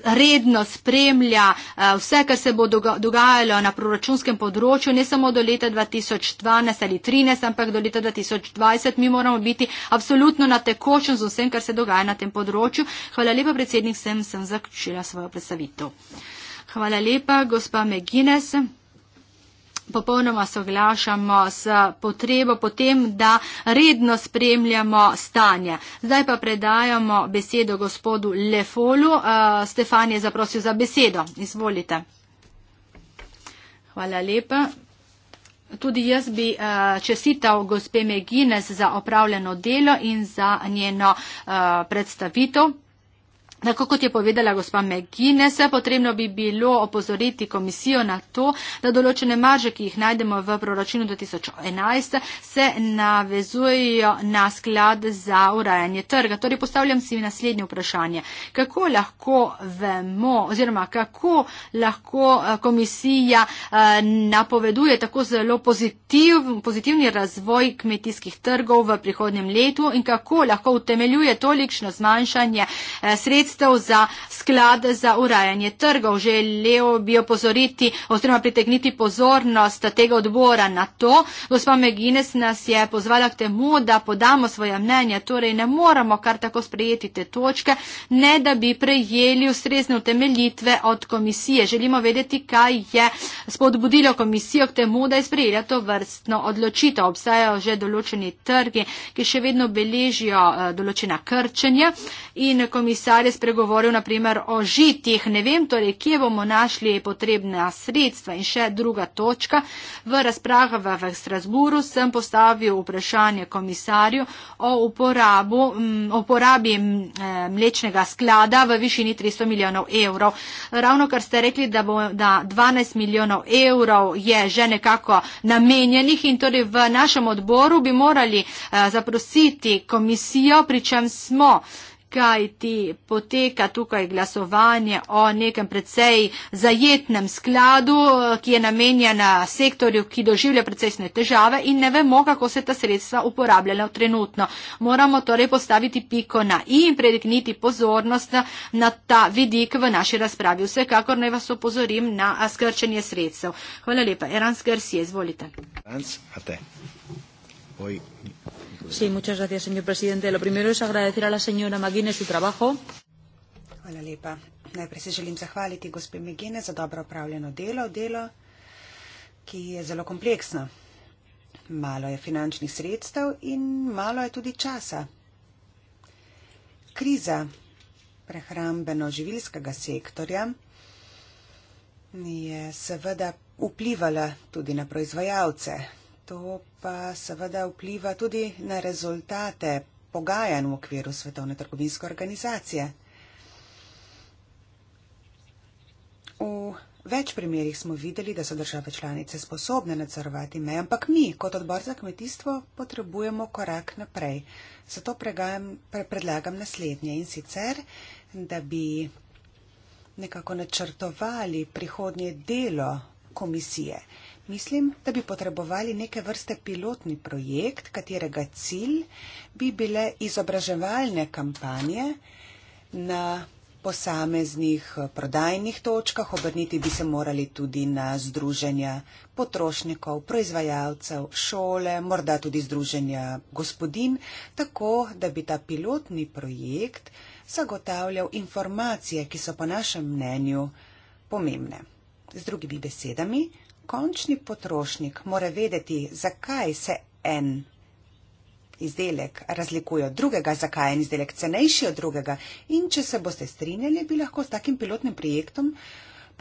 redno spremlja eh, vse, kar se bo dogajalo na proračunskem področju, ne samo do leta 2012 ali 2013, ampak do leta 2020. Mi moramo biti absolutno na tekočem z vsem, kar se dogaja na tem področju. Hvala lepa, predsednik, sem, sem zaključila svojo predstavitev. Hvala lepa, gospa McGuinness popolnoma soglašamo s potrebo potem, da redno spremljamo stanje. Zdaj pa predajamo besedo gospodu Lefolu. Eh, Stefan je zaprosil za besedo. Izvolite. Hvala lepa. Tudi jaz bi eh, čestital gospe Megines za opravljeno delo in za njeno eh, predstavitev. Tako kot je povedala gospa McGuinness, potrebno bi bilo opozoriti komisijo na to, da določene marže, ki jih najdemo v proračunu 2011, se navezujejo na sklad za urajanje trga. Torej postavljam si naslednje vprašanje. Kako lahko vemo oziroma kako lahko eh, komisija eh, napoveduje tako zelo pozitiv, pozitivni razvoj kmetijskih trgov v prihodnem letu in kako lahko utemeljuje tolikšno zmanjšanje eh, sredstv, sredstev za sklad za urajanje trgov. Želel bi opozoriti oziroma pritegniti pozornost tega odbora na to. Gospa Megines nas je pozvala k temu, da podamo svoje mnenje, torej ne moramo kar tako sprejeti te točke, ne da bi prejeli ustrezne utemeljitve od komisije. Želimo vedeti, kaj je spodbudilo komisijo k temu, da je sprejela to vrstno odločitev. Obstajajo že določeni trgi, ki še vedno beležijo eh, določena krčenja in komisar je spregovoril naprimer o žitih, ne vem torej, kje bomo našli potrebna sredstva in še druga točka. V razprah v Strasburu sem postavil vprašanje komisarju o uporabu, m, uporabi eh, mlečnega sklada v višini 300 milijonov evrov. Ravno kar ste rekli, da, bo, da 12 milijonov evrov je že nekako namenjenih in torej v našem odboru bi morali eh, zaprositi komisijo, pri čem smo kaj ti poteka tukaj glasovanje o nekem precej zajetnem skladu, ki je namenjena sektorju, ki doživlja precejšne težave in ne vemo, kako se ta sredstva uporabljajo trenutno. Moramo torej postaviti piko na i in predigniti pozornost na ta vidik v naši razpravi. Vsekakor naj vas opozorim na skrčenje sredstev. Hvala lepa. Erans Garcia, izvolite. Erans, Sí, muchas gracias, señor presidente. Lo primero es agradecer a la señora McGuinness su trabajo. Hvala lepa. Najprej se želim zahvaliti gospe Megine za dobro upravljeno delo, delo, ki je zelo kompleksno. Malo je finančnih sredstev in malo je tudi časa. Kriza prehrambeno-živilskega sektorja je seveda vplivala tudi na proizvajalce, to pa seveda vpliva tudi na rezultate pogajanj v okviru Svetovne trgovinske organizacije. V več primerjih smo videli, da so države članice sposobne nadzorovati meje, ampak mi kot odbor za kmetijstvo potrebujemo korak naprej. Zato pregajam, pre, predlagam naslednje in sicer, da bi nekako načrtovali prihodnje delo komisije. Mislim, da bi potrebovali neke vrste pilotni projekt, katerega cilj bi bile izobraževalne kampanje na posameznih eh, prodajnih točkah. Obrniti bi se morali tudi na združenja potrošnikov, proizvajalcev, šole, morda tudi združenja gospodin, tako da bi ta pilotni projekt zagotavljal informacije, ki so po našem mnenju pomembne. Z drugimi besedami, končni potrošnik mora vedeti, zakaj se en izdelek razlikuje od drugega, zakaj je en izdelek cenejši od drugega. In če se boste strinjali, bi lahko s takim pilotnim projektom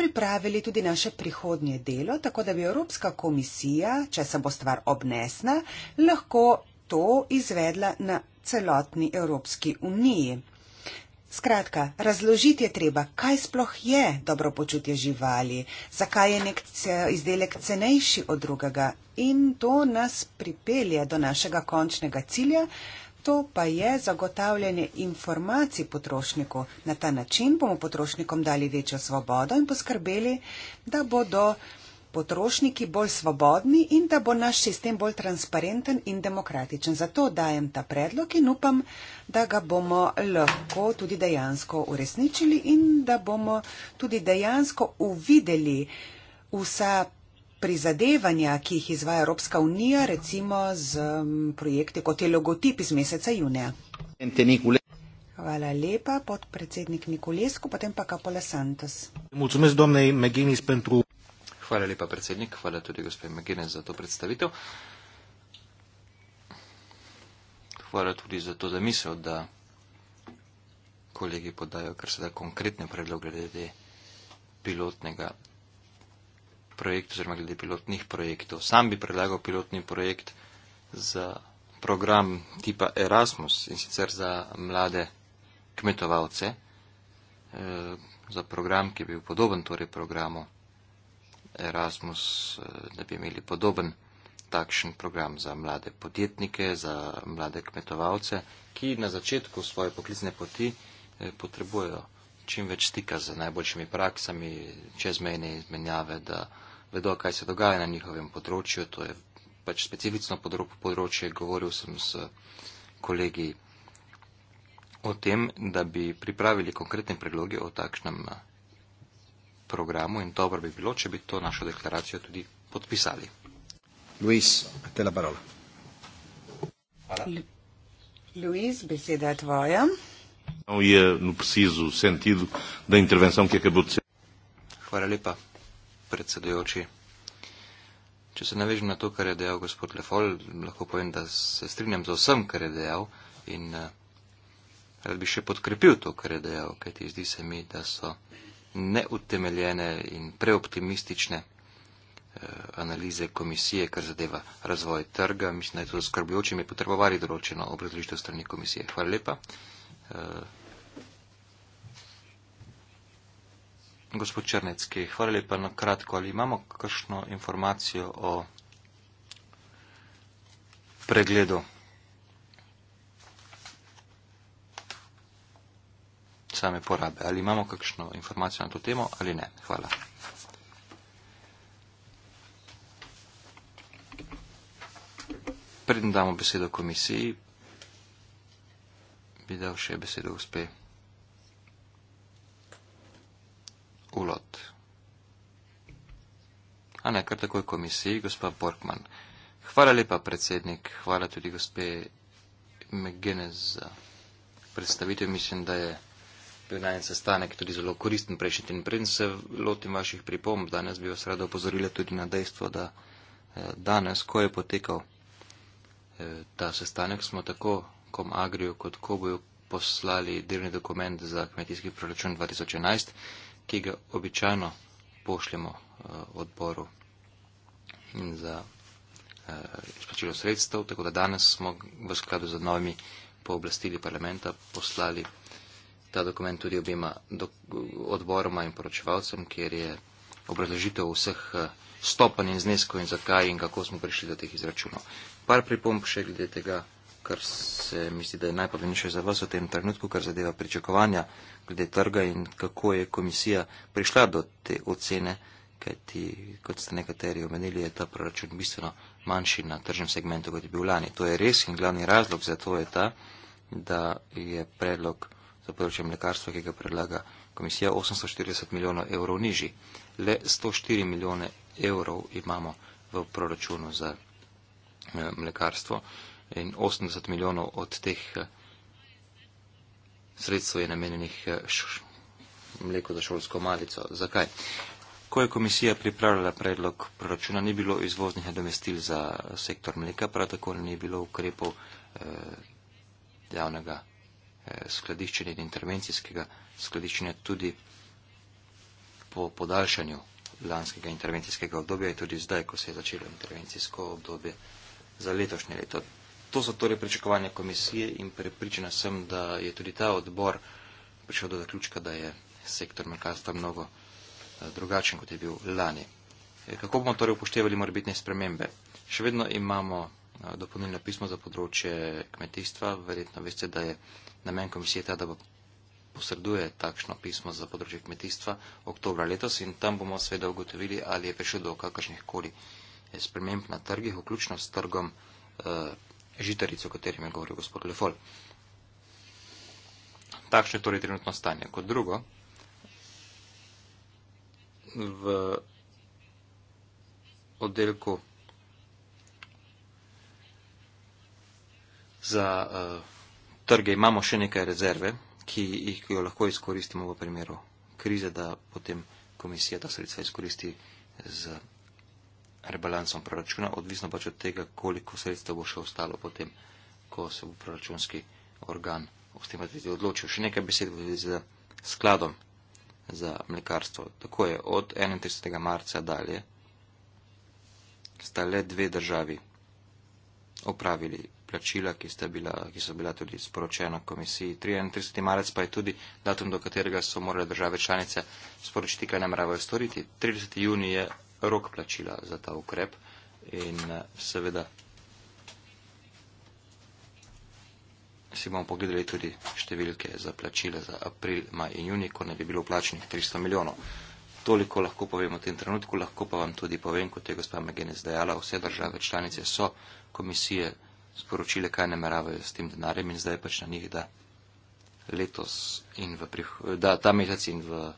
pripravili tudi naše prihodnje delo, tako da bi Evropska komisija, če se bo stvar obnesna, lahko to izvedla na celotni Evropski uniji. Skratka, razložiti je treba, kaj sploh je dobro počutje živali, zakaj je nek izdelek cenejši od drugega in to nas pripelje do našega končnega cilja, to pa je zagotavljanje informacij potrošniku. Na ta način bomo potrošnikom dali večjo svobodo in poskrbeli, da bodo potrošniki bolj svobodni in da bo naš sistem bolj transparenten in demokratičen. Zato dajem ta predlog in upam, da ga bomo lahko tudi dejansko uresničili in da bomo tudi dejansko uvideli vsa prizadevanja, ki jih izvaja Evropska unija, recimo z projekti kot je logotip iz meseca junija. Hvala lepa, podpredsednik Nikolesko, potem pa Kapola Santos. Mulțumesc, domnei Meginis, pentru Hvala lepa, predsednik. Hvala tudi gospod McGinnis za to predstavitev. Hvala tudi za to zamisel, da kolegi podajo kar se da konkretne predloge glede pilotnega projekta oziroma glede pilotnih projektov. Sam bi predlagal pilotni projekt za program tipa Erasmus in sicer za mlade kmetovalce, eh, za program, ki bi bil podoben torej programu Erasmus, eh, da bi imeli podoben takšen program za mlade podjetnike, za mlade kmetovalce, ki na začetku svoje poklicne poti eh, potrebujejo čim več stika z najboljšimi praksami, čezmejne izmenjave, da vedo, kaj se dogaja na njihovem področju. To je pač specifično področje. Govoril sem s kolegi o tem, da bi pripravili konkretne predloge o takšnem programu in dobro bi bilo, če bi to našo deklaracijo tudi podpisali. Luis, te la parola. Luis, beseda je tvoja. Je no preciso sentido da intervenção que acabou de ser. Hvala lepa, predsedujoči. Če se navežem na to, kar je dejal gospod Lefol, lahko povem, da se strinjam z vsem, kar je dejal in uh, rad bi še podkrepil to, kar je dejal, kajti zdi se mi, da so neutemeljene in preoptimistične eh, analize komisije, kar zadeva razvoj trga. Mislim, da je to skrbljujoče, mi potrebovali določeno obrazložitev strani komisije. Hvala lepa. Eh, gospod Črnecki, hvala lepa na kratko. Ali imamo kakšno informacijo o pregledu? same porabe. Ali imamo kakšno informacijo na to temo ali ne? Hvala. Preden damo besedo komisiji, bi dal še besedo uspe. Ulot. A ne, kar takoj komisiji, gospa Borkman. Hvala lepa, predsednik. Hvala tudi gospe McGinnis za predstavitev. Mislim, da je bil na en sestanek tudi zelo koristen prejšnji teden. Preden se lotim vaših pripomb, danes bi vas rada opozorila tudi na dejstvo, da eh, danes, ko je potekal eh, ta sestanek, smo tako kom Agriju kot Koboju poslali delni dokument za kmetijski proračun 2011, ki ga običajno pošljemo eh, odboru in za izplačilo sredstev, tako da danes smo v skladu z novimi pooblastili parlamenta poslali eh, ta dokument tudi objema odboroma in poročevalcem, kjer je obrazložitev vseh stopanj in zneskov in zakaj in kako smo prišli do teh izračunov. Par pripomp še glede tega, kar se mi zdi, da je najpomembnejše za vas v tem trenutku, kar zadeva pričakovanja glede trga in kako je komisija prišla do te ocene, kajti, kot ste nekateri omenili, je ta proračun bistveno manjši na tržnem segmentu, kot je bil lani. To je res in glavni razlog za to je ta, da je predlog za področje mlekarstva, ki ga predlaga komisija, 840 milijonov evrov nižji. Le 104 milijone evrov imamo v proračunu za eh, mlekarstvo in 80 milijonov od teh eh, sredstv je namenjenih eh, mleko za šolsko malico. Zakaj? Ko je komisija pripravljala predlog proračuna, ni bilo izvoznih nadomestil za sektor mleka, prav tako ni bilo ukrepov eh, javnega skladiščenja in intervencijskega skladiščenja tudi po podaljšanju lanskega intervencijskega obdobja in tudi zdaj, ko se je začelo intervencijsko obdobje za letošnje leto. To so torej pričakovanja komisije in prepričana sem, da je tudi ta odbor prišel do zaključka, da je sektor mlekarstva mnogo eh, drugačen, kot je bil lani. Eh, kako bomo torej upoštevali morebitne spremembe? Še vedno imamo eh, dopolnilno pismo za področje kmetijstva. Verjetno veste, da je namen komisije ta, da bo posreduje takšno pismo za področje kmetijstva oktobra letos in tam bomo seveda ugotovili, ali je prišlo do kakršnih koli eh, sprememb na trgih, vključno s trgom eh, žitarico, o katerem je govoril gospod Lefol. Takšno je torej trenutno stanje. Kot drugo, v oddelku za eh, trge imamo še nekaj rezerve, ki, jih, ki jo lahko izkoristimo v primeru krize, da potem komisija ta sredstva izkoristi z rebalansom proračuna, odvisno pač od tega, koliko sredstev bo še ostalo potem, ko se bo proračunski organ v tem razvidi odločil. Še nekaj besed z skladom za mlekarstvo. Tako je, od 31. marca dalje sta le dve državi opravili plačila, ki, bila, ki so bila tudi sporočena komisiji. 33. marec pa je tudi datum, do katerega so morale države članice sporočiti, kaj nameravajo storiti. 30. juni je rok plačila za ta ukrep in seveda si bomo pogledali tudi številke za plačila za april, maj in juni, ko ne bi bilo plačenih 300 milijonov. Toliko lahko povem v tem trenutku, lahko pa vam tudi povem, kot je gospa Megenes dejala, vse države članice so komisije sporočile, kaj nameravajo s tem denarjem in zdaj je pač na njih, da letos in v prihodnjih, da ta mesec in v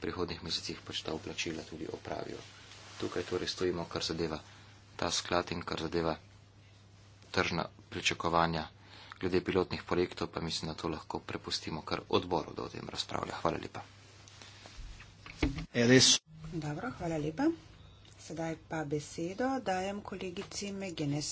prihodnih mesecih pač ta oplačila tudi opravijo. Tukaj torej stojimo, kar zadeva ta sklad in kar zadeva tržna pričakovanja. Glede pilotnih projektov pa mislim, da to lahko prepustimo kar odboru, da o tem razpravlja. Hvala lepa. E, Dobro, hvala lepa. Sedaj pa besedo dajem kolegici Megenes.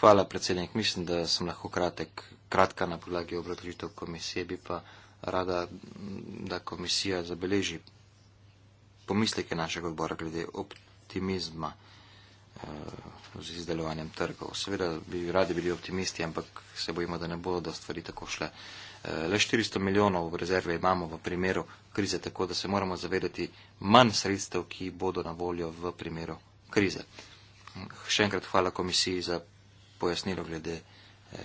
Hvala, predsednik. Mislim, da sem lahko kratek, kratka na podlagi obratlitev komisije, bi pa rada, mm, da komisija zabeleži pomisleke našega odbora glede optimizma eh, z izdelovanjem trgov. Seveda bi radi bili optimisti, ampak se bojimo, da ne bodo stvari tako šle. Uh, le 400 milijonov v rezerve imamo v primeru krize, tako da se moramo zavedati manj sredstev, ki bodo na voljo v primeru krize. Še enkrat hvala komisiji za pojasnilo glede eh,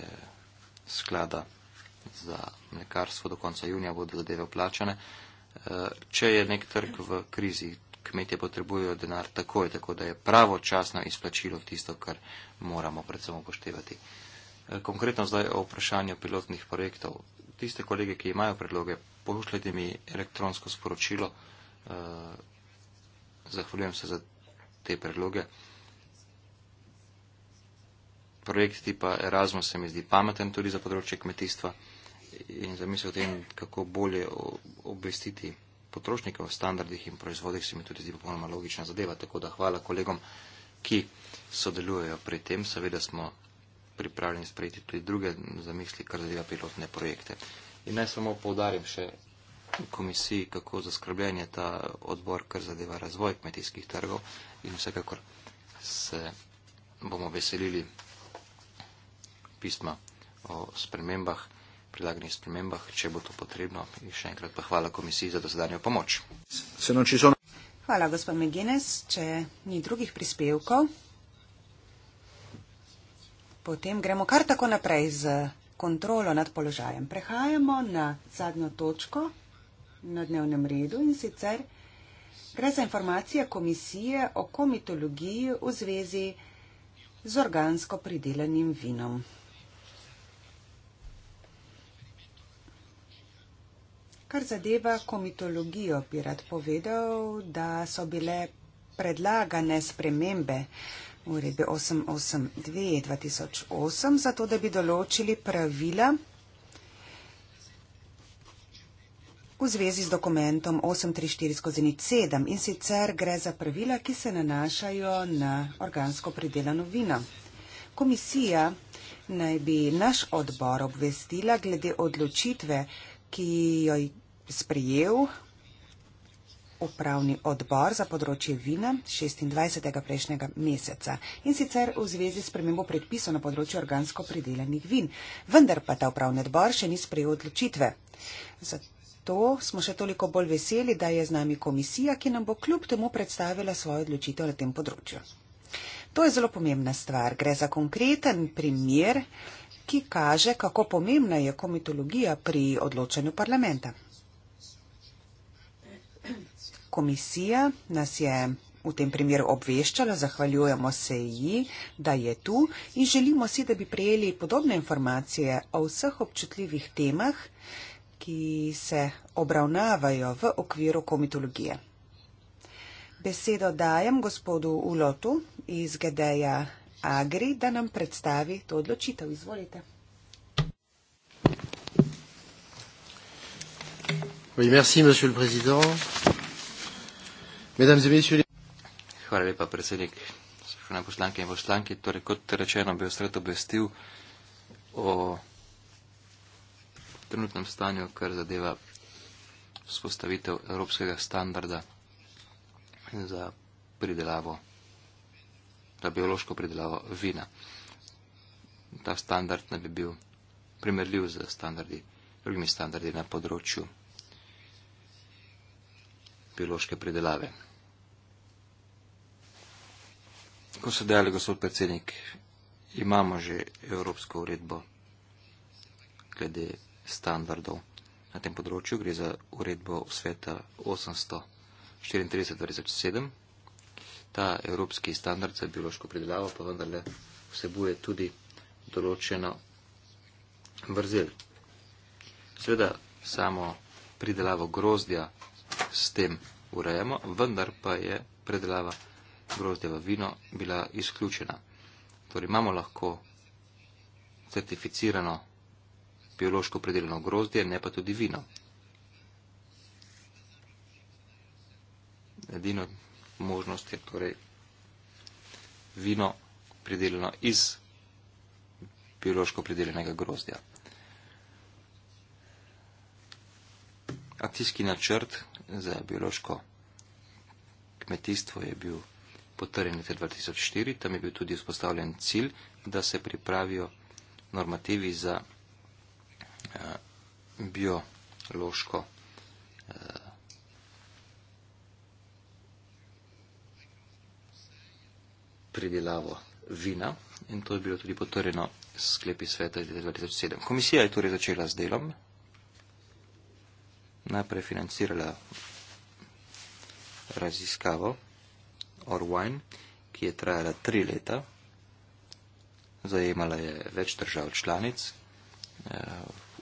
sklada za mlekarstvo. Do konca junija bodo zadeve vplačane. Eh, če je nek trg v krizi, kmetje potrebujejo denar takoj, tako da je pravočasno izplačilo tisto, kar moramo predvsem upoštevati. Eh, konkretno zdaj o vprašanju pilotnih projektov tiste kolege, ki imajo predloge, pošljite mi elektronsko sporočilo. Eh, zahvaljujem se za te predloge. Projekt tipa Erasmus se mi zdi pameten tudi za področje kmetijstva in za misel o tem, kako bolje obvestiti potrošnike v standardih in proizvodih, se mi tudi zdi popolnoma logična zadeva. Tako da hvala kolegom, ki sodelujejo pri tem. Seveda smo pripravljeni sprejeti tudi druge zamisli, kar zadeva pilotne projekte. In naj samo povdarim še komisiji, kako zaskrbljen je ta odbor, kar zadeva razvoj kmetijskih trgov in vsekakor se bomo veselili pisma o spremembah, predlaganih spremembah, če bo to potrebno. In še enkrat pa hvala komisiji za dosedanjo pomoč. Hvala, gospod Megines, če ni drugih prispevkov. Potem gremo kar tako naprej z kontrolo nad položajem. Prehajamo na zadnjo točko na dnevnem redu in sicer gre za informacije komisije o komitologiji v zvezi z organsko pridelanim vinom. Kar zadeva komitologijo, bi rad povedal, da so bile predlagane spremembe uredbe 882-2008, zato da bi določili pravila v zvezi z dokumentom 834-7 in sicer gre za pravila, ki se nanašajo na organsko pridelano vino. Komisija naj bi naš odbor obvestila glede odločitve, ki jo je sprejel upravni odbor za področje vina 26. prejšnjega meseca in sicer v zvezi s premembo predpisov na področju organsko pridelanih vin. Vendar pa ta upravni odbor še ni sprejel odločitve. Zato smo še toliko bolj veseli, da je z nami komisija, ki nam bo kljub temu predstavila svojo odločitev na tem področju. To je zelo pomembna stvar. Gre za konkreten primer, ki kaže, kako pomembna je komitologija pri odločanju parlamenta komisija nas je v tem primeru obveščala, zahvaljujemo se ji, da je tu in želimo si, da bi prejeli podobne informacije o vseh občutljivih temah, ki se obravnavajo v okviru komitologije. Besedo dajem gospodu Ulotu iz GDA Agri, da nam predstavi to odločitev. Izvolite. Merci, monsieur le président. Mesdames et messieurs. Hvala lepa, predsednik. Spoštovane poslanke in poslanke, torej kot rečeno bi ostret obvestil o trenutnem stanju, kar zadeva vzpostavitev evropskega standarda za pridelavo, za biološko pridelavo vina. Ta standard naj bi bil primerljiv z standardi, drugimi standardi na področju biološke pridelave. Tako se dejali, gospod predsednik, imamo že Evropsko uredbo glede standardov na tem področju. Gre za uredbo sveta 834-2007. Ta Evropski standard za biološko predelavo pa vendarle vsebuje tudi določeno vrzel. Sveda samo pridelavo grozdja s tem urejamo, vendar pa je predelava vrzel grozdjeva vino bila izključena. Torej imamo lahko certificirano biološko predeljeno grozdje, ne pa tudi vino. Edino možnost je torej vino predeljeno iz biološko predeljenega grozdja. Akcijski načrt za biološko kmetijstvo je bil potrjen leta 2004, tam je bil tudi vzpostavljen cilj, da se pripravijo normativi za eh, biološko eh, pridelavo vina in to je bilo tudi potrjeno s sklepi sveta leta 2007. Komisija je torej začela z delom, najprej financirala raziskavo, or Wine, ki je trajala tri leta. Zajemala je več držav članic, eh,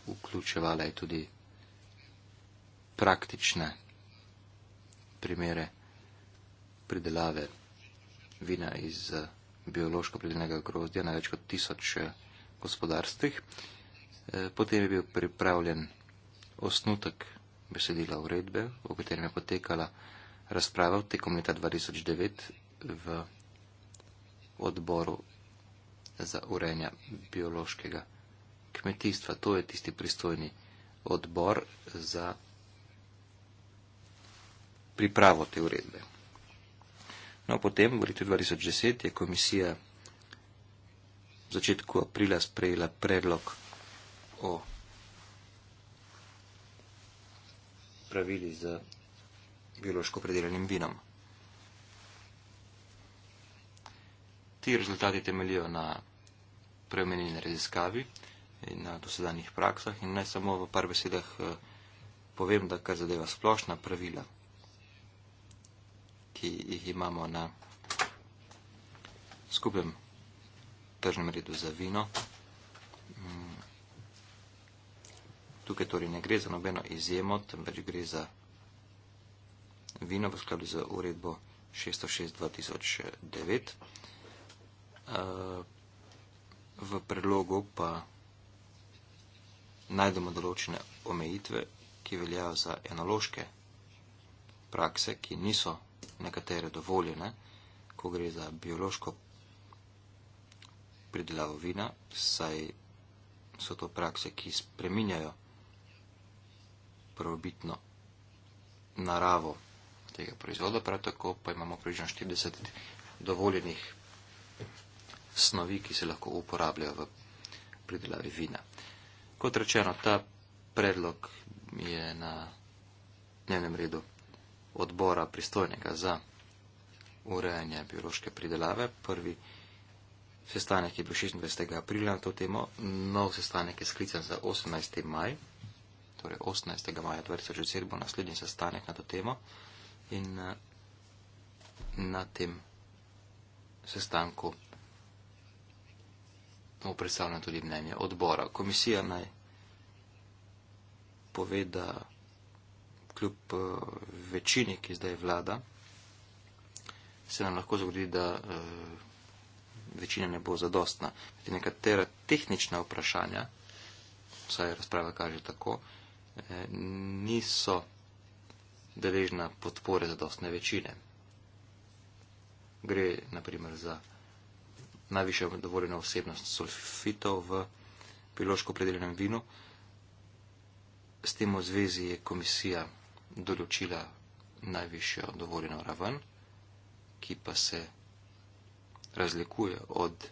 vključevala je tudi praktične primere pridelave vina iz eh, biološko pridelnega grozdja na več kot tisoč eh, gospodarstvih. Potem je bil pripravljen osnutek besedila uredbe, v katerem je potekala razprava tekom leta 2009 v odboru za urejanje biološkega kmetijstva. To je tisti pristojni odbor za pripravo te uredbe. No, potem v letu 2010 je komisija v začetku aprila sprejela predlog o pravili za biološko predelanim vinom. Ti rezultati temeljijo na preomenjeni raziskavi in na dosedanjih praksah in naj samo v par besedah eh, povem, da kar zadeva splošna pravila, ki jih imamo na skupem tržnem redu za vino. Mm. Tukaj torej ne gre za nobeno izjemo, temveč gre za vina v skladu z uredbo 606-2009. Eh, v predlogu pa najdemo določene omejitve, ki veljajo za enološke prakse, ki niso nekatere dovoljene, ko gre za biološko pridelavo vina, saj so to prakse, ki spreminjajo prvobitno naravo tega proizvoda, prav tako pa imamo približno 40 dovoljenih snovi, ki se lahko uporabljajo v pridelavi vina. Kot rečeno, ta predlog je na dnevnem redu odbora pristojnega za urejanje biološke pridelave. Prvi sestanek je bil 26. aprila na to temo, nov sestanek je sklican za 18. maj, torej 18. maja 2007 bo naslednji sestanek na to temo in na, eh, na tem sestanku mu predstavljam tudi mnenje odbora. Komisija naj pove, da kljub eh, večini, ki zdaj vlada, se nam lahko zgodi, da eh, večina ne bo zadostna. Nekatera tehnična vprašanja, vsaj razprava kaže tako, niso deležna podpore zadostne večine. Gre naprimer za najviše dovoljeno vsebnost sulfitov v biološko predeljenem vinu. S tem v zvezi je komisija določila najvišjo dovoljeno raven, ki pa se razlikuje od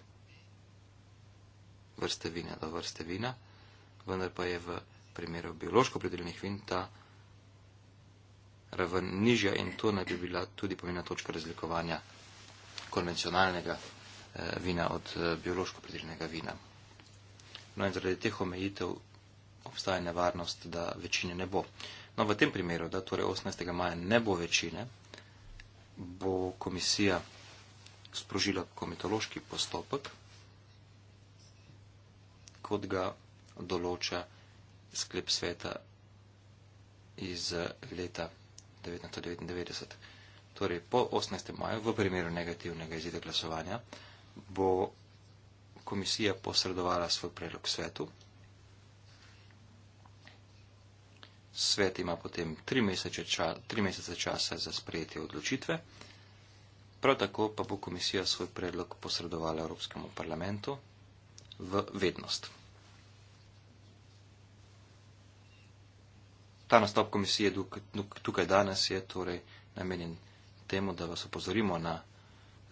vrste vina do vrste vina, vendar pa je v primeru biološko predeljenih vin ta raven nižja in to naj bi bila tudi pomena točka razlikovanja konvencionalnega eh, vina od eh, biološko pridelnega vina. No in zaradi teh omejitev obstaja nevarnost, da večine ne bo. No, v tem primeru, da torej 18. maja ne bo večine, bo komisija sprožila komitološki postopek, kot ga določa sklep sveta iz eh, leta 1999. Torej, po 18. maju, v primeru negativnega izida glasovanja, bo komisija posredovala svoj predlog svetu. Svet ima potem tri mesece, ča, tri mesece časa za sprejetje odločitve. Prav tako pa bo komisija svoj predlog posredovala Evropskemu parlamentu v vednost. ta nastop komisije tukaj danes je torej namenjen temu, da vas opozorimo na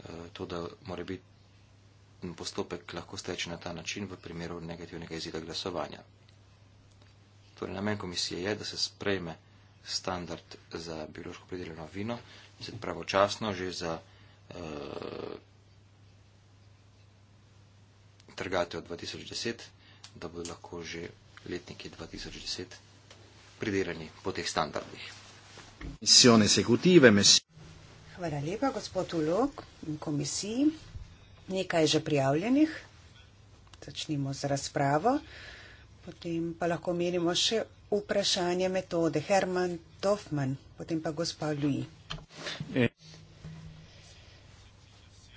eh, to, da mora biti postopek lahko steče na ta način v primeru negativnega izida glasovanja. Torej, namen komisije je, da se sprejme standard za biološko predeljeno vino, se pravočasno že za eh, trgate od 2010, da bodo lahko že letniki 2010 pridelani po teh standardih. Hvala lepa, gospod Ulog in komisiji. Nekaj je že prijavljenih. Začnimo z razpravo. Potem pa lahko menimo še vprašanje metode Herman Dofman, potem pa gospod Lui. Eh.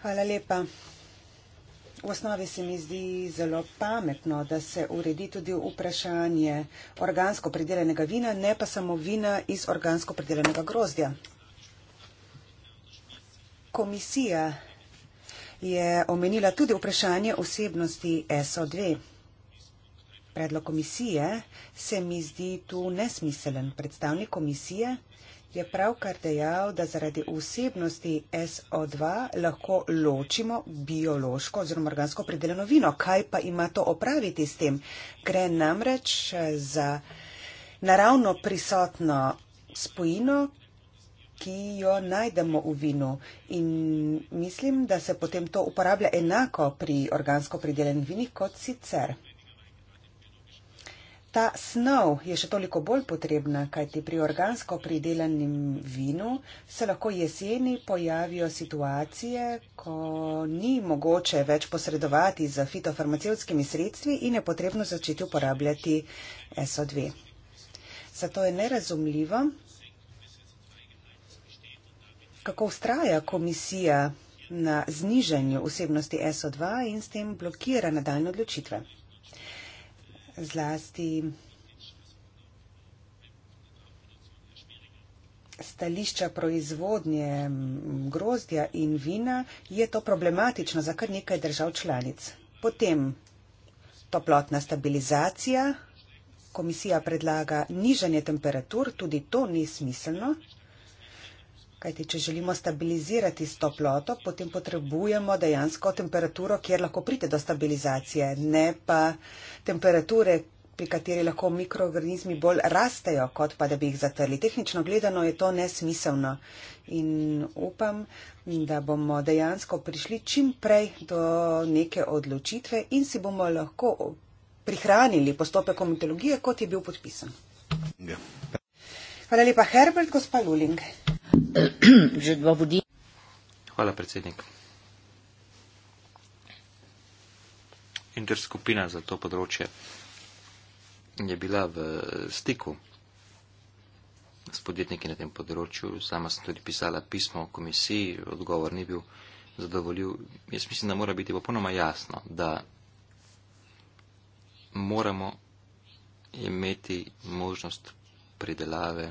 Hvala lepa. V osnovi se mi zdi zelo pametno, da se uredi tudi vprašanje organsko pridelenega vina, ne pa samo vina iz organsko pridelenega grozdja. Komisija je omenila tudi vprašanje osebnosti SO2. Predlog komisije se mi zdi tu nesmiselen. Predstavnik komisije je pravkar dejal, da zaradi vsebnosti SO2 lahko ločimo biološko oziroma organsko predeljeno vino. Kaj pa ima to opraviti s tem? Gre namreč eh, za naravno prisotno spojino, ki jo najdemo v vinu. In mislim, da se potem to uporablja enako pri organsko predeljenih vinih kot sicer. Ta snov je še toliko bolj potrebna, kajti pri organsko pridelanem vinu se lahko jeseni pojavijo situacije, ko ni mogoče več posredovati z fitofarmacevskimi sredstvi in je potrebno začeti uporabljati SO2. Zato je nerazumljivo, kako ustraja komisija na znižanju vsebnosti SO2 in s tem blokira nadaljne odločitve zlasti stališča proizvodnje grozdja in vina, je to problematično za kar nekaj držav članic. Potem toplotna stabilizacija. Komisija predlaga nižanje temperatur, tudi to ni smiselno. Kajti, če želimo stabilizirati toploto, potem potrebujemo dejansko temperaturo, kjer lahko pride do stabilizacije, ne pa temperature, pri kateri lahko mikroorganizmi bolj rastejo, kot pa da bi jih zatrli. Tehnično gledano je to nesmiselno in upam, da bomo dejansko prišli čim prej do neke odločitve in si bomo lahko prihranili postopek komitologije, kot je bil podpisan. Ja. Hvala lepa, Herbert, gospa Luling že dva vodi. Hvala, predsednik. Interskupina za to področje je bila v stiku s podjetniki na tem področju. Sama sem tudi pisala pismo o komisiji, odgovor ni bil zadovoljiv. Jaz mislim, da mora biti popolnoma jasno, da moramo imeti možnost predelave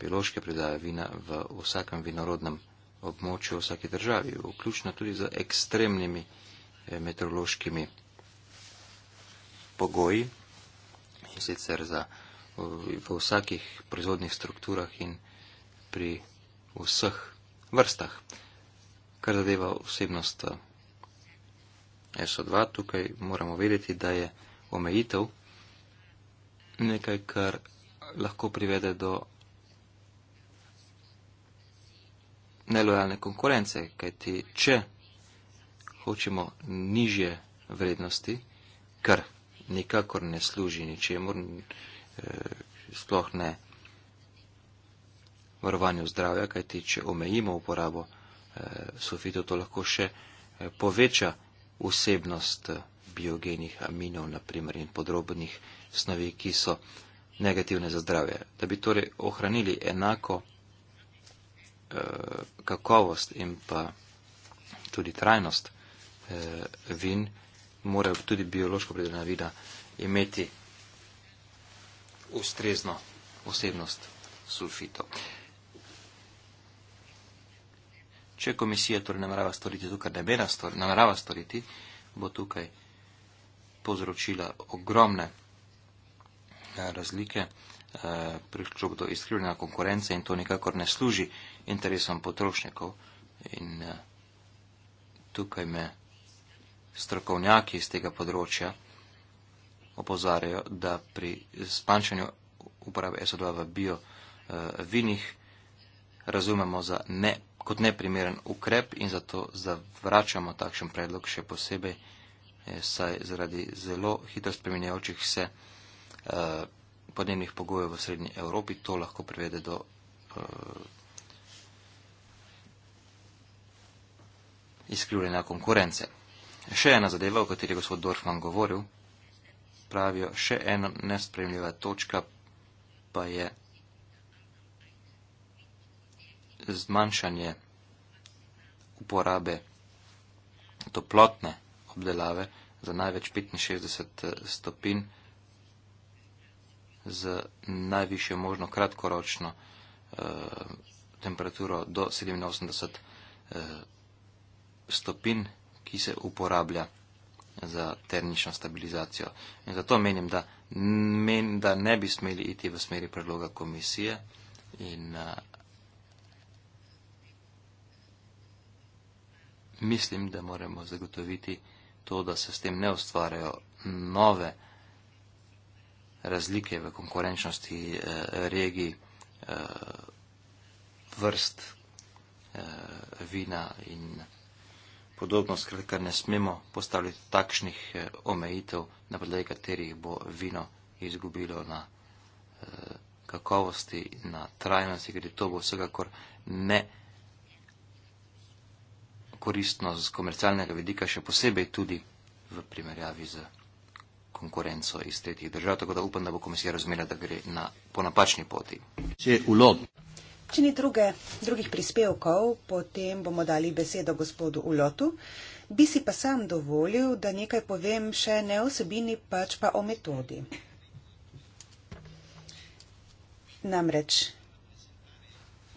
biološke predaje vina v vsakem vinorodnem območju v vsaki državi, vključno tudi z ekstremnimi eh, meteorološkimi pogoji, in sicer za, v, v vsakih proizvodnih strukturah in pri vseh vrstah. Kar zadeva vsebnost eh, SO2, tukaj moramo vedeti, da je omejitev nekaj, kar lahko privede do nelojalne konkurence, kajti če hočemo nižje vrednosti, kar nikakor ne služi ničemu, eh, sploh ne varovanju zdravja, kajti če omejimo uporabo eh, sulfitov, to lahko še eh, poveča vsebnost biogenih aminov, naprimer, in podrobnih snovi, ki so negativne za zdravje. Da bi torej ohranili enako Eh, kakovost in pa tudi trajnost eh, vin, morajo tudi biološko predeljena vina imeti ustrezno osebnost sulfito. Če komisija torej namerava storiti tukaj, ne mena storiti, namerava storiti, bo tukaj povzročila ogromne eh, razlike. Eh, priključek do izkrivljena konkurence in to nikakor ne služi interesom potrošnikov. In eh, tukaj me strokovnjaki iz tega področja opozarjajo, da pri spančanju uporabe SO2 v bio eh, vinih razumemo za ne, kot neprimeren ukrep in zato zavračamo takšen predlog še posebej, saj zaradi zelo hitro spremenjajočih se podnebnih pogojev v srednji Evropi, to lahko privede do uh, eh, izkrivljena konkurence. Še ena zadeva, o kateri je gospod Dorfman govoril, pravijo, še ena nespremljiva točka pa je zmanjšanje uporabe toplotne obdelave za največ 65 eh, stopinj z najvišjo možno kratkoročno eh, temperaturo do 87 eh, stopinj, ki se uporablja za termično stabilizacijo. In zato menim, da, men, da ne bi smeli iti v smeri predloga komisije in eh, mislim, da moramo zagotoviti to, da se s tem ne ustvarjajo nove razlike v konkurenčnosti eh, regij, eh, vrst eh, vina in podobno. Skratka, ne smemo postavljati takšnih omejitev, na podlagi katerih bo vino izgubilo na kakovosti, na trajnosti, ker to bo vsekakor ne koristno z komercialnega vidika, še posebej tudi v primerjavi z konkurenco iz tretjih držav, tako da upam, da bo komisija razumela, da gre na, po napačni poti. Če, Če ni druge, drugih prispevkov, potem bomo dali besedo gospodu Ulotu. Bi si pa sam dovolil, da nekaj povem še ne osebini, pač pa o metodi. Namreč,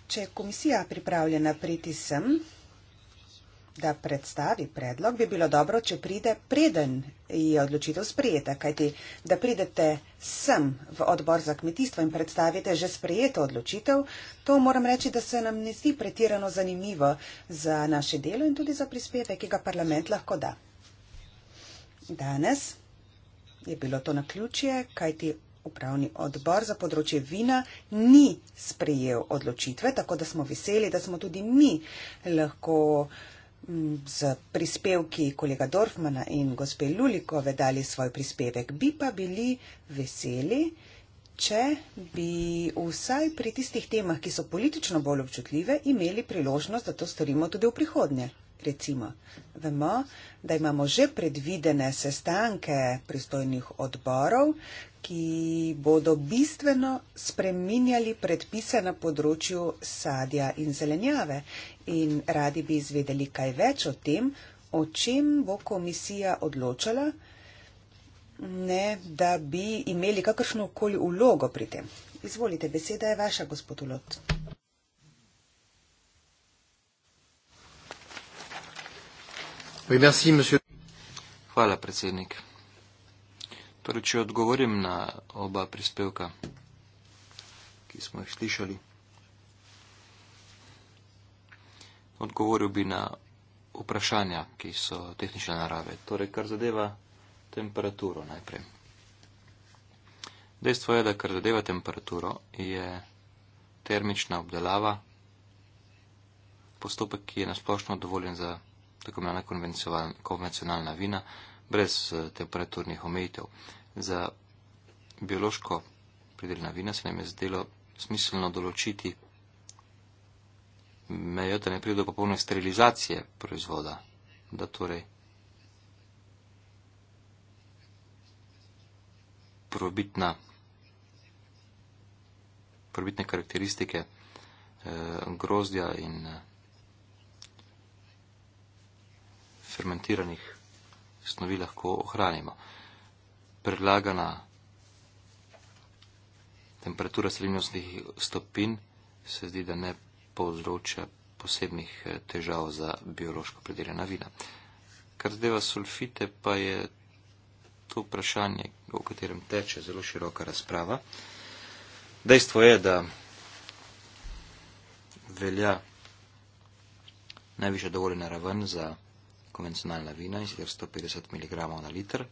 če je komisija pripravljena priti sem, da predstavi predlog, bi bilo dobro, če pride preden je odločitev sprejeta, kajti da pridete sem v odbor za kmetijstvo in predstavite že sprejeto odločitev, to moram reči, da se nam ne zdi pretirano zanimivo za naše delo in tudi za prispevek, ki ga parlament lahko da. Danes je bilo to na ključje, kajti. Upravni odbor za področje vina ni sprejel odločitve, tako da smo veseli, da smo tudi mi lahko uh, z prispevki kolega Dorfmana in gospe Lulikove dali svoj prispevek. Bi pa bili veseli, če bi vsaj pri tistih temah, ki so politično bolj občutljive, imeli priložnost, da to storimo tudi v prihodnje. Recimo, vemo, da imamo že predvidene sestanke pristojnih odborov, ki bodo bistveno spreminjali predpise na področju sadja in zelenjave in radi bi izvedeli kaj več o tem, o čem bo komisija odločala, ne da bi imeli kakršno koli ulogo pri tem. Izvolite, beseda je vaša, gospod Ulot. Hvala, predsednik. Torej, če odgovorim na oba prispevka, ki smo jih slišali, odgovoril bi na vprašanja, ki so tehnične narave. Torej, kar zadeva temperaturo najprej. Dejstvo je, da kar zadeva temperaturo, je termična obdelava postopek, ki je nasplošno dovoljen za tako imenovana konvencionalna vina, brez eh, temperaturnih omejitev. Za biološko pridelana vina se nam je zdelo smiselno določiti mejo, da ne pride do popolne sterilizacije proizvoda, da torej probitna, probitne karakteristike eh, grozdja in eh, fermentiranih snovi lahko ohranimo. Predlagana temperatura 70 stopinj se zdi, da ne povzroča posebnih eh, težav za biološko predeljena vina. Kar zdeva sulfite, pa je to vprašanje, o katerem teče zelo široka razprava. Dejstvo je, da velja najviše dovoljena raven za konvencionalna vina in sicer 150 mg na liter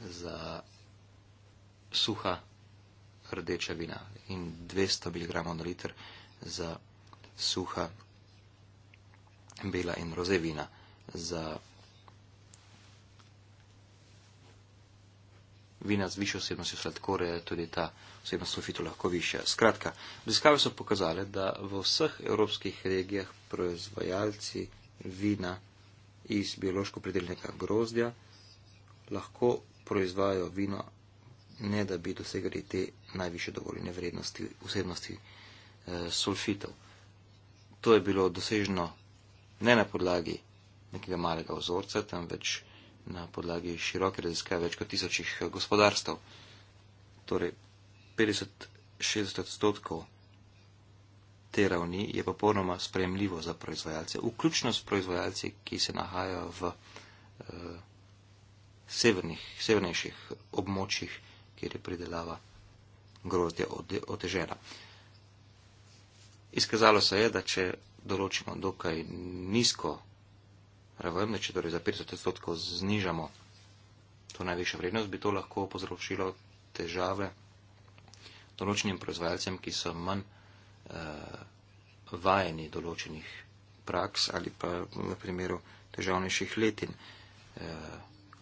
za suha rdeča vina in 200 mg na liter za suha bela in roze vina. Za vina z višjo osebnostjo sladkorja je tudi ta osebnost sulfitu lahko višja. Skratka, raziskave so pokazale, da v vseh evropskih regijah proizvajalci vina iz biološko pridelnega grozdja lahko proizvajajo vino, ne da bi dosegali te najviše dovoljene vrednosti vsebnosti e, sulfitov. To je bilo doseženo ne na podlagi nekega malega ozorca, temveč na podlagi široke raziskave več kot tisočih eh, gospodarstv. Torej, 50-60 odstotkov te ravni je popolnoma sprejemljivo za proizvajalce, vključno s proizvajalci, ki se nahajajo v eh, severnih, severnejših območjih, kjer je pridelava grozdja otežena. Izkazalo se je, da če določimo dokaj nizko raven, da če torej za 50 odstotkov znižamo to najvišjo vrednost, bi to lahko povzročilo težave določenim proizvajalcem, ki so manj uh, vajeni določenih praks ali pa na primeru težavnejših letin. Uh,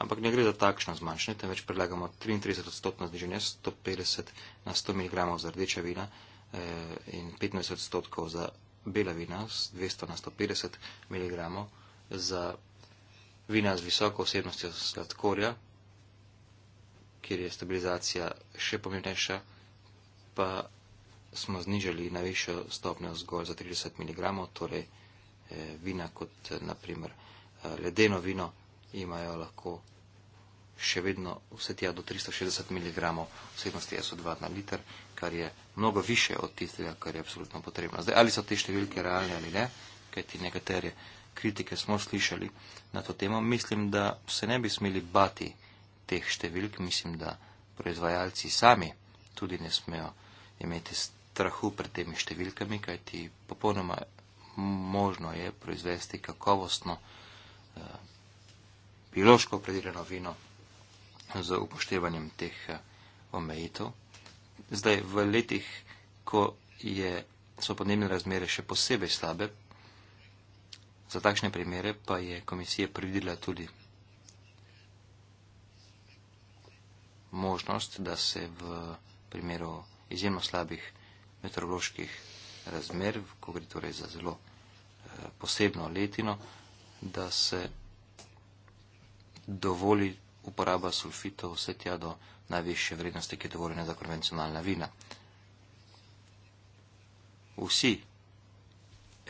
ampak ne gre za takšno zmanjšanje, temveč predlagamo 33 odstotno zniženje, 150 na 100 mg za rdeča vina uh, in 15 odstotkov za bela vina, 200 na 150 mg za vina z visoko osebnostjo sladkorja, kjer je stabilizacija še pomembnejša, pa smo znižali najvišjo stopnjo zgolj za 30 mg, torej eh, vina kot eh, naprimer eh, ledeno vino imajo lahko še vedno vse tja do 360 mg vsebnosti SO2 na liter, kar je mnogo više od tistega, kar je absolutno potrebno. Zdaj, ali so te številke realne ali ne, kajti nekatere kritike smo slišali na to temo, mislim, da se ne bi smeli bati teh številk, mislim, da proizvajalci sami tudi ne smejo imeti strahu pred temi številkami, kajti popolnoma možno je proizvesti kakovostno eh, biološko predeljeno vino z upoštevanjem teh eh, omejitev. Zdaj, v letih, ko je, so podnebne razmere še posebej slabe, za takšne primere pa je komisija pridila tudi možnost, da se v primeru izjemno slabih meteoroloških razmer, ko gre torej za zelo eh, posebno letino, da se dovoli uporaba sulfitov vse tja do najvišje vrednosti, ki je dovoljena za konvencionalna vina. Vsi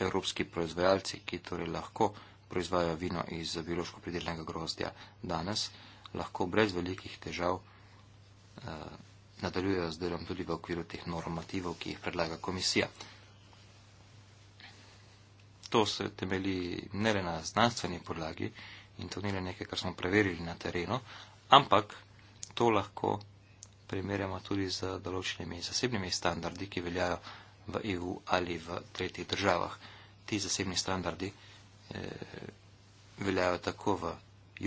evropski proizvajalci, ki torej lahko proizvajajo vino iz biološko pridelnega grozdja danes, lahko brez velikih težav uh, nadaljujejo z delom tudi v okviru teh normativov, ki jih predlaga komisija. To se temeli ne le na znanstveni podlagi in to ni le nekaj, kar smo preverili na terenu, ampak to lahko primerjamo tudi z določenimi zasebnimi standardi, ki veljajo v EU ali v tretjih državah. Ti zasebni standardi eh, veljajo tako v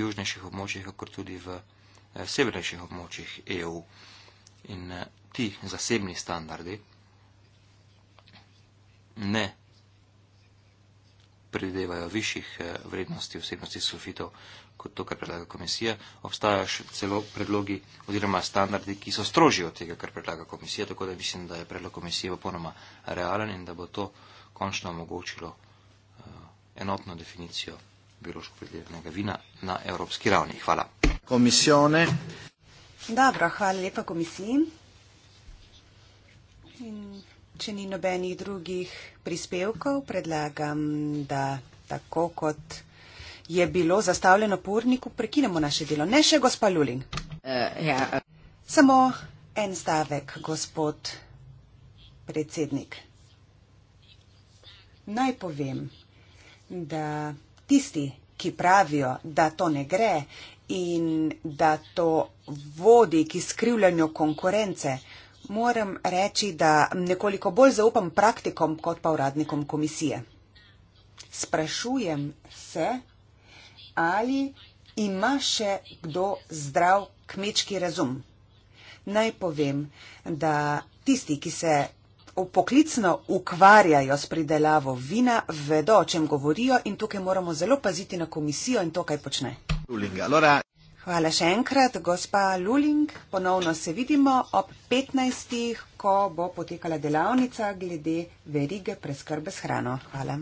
južnejših območjih, kot tudi v eh, severnejših območjih EU in eh, ti zasebni standardi ne pridevajo višjih eh, vrednosti vsebnosti sulfitov kot to, kar predlaga komisija. Obstajajo še celo predlogi oziroma standardi, ki so strožji od tega, kar predlaga komisija, tako da mislim, da je predlog komisije popolnoma realen in da bo to končno omogočilo eh, enotno definicijo biološko pridelanega vina na evropski ravni. Hvala. Komisione. Dobro, hvala lepa komisiji. In če ni nobenih drugih prispevkov, predlagam, da tako kot je bilo zastavljeno po urniku, prekinemo naše delo. Ne še gospa Lulin. Uh, ja. Samo en stavek, gospod predsednik. Naj povem, da tisti, ki pravijo, da to ne gre in da to vodi k izkrivljanju konkurence. Moram reči, da nekoliko bolj zaupam praktikom kot pa uradnikom komisije. Sprašujem se, ali ima še kdo zdrav kmečki razum. Naj povem, da tisti, ki se poklicno ukvarjajo s pridelavo vina, vedo, o čem govorijo in tukaj moramo zelo paziti na komisijo in to, kaj počne. Luling. Allora... Hvala še enkrat, gospa Luling. Ponovno se vidimo ob 15. ko bo potekala delavnica glede verige preskrbe s hrano. Hvala.